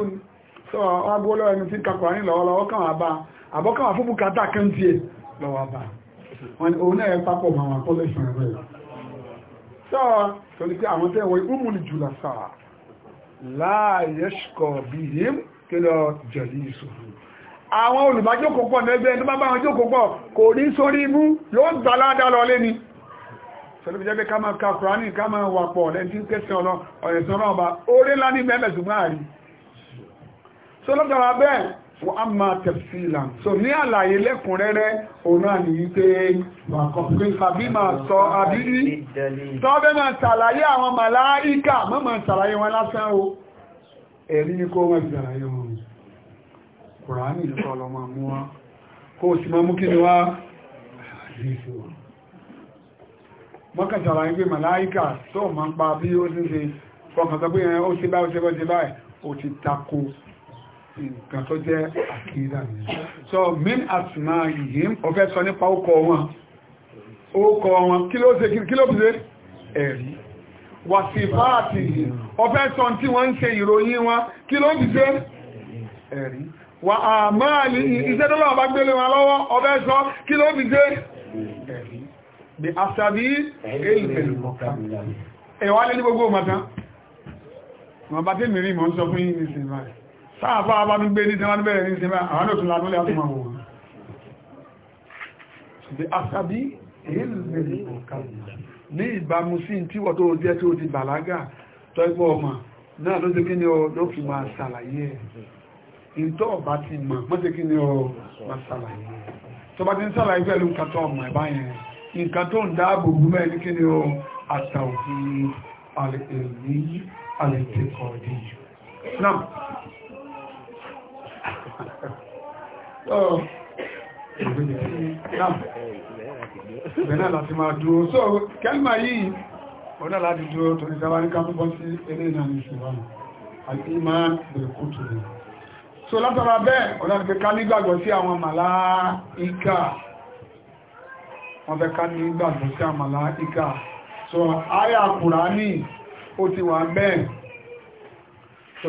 sọ àgbówó lọ́wọ́ ẹni tí kakọ̀ àyìn lọ́wọ́lọ́wọ́ kàn wà bá àbọ́kàwà fún bùkátà kan tí ẹ lọ́wọ́ bá wọn òun náà ẹ pápọ̀ mọ́ àwọn akọ́lẹ́sìn rẹ̀ sọ torí pé àwọn tẹ́wọ̀ ìmúlì jùlọ sáà láàyẹ́ṣkọ̀ bí i kí lọ jẹ̀lì ìṣòro àwọn olùbájókò pọ̀ nẹ́gbẹ́ ẹni tó bá bá ni sọ́lọ́bí jẹ́ pé ká máa ka kùránì ká máa wà pọ̀ lẹ́ni tí kẹsẹ̀ wọ́n á máa tẹ̀sí ìlà so ní àlàyé lẹ́kùnrẹ́rẹ́ òun náà ní wípé àbí máa sọ àbí ní tọ́bẹ́ máa ṣàlàyé àwọn màláíkà mọ́ máa ṣàlàyé wọn lásán o ẹ̀rí ní kó wọ́n ṣàlàyé wọn kùránì sọ́lọ́ mú wá kó sì máa mú kí ni wá mọ́kàn ṣàlàyé pé màláíkà tó máa ń pa bí ó ti ṣe fọkàn sọ pé ó ṣe nǹkan tó jẹ́ àkídà ni so min asma yìí ó fẹ́ sọ nípa ókọ wọn ókọ wọn kí ló ṣe kí ló ṣe ẹ̀rí wàsífáàtì yìí ó fẹ́ sọ tí wọ́n ń ṣe ìròyìn wọn kí ló ṣe ẹ̀rí wà àmáàlì iṣẹ́ tó lọ́wọ́ bá gbélé wọn lọ́wọ́ ó fẹ́ sọ kí ló ṣe ẹ̀rí bí asabi èlùfẹ̀lù mọ̀ká ẹ̀wà lé ní gbogbo mọ̀tán mọ̀ bá tí mìírí mọ̀ sọ fún yìí ní sinimá sáàfà bá ń gbé ní tí wọ́n bẹ̀rẹ̀ ní sí mẹ́ àwọn òtún lálólẹ̀ àtúnmà wọn ṣùgbẹ́ asábí ní ìbámu sí tí wọ́n tó jẹ́ tó di bàlágà tọ́ ipò ọmọ náà ló ti kí ni ọ ló fi máa ṣàlàyé ẹ̀ ìtọ́ ọ̀bá ti mọ̀ mọ́ ti kí ni ọ máa ṣàlàyé tó bá ti ń ṣàlàyé pẹ̀lú nǹkan tó ọmọ ẹ̀bá yẹn nǹkan tó ń dáàbò bú mẹ́ ní kí ni ọ àtàwùjì alẹ́ èlú náà bẹ̀rẹ̀ láti máa dúró so kẹ́lìmà yìí ọ̀dá láti dúró tó ní sábà ní kápúpọ̀ sí eré ìnà ní ṣùgbọ́n àti máa bẹ̀rẹ̀ kú tó ní so látara bẹ́ẹ̀ ọ̀dá ti ká nígbàgbọ́ sí àwọn màláíkà wọ́n fẹ́ ká nígbàgbọ́ so àyà Kùránì ó ti wà bẹ́ẹ̀ tó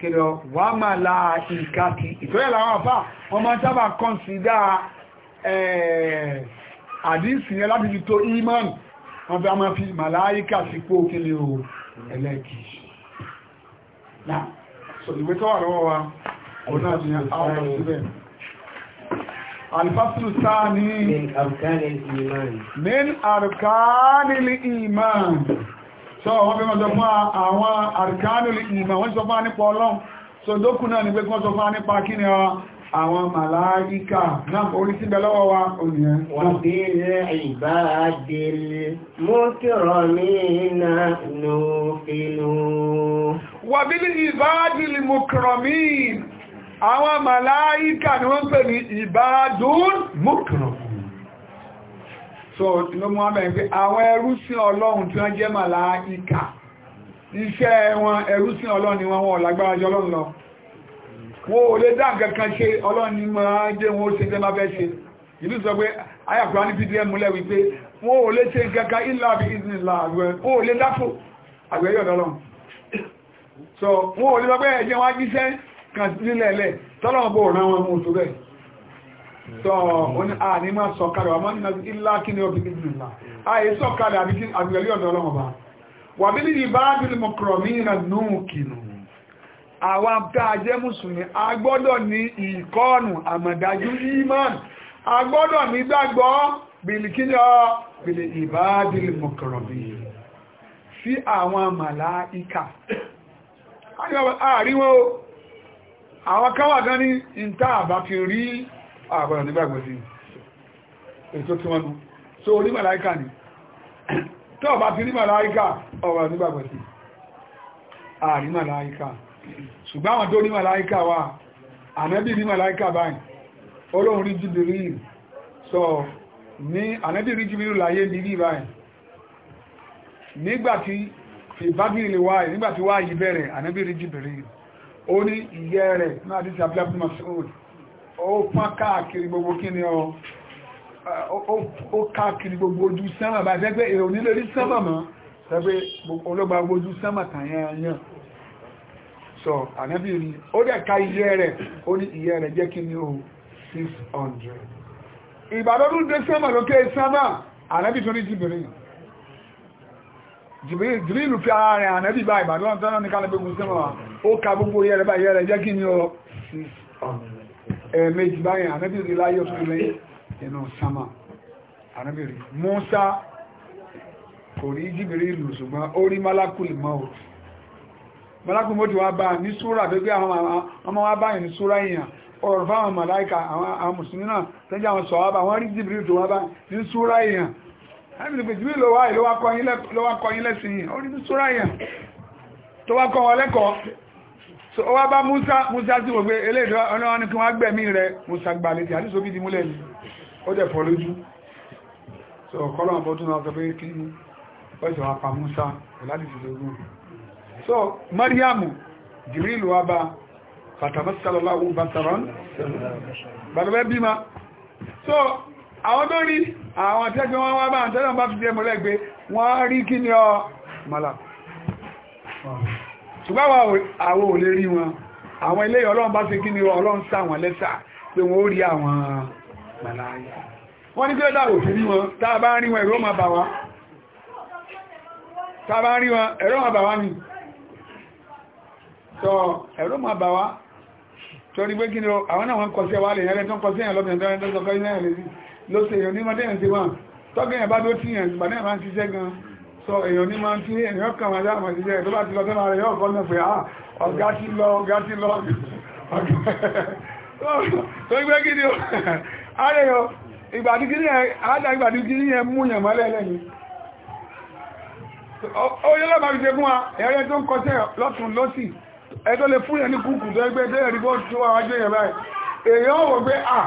kìrọ wà máa la ìkàtì ìtọ́yẹ̀ làwọn àfà wọ́n máa sábà kọ́nsídà àdísì yẹn láti fi tó imán wọ́n fẹ́ máa fi màláíkà sípò kílẹ̀ o ẹlẹ́kì náà so ìwé tọ́wà lọ́wọ́ wa òun náà ti yàn àwọn ọ̀rọ̀ síbẹ̀ الفصل الثاني من أركان الإيمان من أركان الإيمان so wọ́n fẹ́ mọ́sọ fún àwọn àrìkánù ìmọ̀ wọ́n sọ fún nípa ọlọ́run so dókù náà ni pé kí wọ́n sọ fún nípa kí ni àwọn màláíkà náà orí síbẹ̀ lọ́wọ́ wa ònìyàn wọ́n bí rẹ̀ ìbáadìlì mú kírọ̀ ní iná nùfinú wọ́n bí àwọn màláíkà ni wọ́n pè ní ìbáadùn mú kírọ̀ so ló mú àmẹ́ pé àwọn ẹrúsìn ọlọ́run tí wọ́n jẹ́ màláíkà iṣẹ́ wọn ẹrúsìn ọlọ́run ni wọ́n wọ́n lágbára jọ ọlọ́run lọ wọ́n ò lè dá kankan ṣe ọlọ́run ni máa jẹ́ wọn ó ṣe tẹ́ máa fẹ́ ṣe ìlú sọ pé ayàkùnrin ní pdm múlẹ̀ wípé wọ́n ò lè ṣe kankan ilá àbí ìsìnlá àgbẹ̀ wọ́n ò lè dáfò àgbẹ̀ yọ̀ ọlọ́run so wọ́n ò lè sọ pé ẹ̀jẹ̀ wọn kan nílẹ̀ lẹ̀ tọ́lọ́run bò rán wọn mú tó bẹ́ẹ̀ tó oní àní máa sọ̀kalẹ̀ wà máa nínú ilá kí ni obìnrin jù náà àyè sọ̀kalẹ̀ àbígbẹ̀lú ọ̀dọ̀ ọlọ́run bá wà bí ní ìbáàbìlì mọ̀kọ̀rọ̀mí ìrìnà nùú kìnnù àwọn tààjẹ́ mùsùlùmí a gbọ́dọ̀ ní ìkọ́ọ̀nù àmọ̀dájú iman a gbọ́dọ̀ ní gbàgbọ́ bìlìkíyọ bìlì ìbáàdìlì mọ̀kọ̀rọ̀bì sí àwọn àgbọ̀nà nígbàgbọ́ sí ètò tí wọ́n nú so orí màláíkà ni tó bá ti rí màláíkà ọ̀rọ̀ nígbàgbọ́ sí àrí màláíkà ṣùgbọ́n àwọn tó rí màláíkà wà ànábì rí màláíkà báyìí Ọlọ́run rí Jibril sọ ní ànábì rí Jibril láyé nílí báyìí nígbàtí ìbábí ilé wáyé nígbàtí wáyé bẹ̀rẹ̀ ànábì rí Jibril ó ní ìyẹ́ rẹ̀ náà àti ti abúlé abúlé Mas'ud ó fán káàkiri gbogbo kíni ọ ó káàkiri gbogbo ojú sánmà bá jẹ́ pé èrò nílé rí sánmà mọ́ tẹ́gbé olóògbà gbogbo ojú sánmà tàyẹ̀yàn so ànábì rí ó dẹ̀ ka iye rẹ̀ ó ní iye rẹ̀ jẹ́ kíni o 600 ìbàdọ́dún dé sánmà lókè sánmà ànábì tó ní jìbìrì jìbìrì ìlú fi ara rẹ̀ ànábì bá ìbàdọ́dún tánà ní kálẹ̀ gbogbo sánmà ó ka gbogbo iye rẹ̀ bá iye ẹ̀ẹ̀mejì eh, báyìí ànábìrì láyé tó lé inú sama ànábìrì Musa kò rí jìbìrì ìlú ṣùgbọ́n ó rí malakul maut malakul maut wá bá ní súra gẹ́gẹ́ àwọn wá báyìí ní súra èèyàn ọ̀rọ̀ fáwọn màláìka àwọn mùsùlùmí náà so ó wá bá Musa Musa tí wò pé eléèdè ọ̀nà wọn ni kí wọ́n gbẹ̀mí rẹ̀ Musa gbà létí àti sóbí di múlẹ̀ ní ó dẹ̀ fọ́ lójú so kọ́lọ̀ àbọ́dún náà sọ pé kí ọ̀sẹ̀ wá pa Musa láti fi lógún so Mariamu Jibril wá bá fatamasalọ́láwó basaran bàbá bímá so àwọn tó rí àwọn tẹ́gbẹ́ wọn wá bá àtẹ́lẹ̀ bá fi jẹ́ mọ́lẹ́gbẹ́ wọ́n rí kí ni ọ mọ́lá Wow ṣùgbọ́n àwọn ò lè rí wọn àwọn ilé ọlọ́run bá ṣe kí ni ọlọ́run sá wọn lẹ́sà pé wọ́n ó rí àwọn màláyà wọ́n ní pé dáwò fi rí wọn tá a bá rí wọn ẹ̀rọ máa bà wá tá a bá rí wọn ẹ̀rọ máa bà wá ni sọ ẹ̀rọ máa bà wá torí pé kí ni àwọn náà wọ́n kọsí ẹwà lè yẹn lẹ́tọ́ kọsí ẹ̀yàn lọ́bìnrin tọ́rẹ́ tọ́sọ̀kọ́ so èyàn ní máa ń tí èyàn kàn wọ́n dáàmà sí jẹ́ tó bá ti lọ tẹ́lá rẹ̀ yóò kọ́ náà pé à ah, ọ̀gá ti lọ ọ̀gá ti lọ tó gbé kí ni ó ààrẹ yọ ìgbàdíkiri yẹn àádá ìgbàdíkiri yẹn mú yàn mọ́lẹ̀ lẹ́ni ó yẹ́ lọ́bàá fi ṣe fún wa ẹ̀rẹ́ tó ń kọsẹ̀ lọ́tún lọ́sì ẹ tó lè fún yẹn ní kúkù tó ẹgbẹ́ tẹ́lẹ̀ rí bó tó àwájú yẹn báyìí èèyàn wò pé ah,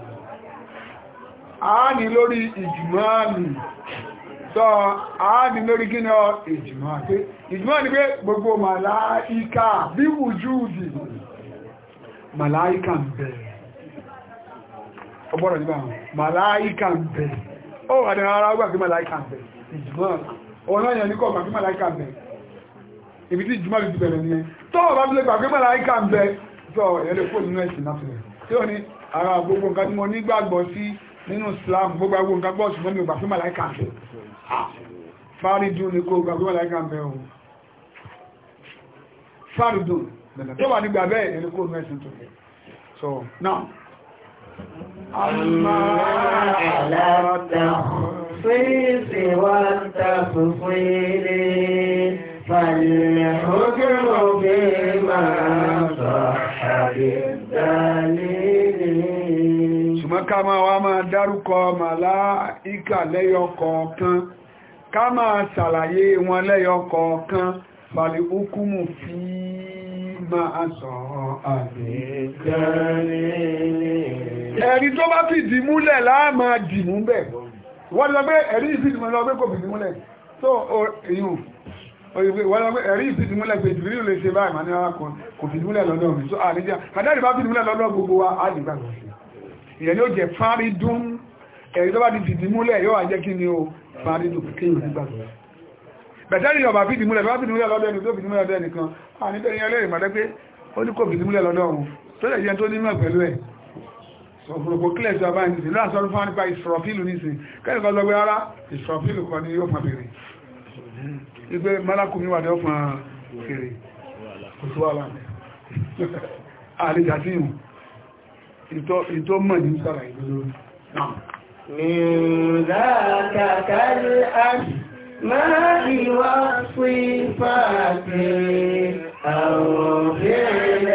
àání lórí ìjùmọ́àmì sọ àání lórí kí ní ọ ìjùmọ́ pé ìjùmọ́ ni pé gbogbo màláíkà bí wùjúùdì màláíkà ń bẹ ọgbọ́rọ̀ nígbà màláíkà ń bẹ ó àdẹ̀ ara ọgbà pé màláíkà ń bẹ ìjùmọ́ ọ̀nà yẹn ní màláíkà ń bẹ ibi tí ìjùmọ́ ti bẹ̀rẹ̀ nìyẹn tọ́wọ́ bá bilẹ̀ gbà pé màláíkà ń bẹ sọ ẹ̀yẹ́lẹ́ ara gbogbo nǹkan tí mo nígbàgbọ́ nínú Islam gbogbo agbó nǹkan bọ́ ṣùgbọ́n mi ò gbà fún màláìkà ń bẹ fáridùn ní kó gbà fún màláìkà ń bẹ o fáridùn tó wà nígbà bẹ́ẹ̀ ẹni kó mẹ́sìn tó bẹ̀ so now Àmà ẹ̀látà fèsì wá tàbí fèlè ṣùgbọ́n ká máa wá máa dárúkọ màláíkà lẹ́yọ kọ̀ọ̀kan ká máa ṣàlàyé wọn lẹ́yọ kọ̀ọ̀kan fàlìkúkúmù fi máa sọ ẹ̀rí tó bá fìdí múlẹ̀ láàmà dìmú bẹ̀ wọ́n lọ pé ẹ̀rí ìfìdí múlẹ̀ lọ pé kò fìdí múlẹ̀ tó èyàn ẹ̀rí ìfìdí múlẹ̀ pé ìdìbí lè ṣe báyìí mà ní ara ah, kò fìdí múlẹ̀ mi tó àríjá àdáyìí bá fìdí múlẹ̀ gbogbo wa á dìgbà lọ́sí ìyẹn ni ó jẹ́ fárídún ẹ̀rí tó bá ti fìdí múlẹ̀ yóò wá jẹ́ kí ni ó fárídún kéyìn nígbàgbọ́ bẹ̀tẹ́rì ọba fìdí múlẹ̀ bá fìdí múlẹ̀ lọ́dọ̀ ẹni tó fìdí múlẹ̀ lọ́dọ̀ ẹnìkan a ní bẹ́ẹ̀ yẹn lẹ́rìn mọ́lẹ́ pé ó ní kò fìdí múlẹ̀ lọ́dọ̀ ọ̀hún tó lè jẹ́ tó ní mọ̀ pẹ̀lú ẹ̀ ọ̀pọ̀lọpọ̀ kílẹ̀ tí a bá ń jìsìn láàrín sọ́rọ̀ fún nípa ìṣòrọ̀fílù nísìn kẹ́lẹ̀kọ́ lọ pé rárá ìṣòrọ̀fílù kan ni yóò fún abèrè ìgbé malakumi wà ní ọ̀fún fèrè kò tó wà láàrín ìtọ́ mọ̀ ní sára ìlú من ذاك كالأس ما وصفات أو فعل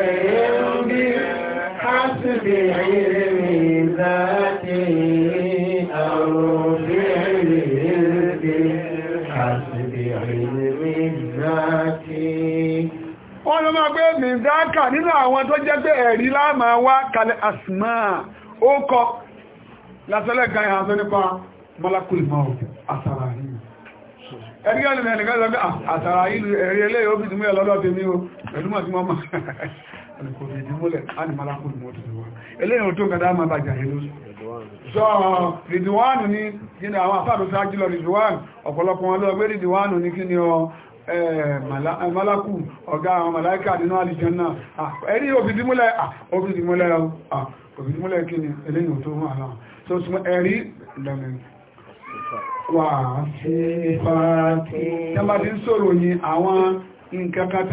بحسب علم ذاته mi dákà nínú àwọn tó jẹ́ pé ẹ̀rí láàmà wá kalẹ̀ àsìmá ó kọ lásẹ́lẹ̀ kan ìhànsọ́ nípa malakul maut àsàrà yìí ẹ̀rí gẹ́lẹ̀ ní ẹnìkan sọ pé àsàrà ah, yìí ẹ̀rí eléyìí ó fi dùn múlẹ̀ lọ́dọ̀ tèmi o pẹ̀lú mọ̀ tí wọ́n mọ̀ kò fi dùn múlẹ̀ á ní malakul maut eléyìí ó tó nǹkan dá máa bàjẹ́ yìí lóṣù sọ rìdìwánù ní kí ni àwọn afáàdùsáájú lọ rìdìwánù ọ̀pọ̀lọpọ̀ wọn lọ gbé rìdìwánù ní kí ni ọ Eh, màlákù ọ̀gá àwọn màláíkà nínú àlìjánà ẹ̀rí òbìdímúlẹ̀ òbìdímúlẹ̀ òbìdímúlẹ̀ kí ni eléyìn tó wà náà tó súnmọ́ ẹ̀rí lẹ́mẹ̀ àwọn nǹkankan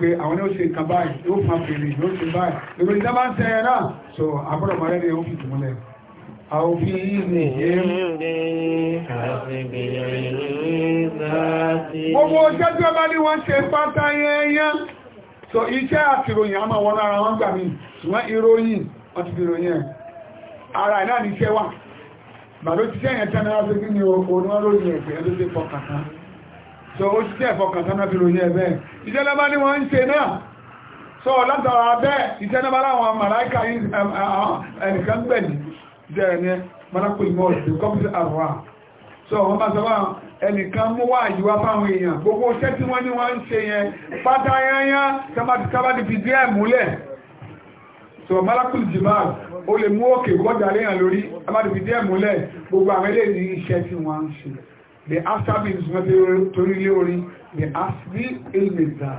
tí àwọn ní ó ṣe nǹkan báyìí yóò fà fèrè yóò ṣe báyìí ìròyìn tẹ́bà ń sẹ́yẹ náà so àbúrò ni ó fi tùmúlẹ̀ أو في إذنهم بحسب العزات Gbogbo ọjọ́ tí ó bá ní wọ́n ṣe pátá yẹnyẹn. So iṣẹ́ àti ìròyìn a máa wọ́n lára wọ́n gbà mí, ṣùgbọ́n ìròyìn wọ́n ti ìròyìn ẹ̀. Ara ẹ̀ náà ní iṣẹ́ wà. Bàbá ti ṣẹ́ yẹn tẹ́nà láti kí ni òun lórí ẹ̀fẹ́ ló ṣe fọkàntán. So ó ṣiṣẹ́ fọkàntán náà fi ròyìn ẹ̀ bẹ́ẹ̀. Iṣẹ́ lọ́bá ní wọ́n ń ṣe náà so látara bẹ́ẹ̀ ìṣẹ́nàbára àwọn jẹ́rẹ̀ malakul mọ́ọ̀lù tó kọ́pù àrùwá so wọ́n bá sọ wọ́n ẹnìkan mú wá àyíwá fáwọn èèyàn gbogbo ṣẹ́ tí wọ́n ní wọ́n ń ṣe yẹn pátá yányá sábàdì fi díẹ̀ múlẹ̀ so malakul jimal ó lè mú òkè kọjá léyàn lórí sábàdì fi díẹ̀ múlẹ̀ gbogbo àwọn ilé ní iṣẹ́ tí wọ́n ń ṣe the asabi ìsúnmọ́ torí lé orí the asbi ilmizar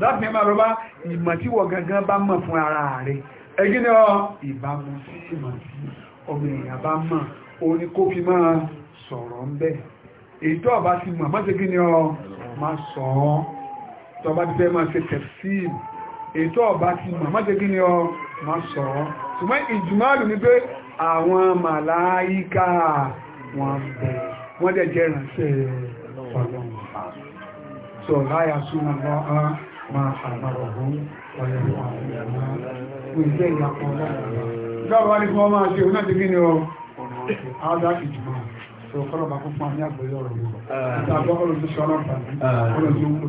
láti ẹ̀mà rọ́bá ìmọ̀ tí wọ̀ gangan bá mọ̀ fún ara rẹ̀ ẹgbẹ́ náà ìbámu sí ìmọ̀ sí ọmọ èèyàn bá mọ̀ ó ní kó fi máa sọ̀rọ̀ ń bẹ̀ èyí tó ọba ti mọ̀ má ṣe kí ni ọ má sọ ọ́ tó ọba ti fẹ́ máa ṣe tẹ̀síìl èyí tó ọba ti mọ̀ má ṣe kí ni ọ má sọ ọ́ ṣùgbọ́n ìjùmọ̀lù ni pé àwọn màláíkà wọn bẹ̀ wọ́n dẹ̀ jẹ́ ìrànṣẹ́ ọlọ́run sọ láyà súnmọ́ ọ́n máa àmàrọ̀ ọ̀hún ọ̀yẹ̀wò ìjọba ní fún ọmọ àṣẹ òun náà ti gíní ọ àádá ìjùmọ̀ tó kọ́lọ̀ bá kún fún àmì àgbẹ̀yẹ ọ̀rọ̀ yìí ìta àgbọ́kọ̀lọ̀ tó ṣọ́nà pàdé ọ̀rọ̀ tó wúlò fún wa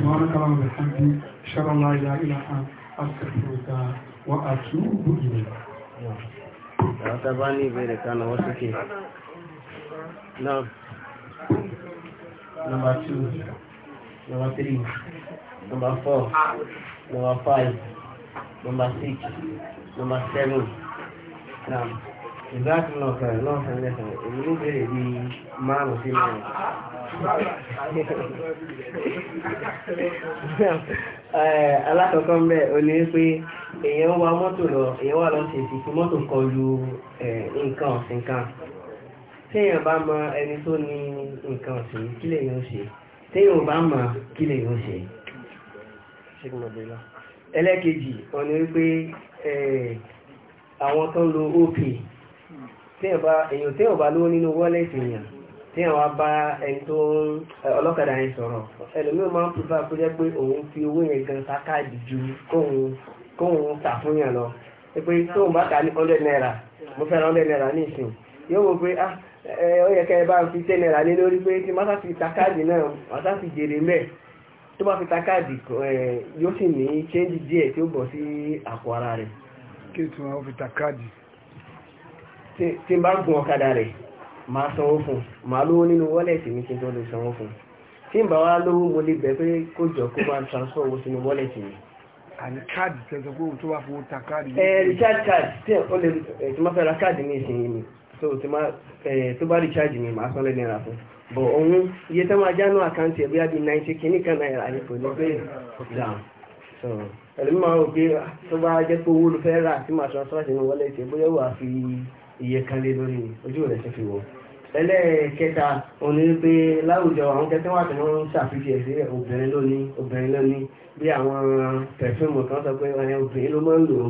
ìmọ̀ ọ̀rọ̀ kọ́lọ̀ bẹ̀ fún bí ṣọ́nà láyà ìlà kan àṣẹ̀fọ̀ta wọ́n àtúgbò ìlú. àwọn tábà ní number two number three number four number five number six number seven now ìgbàtí náà kẹrẹ náà fẹ́ lẹ́sẹ̀ èmi ló bẹ̀rẹ̀ bí márùn sí mẹ́rin eh, alákọ̀ọ́kọ́ ń o ò ní pé èèyàn wa mọ́tò lọ èèyàn wà lọ ṣèṣì kí mọ́tò kan lu eh, nǹkan ọ̀sìn kan téèyàn bá mọ ẹni tó ní nǹkan ọ̀sìn kí lèèyàn ṣe téèyàn bá mọ kí lèèyàn ṣe. ṣé kí n lọ ẹlẹ́kejì wọ́n ní wípé àwọn tó ń lo opay èèyàn tí ọba lówó nínú wọ́lẹ̀tì èèyàn tí àwọn bá ẹni tó ń ọlọ́kadà yẹn sọ̀rọ̀ ẹlòmíì máa ń pèfà kó jẹ́ pé òun fi owó yẹn gan sákàdì ju kóun tà fún yàn lọ pé tóun bá ta ní hundred naira mo fẹ́ràn hundred naira ní ìsìn yóò wọ pé ah ó yẹ kẹ́ ẹ bá ń fi ten naira lé lórí pé tí mátà fi ta káàdì náà mátà fi jèrè mẹ́ẹ̀ tó bá fi ta káàdì yóò sì ní ṣéńjì díẹ̀ tí ó bọ̀ sí àpò ara rẹ̀ kí tí wọ́n fi ta káàdì tí bá gun ọ̀kadà rẹ̀ máa sanwó fún máa lówó nínú wọ́lẹ̀tì mi kí n tó lè sanwó fún tí n bá wá lówó mo lè bẹ̀ pé kó jọ kó máa transfer owó sínú wọ́lẹ̀tì mi àní káàdì tẹ́sọ pé tó bá fowó ta káàdì ẹ̀ recharge card tí ó lè tí máa fẹ́ ra káàdì ní ìsinyìí mi tó bá recharge mi máa sanlẹ̀ náírà fún bọ̀ òun iye tó máa jánú àkáǹtì ẹ̀bí àbí 90 kìíní kan náírà ní kò ní pé ẹ̀lú máa ń gbé ah, tó bá jẹ́ pé owó olùfẹ́ rà tí màá sọ sọ́ọ̀tì ní wọlé ìṣẹ́ bóyá wà fi iye kan lé lórí ojú rẹ̀ ṣe fi wọ̀ ẹlẹ́ẹ̀kẹta òun ni pé láwùjọ àwọn kẹtẹ́ wà tí wọ́n ń ṣàfihàn sí obìnrin lónìí obìnrin lónìí bí àwọn pẹ̀fúmù kan sọ pé obìnrin ló máa ń lò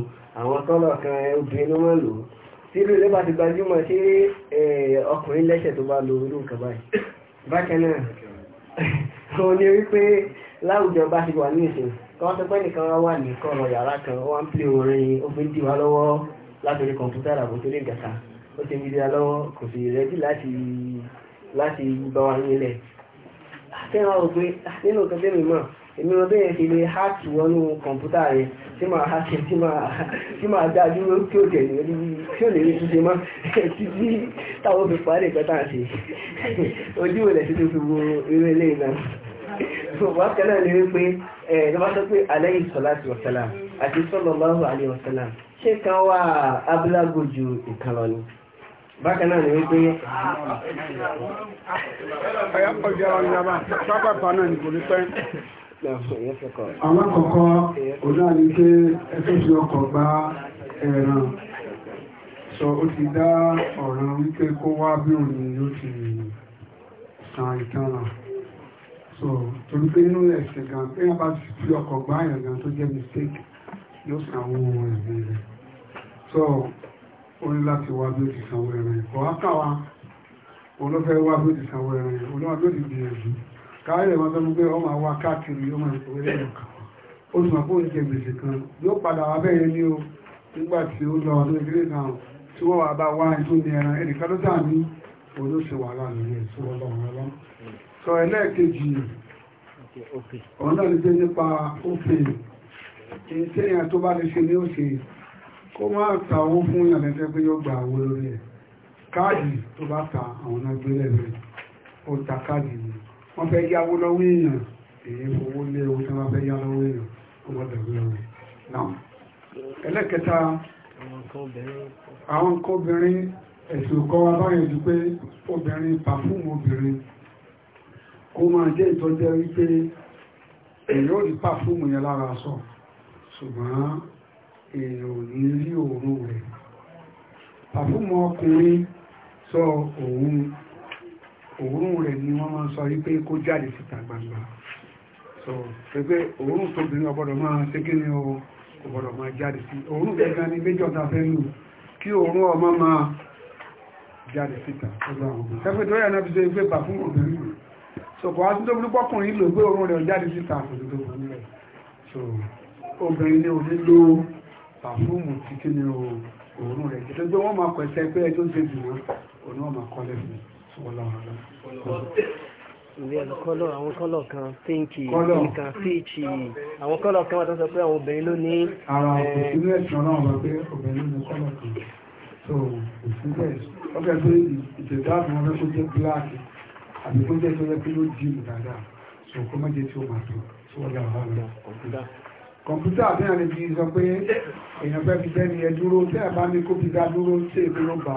àwọn kọ́lọ̀ kan obìnrin ló máa ń lò sílùú ilé bá ti gbajúmọ̀ sí ọkùnrin lẹ́sẹ̀ tó bá lo irú nǹkan báyìí bákan náà òun ni wípé láwùjọ bá ti wà ní ìsìn kọ́ tó pẹ́ nìkan wá wà ní kọ́ọ̀rọ̀ yàrá kan ó wá ń pè orin ó fi ń dì wá lọ́wọ́ látòrí kọ̀ǹpútà àbò tó lè gàkà ó ti ń gbé lọ́wọ́ kò sì rẹ́dí láti bá wa nílẹ̀ àtẹ́wọ̀n ò pé ah, nínú nǹkan tẹ́lẹ̀ mọ̀ èmi wọn bẹ́ẹ̀ ṣe lè háàkì wọnú kọ̀ǹpútà rẹ̀ tí máa háàkì tí máa dá dúró tí ó tẹ̀lé orí tí ó lè rí ṣíṣe mọ́ tí bí táwọn fi parí ìpẹ́tà ṣe ojú ìrẹ̀ sí tó fi wo irú ilé náà wọ́n kẹ́lẹ̀ ní wípé ẹ̀ lọ́wọ́ sọ pé alayhi salatu wa salam àti sallallahu alayhi wa salam ṣé kan wà abúlágò ju ìkan ni bákan náà ni wípé ẹ̀yà pọ̀jù àwọn alákọ̀ọ́kọ́ onáàlì pé ẹ̀fẹ́ sí ọkọ̀ gba ẹ̀ràn sọ ó ti dá ọ̀ràn wípé kó wá bí òun ni ó ti san ìtanràn so torí pé inú ẹ̀sìn gan pé wọ́n bá ti fi ọkọ̀ gba ẹ̀ràn gan tó jẹ́ mistake yóò san owó ẹ̀mí rẹ̀ so ó ní láti wá bí ó ti sanwó ẹ̀ràn ẹ̀kọ́ ákàwá olófẹ́ wá bí ó ti sanwó ẹ̀ràn ẹ̀kọ́ olófẹ́ wá bí ó ti gbìyànjú káàrẹ̀ wọn tó ń gbé ọmọ wa káàkiri yóò máa ìpòwé lẹ́nu kan ó sì máa fóun jẹ gbèsè kan yóò padà wá bẹ́ẹ̀ ní o nígbà tí ó lọ ọdún ìdílé kan tí wọ́n wà bá wá ètò ní ẹran ẹnìkan ló dà ní olóṣè wàhálà nìyẹn tí wọ́n lọ wọn lọ. sọ ẹlẹ́ẹ̀kejì ọ̀hún náà ló jẹ́ nípa òfin ìṣẹ́yìn tó bá lè ṣe ní òṣè kó máa ta owó fún ìyànlẹ́fẹ́ pé yóò gba owó lórí ẹ̀ káàdì tó bá ta àwọn agbélẹ̀ rẹ̀ ó ta káàdì ni wọ́n fẹ́ yáwó lọ́wọ́ èèyàn èyí fowó lé owó tí wọ́n fẹ́ yá lọ́wọ́ èèyàn ọmọ dàbí lọ́wọ́ náà ẹlẹ́kẹta àwọn nǹkan obìnrin ẹ̀sùn kọ́ wa báyìí ju pé obìnrin pàfúùmù obìnrin kó máa jẹ́ ìtọ́jú wípé èyí ò ní pàfúùmù yẹn lára sọ ṣùgbọ́n èèyàn ò ní rí òórùn rẹ̀ pàfúùmù ọkùnrin sọ òun òórùn rẹ̀ ni wọ́n máa sọ wípé kó jáde síta gbangba so pẹ̀pẹ́ òórùn tó bìnrin ọgbọ́dọ̀ máa ṣe kí ni o ọgbọ́dọ̀ máa jáde sí òórùn gẹ́gẹ́ ni méjì ọ̀tá fẹ́ lù kí òórùn ọmọ máa jáde síta ọgbà ọgbà tẹ́fẹ́ tó yẹ náà fi ṣe pé bà fún obìnrin so kò wá sí tó burúkú ọkùnrin lò gbé òórùn rẹ̀ jáde síta àtòdodo wọn lẹ̀ so obìnrin ni òní lo pàfúùmù tí kí ni òórùn rẹ̀ jẹ́ tó gbé wọ́n máa pẹ̀sẹ̀ pé ẹjọ́ ṣe jù wọn òní wọ́n máa kọ́ lẹ́sìn kọ́lọ̀ àwọn kọ́lọ̀ kan pínkì nǹkan fíìchì àwọn kọ́lọ̀ kan wà tó sọ pé àwọn obìnrin ló ní àwọn eh, òṣìṣẹ́ ìṣàn náà wọ́n pé obìnrin ní kọ́lọ̀ kan so òṣìṣẹ́ ọgbẹ́ pé ìjẹ̀dá àwọn ọmọ jẹ́ bíláàkì àti tó jẹ́ tó pé ló jí ìlú dáadáa so kó má jẹ́ tí ó máa tó tí wọ́n dà wà lọ. kọ̀ǹpútà àti àlejò sọ pé èèyàn fẹ́ fi jẹ́ ni ẹ dúró tẹ́ ẹ bá ní kó fi dá dúró tí èèyàn ló bá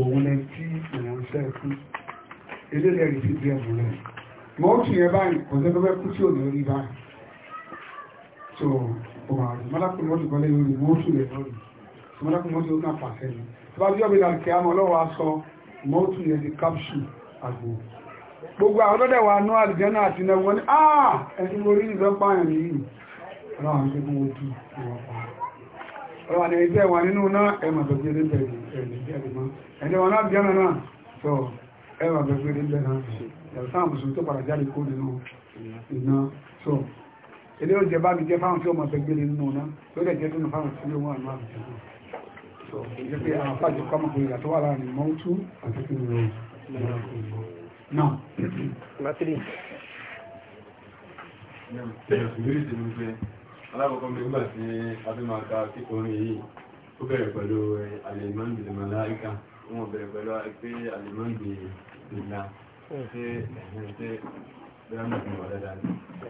òun lẹ tí èèyàn ṣẹ́ fún eléyìí ẹ̀rí sí bí ẹ̀mù rẹ̀ mọ́ ó tìyẹ báyìí kò sẹ́ lọ́wọ́ kú tí ò ní rí báyìí so òun àrùn mọ́lákùnrin mọ́tò kọ́lé lórí mọ́ ó tù lẹ̀ lórí mọ́lákùnrin mọ́tò ó kà pàṣẹ ni tó bá yọ̀ bí la kí á mọ́ lọ́wọ́ aṣọ mọ́ ó tù yẹ di capsule àgbò gbogbo àwọn ọlọ́dẹ̀ wa nú àlùjẹ́nà àti náà wọ́n ní àà ah, ẹ̀sìn orí ìzọ́pààyàn yìí ọlọ́run tó kún ọ̀rọ̀ ni iṣẹ́ wà nínú náà ẹmà tó gbé níbẹ̀ ẹni wọn náà gẹ́nà náà sọ ẹmà tó gbé níbẹ̀ náà ẹ̀sán àmùsùn tó padà jáde kó nínú iná sọ ilé ó jẹ bá mi jẹ fáwọn tí ó mọ̀ tó gbé nínú náà tó dẹ̀ jẹ́ nínú fáwọn tí ó wọ́n àmà sọ ìjẹ́ pé àwọn afájọ kọ́mọ̀ kò yàtọ̀ wà láàrin mọ́tú àti kí ni náà. Màtírì alákọ̀ọ́kọ́ mi nígbà tí a fi máa ka kíkọrin yìí ó bẹ̀rẹ̀ pẹ̀lú alimandi eh, malaika wọ́n bẹ̀rẹ̀ pẹ̀lú eh, pé alimandi ìlà ṣe ṣe bẹ́ẹ̀ mọ̀ fún ọ̀dá dáadáa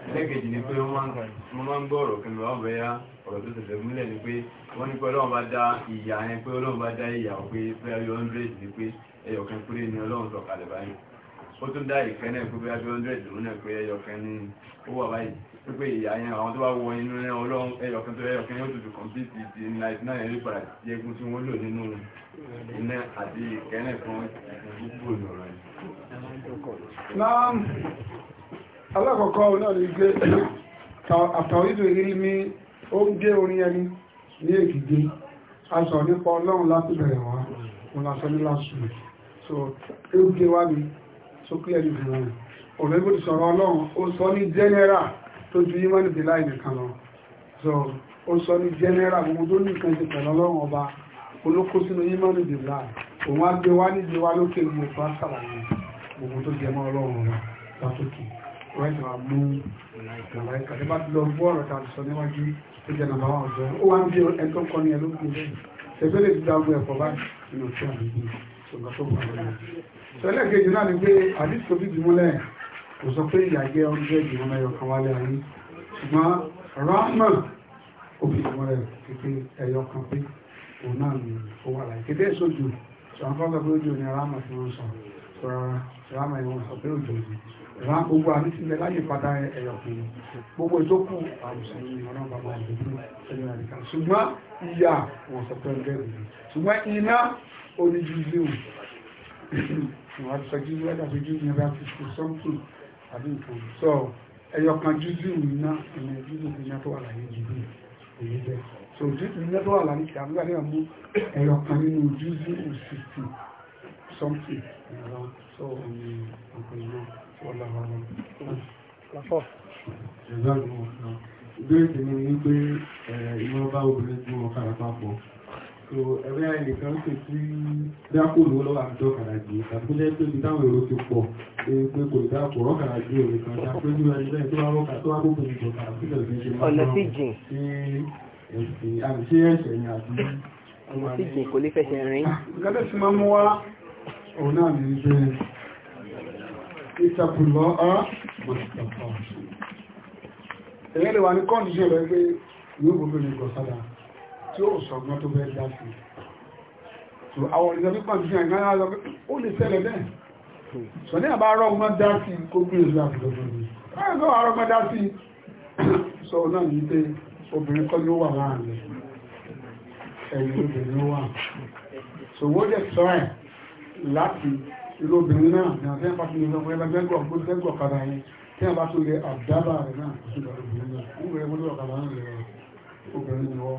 ẹlẹ́kẹ̀jì ni pé wọ́n máa ń gbọ́ ọ̀rọ̀ kí wọ́n bẹ̀ ya ọ̀rọ̀ tó tẹ̀lé múlẹ̀ ni pé wọ́n ní pé ọlọ́run bá dá ìyá yẹn pé ọlọ́run bá dá ìyá pé bẹ́ẹ̀ yọ hundred ni pé ẹyọkan péré ni ọlọ́run sọ kalẹ̀ báyìí ó tún dá ìfẹ́ náà pé bẹ́ẹ̀ yọ hundred lòun náà pé ẹyọkan ní ó wà báyìí pé ìyá yẹn àwọn tó bá wọ inú ọlọ́run ẹyọkan tó ẹyọkan yóò tutù kọ̀mpútì di náìtì náà yẹn lópa àti egun tí wọ́n lò nínú iná àti ìkẹ́lẹ̀ fún gbogbo ìrọ̀rùn. náà alákọ̀ọ́kọ́ náà lè gbé àtàwọn ìdò ìrírí mi ó ń gé orin ẹni ní èkìdé a sọ nípa ọlọ́run láti bẹ̀rẹ̀ wá wọn lásán ní láti so ó gé wá mi sókè ẹni fún wọn òun lẹ́gbẹ̀ẹ́ sọ̀rọ̀ ọlọ́run ó sọ ní general tó imani bí láì nìkan lọ so ó sọ ní general gbogbo tó nìkan ti pẹ̀lú ọlọ́run ọba olókó sínú imani bí láì òun á gbé wá níbi wá lókè ní òkú àṣàlàyé gbogbo tó jẹ mọ́ ọlọ́run ọba látòkè wẹ́ẹ̀dì wa mú ìgbàláìka tí bá ti lọ gbọ́ ọ̀rọ̀ tàbí sọ níwájú tó jẹ nàbà wà ọ̀dọ́ ó wá ń bí ẹ̀tọ́ kọ́ ní ẹlógún bẹ́ẹ̀ ẹgbẹ́ lè ti dá gbé ẹ̀kọ́ báyìí nínú tí ṣùgbọ́n tó wà lọ́wọ́ kò sọ pé ìyà jẹ́ oúnjẹ ìjì wọn ẹyọ kan wálé ayé ṣùgbọ́n rahman ó fi ìwọ̀n rẹ̀ pípé ẹyọ kan pé òun náà ni ó wà láyé kéde sójú ṣùgbọ́n kọ́ sọ pé ojú ni rahman fi wọ́n sọ sọ rárá rahman ìwọ̀n sọ pé òjò ni ìran gbogbo àmì ti lẹ láyé padà ẹyọ kan gbogbo ìjókù àwùsàn ni ọlọ́run bàbá àdúgbò ẹni sọ pé àbí nǹkan sọ ẹyọ kan jújù iná ẹ̀yẹ jújù iná tó wà láyé jùlọ èyí bẹ́ẹ̀ so jújù iná tó wà láyé kí àbúgbà náà mú ẹyọ kan nínú jújù òsìsì something ẹ̀rọ so ẹ̀yẹ nǹkan iná tó wà láwọn ọmọ ìgbéyàwó ìgbéyàwó ni wípé ìwọ́n bá obìnrin tí wọ́n kára papọ̀ so ẹgbẹ́ ẹnìkan ṣe tí dákò lówó lọ́wọ́ àjọ kàràjì tàbí jẹ́ pé ibi táwọn èrò ti pọ̀ pé kò lè dákò rọ́ kàràjì òní kan ṣàpé ní ẹni bẹ́ẹ̀ tó wá rọ́kà tó wá gbogbo ìjọ kàràjì tẹ̀lé ṣe máa ń rọrùn sí ẹ̀sìn àmìṣe ẹ̀ṣẹ̀ ni àti ọmọ sí kò lè fẹsẹ̀ rìn. gẹ́gẹ́ sí máa mú wá òun náà ní ṣe ìtàkùnlọ́ á mọ̀sítàkùn ẹ̀yẹ́ lè tí ó sọ̀gbọ́n tó bẹ́ẹ̀ dá sí so àwọn òrìṣà pípa ti fi àìkáyà lọ pé ó lè so ní àbá arọ́gbọ́n dá sí kó gbé ìlú àfilọ́gbọ́n ni ẹgbẹ́ arọ́gbọ́n dá sí sọ náà ní pé obìnrin kọ́ ló wà láàrin ẹ̀yìn obìnrin wà so wọ́n jẹ́ sọ ẹ̀ láti irú obìnrin náà ní àti ẹ̀fà tí mo sọ fún ẹgbẹ́gbọ̀ kadà yẹn tí a bá tó lè àdábà rẹ̀ náà sí ọ̀rọ̀ obìnrin náà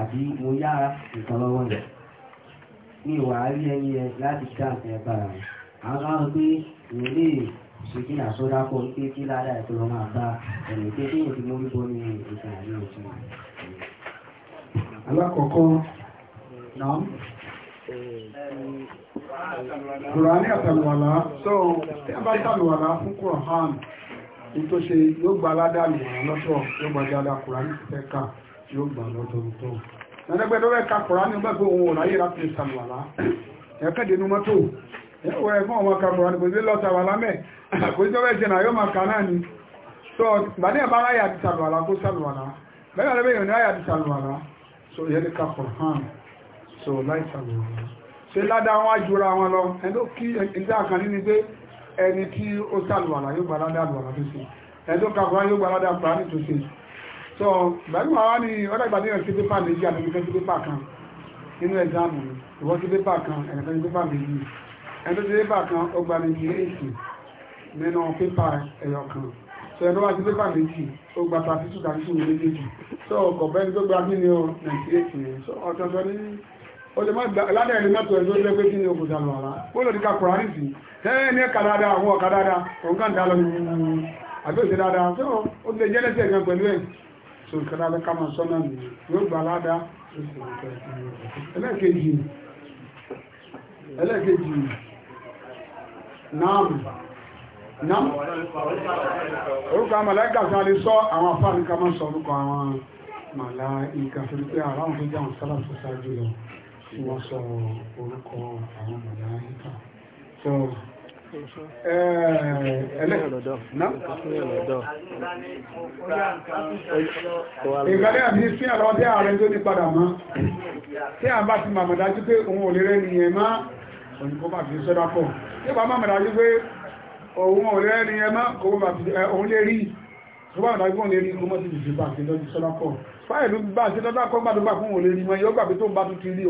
àbí mo yára nǹkan lọ́wọ́ rẹ̀ mi wà á rí ẹni yẹn láti dá nǹkan ẹ̀ bára rẹ̀ àwọn kan sọ pé èèyàn lè ṣe kí ní àsọdá pọ̀ pé kí ládàá ẹ̀ lọ máa bá ẹ̀rọ pé kí èèyàn ti mórí bọ́ ní ìgbà àárín òtún. alákọ̀ọ́kọ́ náà Kùránì àtàlùwàlá, so, tí a bá tàlùwàlá fún Kùránì, ní tó ṣe yóò gba aládàlùwàlá lọ́tọ̀ yóò gbajáda Kùránì fẹ́ ká tí ó gbà lọ́dọọdún. ẹ̀ẹ́dẹ́gbẹ́ tó fẹ́ ka kọ̀ọ̀rá ní gbàgbé òun ò ráyè láti ṣàlùwàlá ẹ̀kẹ́ dínú mọ́tò ẹ̀wọ̀ ẹ̀fọ́n ọmọ ka kọ̀ọ̀rá ní kò sí lọ́sàwàlá mẹ́ kò sí tó fẹ́ ṣe náà yóò máa ka náà ni. sọ gbàdé ẹ̀bá ráyè àti ṣàlùwàlá kó ṣàlùwàlá bẹ́ẹ̀ lọ́bẹ̀ yóò ní ráyè àti ṣàlùwàlá so ìyẹn ní ka kọ̀ọ̀rán so láì ṣàlùwàlá. ṣe ládàá wọn jura wọn lọ ẹni tó kí ìdá kan ní ni pé ẹni tí ó ṣàlùwàlá yóò gbà ládàá lùwàlá tó ṣe ẹni tó ka yóò gbà ládàá tó ṣe so ìgbàlú àwọn ní ọ̀dàgbà ní ẹ̀sí pépà méjì àti ẹ̀sí pépà kan nínú ẹ̀dáàmù ìwọ́n sí pépà kan ẹ̀sí pépà méjì ẹ̀sí pépà kan ọgbà méjì èsì nínú pépà ẹ̀yọ kan so ẹ̀dọ́ wá sí pépà méjì ó gba tàbí tù tàbí tù méjèèjì so ọ̀gọ̀bẹ́ ní tó gba kí ni ọ nàìjí èsì yẹn so ọ̀tọ̀ọ̀tọ̀ ní ó lè má gba ládàá ẹ̀rí mẹ́tọ̀ ẹ̀dọ́ lé pé kí ni okùn dànù àlá ó lòdì ká kùrà nìsí tẹ́ẹ̀ ní ẹ̀ka dáadáa àwọn ọ̀ka dáadáa òun kàn dá lọ nínú àbí òṣèlú dáadáa so so ìkẹ́lá bẹ́ ká máa sọ́nà nì yóò gbà ládá ẹlẹ́ẹ̀kejì ẹlẹ́ẹ̀kejì náàmù náàmù orúkọ àmàlẹ́kà tí a lè sọ àwọn afáàní ká máa sọ orúkọ àwọn màláìkà torí pé àráhùn tó jẹ́ àwọn sálà tó ṣáájú lọ tí wọ́n sọ orúkọ àwọn màláìkà so ìgbàlẹ́ àti sí àlọ́ tí ààrẹ tó ní padà máa tí a bá ti màmà dájú pé òun ò lè rẹ̀ nìyẹn máa òyìnbó bá fi sọ́dá pọ̀ tí a bá màmà dájú pé òun ò lè rẹ̀ nìyẹn máa òun lè rí tó bá dájú pé òun lè rí kó mọ́ sí ìjì bá fi sọ́dá pọ̀ fáìlú bá sí lọ́dá pọ̀ gbàdúgbà fún òun lè rí mọ́ yóò gbà pé tó bá tún ti rí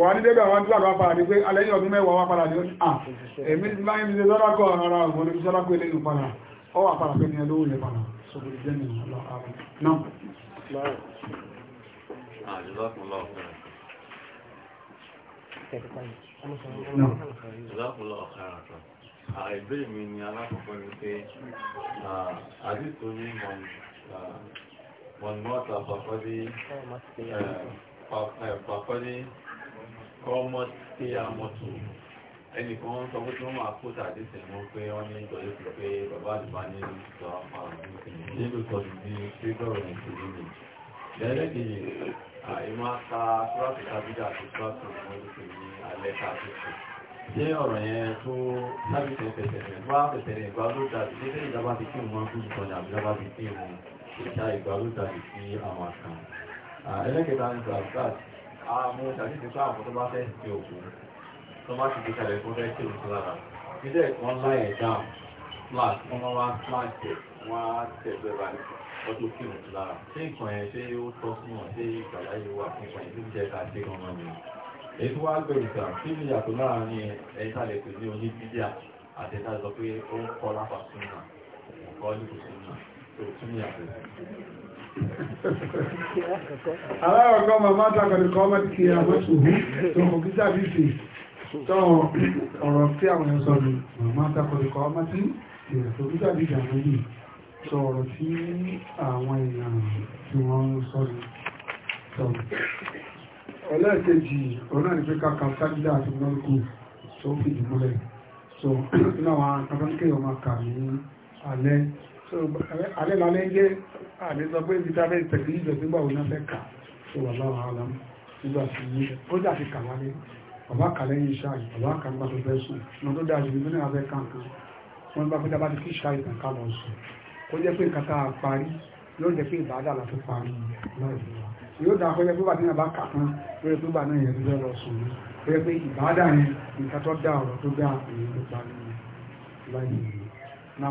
wà ní débẹ̀ àwọn tílàbà padà ní pé alẹ́yìn ọdún mẹ́wàá wá padà ní ó ní à èmi ti láyé mi ṣe sọ́dọ́kọ̀ ara ọ̀gbọ̀n ní sọ́dọ́kọ̀ eléyìn padà ọ wà padà pé ní ẹlówó yẹ padà sọ́dọ̀ jẹ́ ní kọ́mọ́ tí a mọ́tò ẹnìkan sọ pé kí wọ́n máa kó tàbí sẹ̀mọ́ pé wọ́n ní ìtọ́jú pé pé bàbá àdùbá ní ìtọ́ nílùú tọ́jú ọ̀rọ̀ yẹn tó sábìtẹ̀ pẹ̀tẹ̀rẹ̀ bá pẹ̀tẹ̀rẹ̀ ìgbà ló dàbí ṣé ti kí wọn ti kí sí àwọn àkàn ẹlẹ́kẹta àwọn ìṣàṣìṣẹ́ tó àwọn tó bá fẹ́ fi òkú tó bá ti gbéṣàlẹ̀ tó fẹ́ kí òun tó lára ìdílé kan láyẹ̀ dáhùn flat wọ́n máa wá flat tẹ̀ wọ́n á tẹ̀ bẹ́ẹ̀rẹ̀ ọdún kí òun lára ṣé ìkan yẹn ṣé ó tọ́ sí wọn ṣé ìgbàlá wà fún ìkan aláwọ̀kọ́ màmá tàbí kọ́ mọ́ ti àwọn ṣòwò tó mọ̀ kí sáà fífi tán ọ̀rọ̀ tí àwọn ẹ̀sọ́ ni màmá tàbí kọ́ mọ́ ti ìrẹ̀tò kí sáà fífi àwọn yìí sọ ọ̀rọ̀ tí àwọn èèyàn tí wọ́n ń sọ ni tọ́ ẹlẹ́ẹ̀kejì ọ̀nà ni pé kàkà sájídà àti mọ́lùkù tó fìdí múlẹ̀ so náà wọn akẹ́kọ̀ọ́ kéèyàn máa kà ní alẹ́ alẹ́ lálẹ́ jẹ́ àmì sọ pé ibi tábẹ́ ìtẹ̀lé ìjọ nígbà òun náà fẹ́ kà tó wà láwọn alam nígbà tí yí ó jà fi kàwá lé bàbá kà lẹ́yìn iṣẹ́ àyè bàbá kà nígbà tó fẹ́ sùn ọmọ tó dáa jù ní mẹ́rin abẹ́ kankan wọ́n bá fẹ́ bá ti kí iṣẹ́ àyè kan ká lọ sùn ó jẹ́ pé a parí yóò jẹ́ pé ìbàdà la fi parí yóò dáa kọjá pé bàbá náà bá kà kan lórí pé bàbá náà yẹn fẹ́ lọ sùn ó jẹ́ pé ìbàdà yẹn nǹkan tó dáa ọ̀rọ̀ tó dáa èyí ló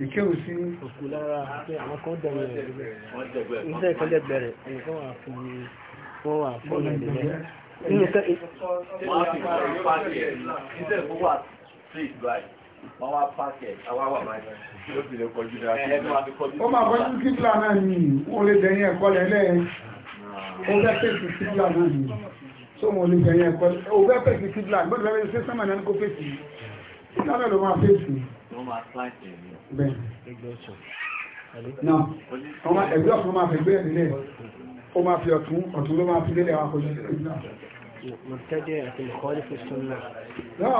ìkéwù sí. òkú lára pé àwọn kan dẹ̀gbẹ̀ rẹ̀ níṣẹ́ kan dẹ̀gbẹ̀ rẹ̀ àwọn kan wà fún mi wọ́n wà fún mi nìyẹn. nínú kẹ́ wọ́n á fi kọ́ pàṣẹ níṣẹ́ kó wà street right wọ́n wá pàṣẹ àwa wà báyìí yóò fi lè kọjú ní akéwì. ó máa kọjú kíkìlá náà ni wọ́n lè dẹ̀yìn ẹ̀kọ́ lẹ̀ lẹ́yìn ó fẹ́ pèsè kíkìlá náà ni tó wọn lè dẹ̀yìn ẹ̀kọ́ ó fẹ́ pèsè kíkìlá gbọ́dọ̀ fẹ́ pèsè sẹ́mà náà ni kò fèsì kíkìlá náà ẹgbẹ́ ọ̀tún máa fi gbé ẹ̀nìlẹ̀ ó máa fi ọ̀tún ọ̀tún ló máa fi lélẹ̀ àwọn akọ̀ṣẹ́ Mọ̀tẹ́jẹ́ àti ìkọ́lẹ̀ fi súnmọ̀. Náà,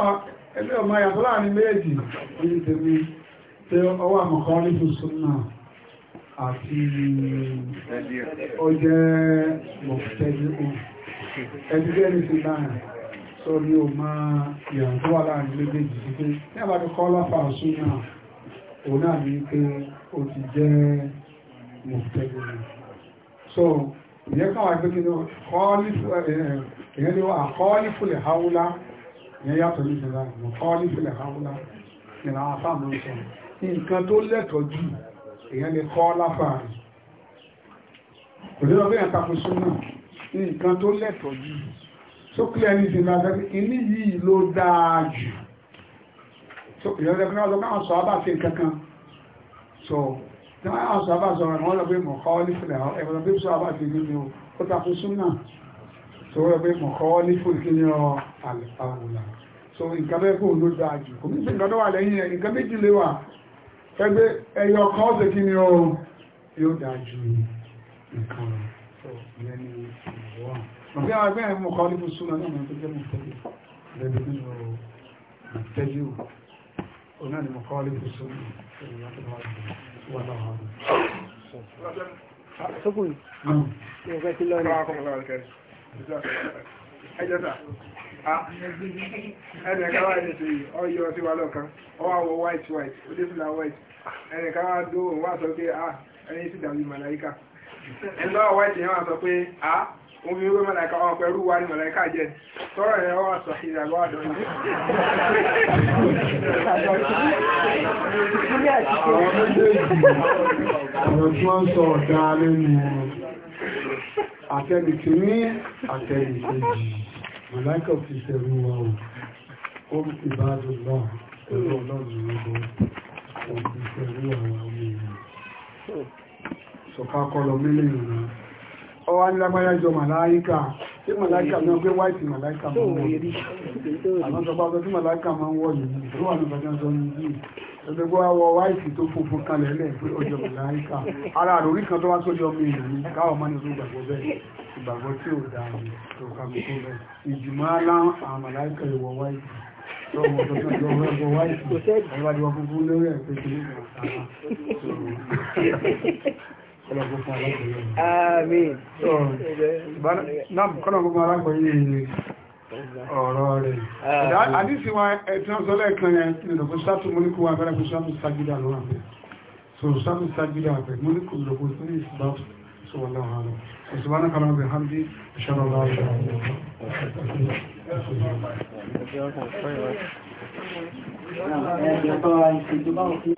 ẹgbẹ́ ọmọ ìyàtọ̀ láàrin méjì, orí tèmi, tí ọwọ́ àmọ̀kọ́lẹ̀ fi súnmọ̀ àti ọjẹ́ mọ̀tẹ́jẹ́ sórí o máa ìyànjú wà láàrin méjèèjì sí pé ní àbájú kọ́lá fàásù náà òun náà ní pé ó ti jẹ́ mọ̀tẹ́gbẹ̀rẹ̀ so ìyẹn kan wà pé kí ni eh, eh, ìyẹn ni wà kọ́ọ́lì fúlẹ̀ haúlá ìyẹn yàtọ̀ ní ìṣẹ̀lá kọ́ọ́lì fúlẹ̀ haúlá ìlànà àfáàmù sọ nǹkan tó lẹ́tọ̀ọ́ jù èèyàn lè kọ́ láfààrí nǹkan tó lẹ́tọ̀ọ́ jù so clearly, ní ṣe láti pé iní yìí ló dáa jù so ìyọ́jẹ́ pé wọ́n sọ káwọn sọ abá ṣe kankan so tí wọ́n yà sọ abá sọ rẹ̀ wọ́n lọ pé mọ̀kọ́ nífìlẹ̀ ẹ̀wọ̀n lọ pé sọ abá ṣe nínú ó ta súnà so wọ́n lọ pé mọ̀kọ́ nífìlẹ̀ kí ni ọ so nǹkan bẹ́ẹ̀ kò ló dáa jù kò ní sí nǹkan tó wà lẹ́yìn ẹ̀ nǹkan méjì lé wà bí a bẹ́ẹ̀ mú kọ́ nípa súnà náà ní ọjọ́ mọ̀tẹ́lẹ̀ lẹ́bí السنة. mọ̀tẹ́lẹ̀ ò náà ni ẹjọ́ta ẹni ẹ̀ka wà ní ṣèyí ọyọ sí wa lọ́kan ọwọ́ àwọ̀ white white ó dé fúnra white ẹni ẹ̀ka wà dó sọ pé ah ẹni sì dàbí màláíkà ẹni lọ́wọ́ white yẹn wà sọ pé ah mo fi wé mọ̀láìka wọn pẹ̀lú wa ní mọ̀láìka jẹ tọ́rọ̀ yẹn wọ́n sọ ìdàgbọ́ àdán yìí. àwọn méjèèjì ọ̀rọ̀ tí ní àtẹ̀bìtì fi ṣẹ̀rù wa o ó ń fi bá dùn náà pẹ̀lú ọlọ́run lọ́gbọ́ ó ń fi ṣẹ̀rù àwọn ọmọ ènìyàn sọ̀ká kọlọ mílíọ̀nù náà ọwá lágbáyá jọ màláíkà tí màláíkà náà gbé wáìtì màláíkà máa ń wọ̀ àwọn sọpá ọjọ́ tí màláíkà máa ń wọ̀ yìí tó wà nípa jẹ́ ọjọ́ yìí ẹgbẹ́gbẹ́ wọ wáìtì tó funfun kalẹ̀ lẹ̀ pé ọjọ́ màláíkà ara àròrí kan tó wá sórí ọmọ èèyàn ni káwọn máa ní ojú ìgbàgbọ́ bẹ́ẹ̀ ìgbàgbọ́ tí ò dáa ni tó kàgbọ́ bẹ́ẹ̀ ìjùmọ̀ alá àwọn màláíkà ìwọ̀ wáìtì Kò sẹ́ẹ̀dì. Ẹgbẹ́ Àmín. Kọ́lọ̀gbọ́n alágbòye ọ̀rọ̀ rẹ̀. Àdísí wa ẹ̀tí wọ́n sọ́lẹ̀ kan yẹn tí lọ́pọ̀ sátú múlíkù wa fẹ́rẹ́ fún sátú sagídà ló wà fẹ́. So sátú sagídà fẹ́ múlíkù lọ́pọ̀ fún ìsìbá sọ wọ́n lọ́wọ́ rẹ̀. Òṣìbánà kan náà bẹ̀ hàndí ìṣẹ́lọ́ láàrín. Ẹ̀jọ̀ tó wà ìṣèjọba òfin.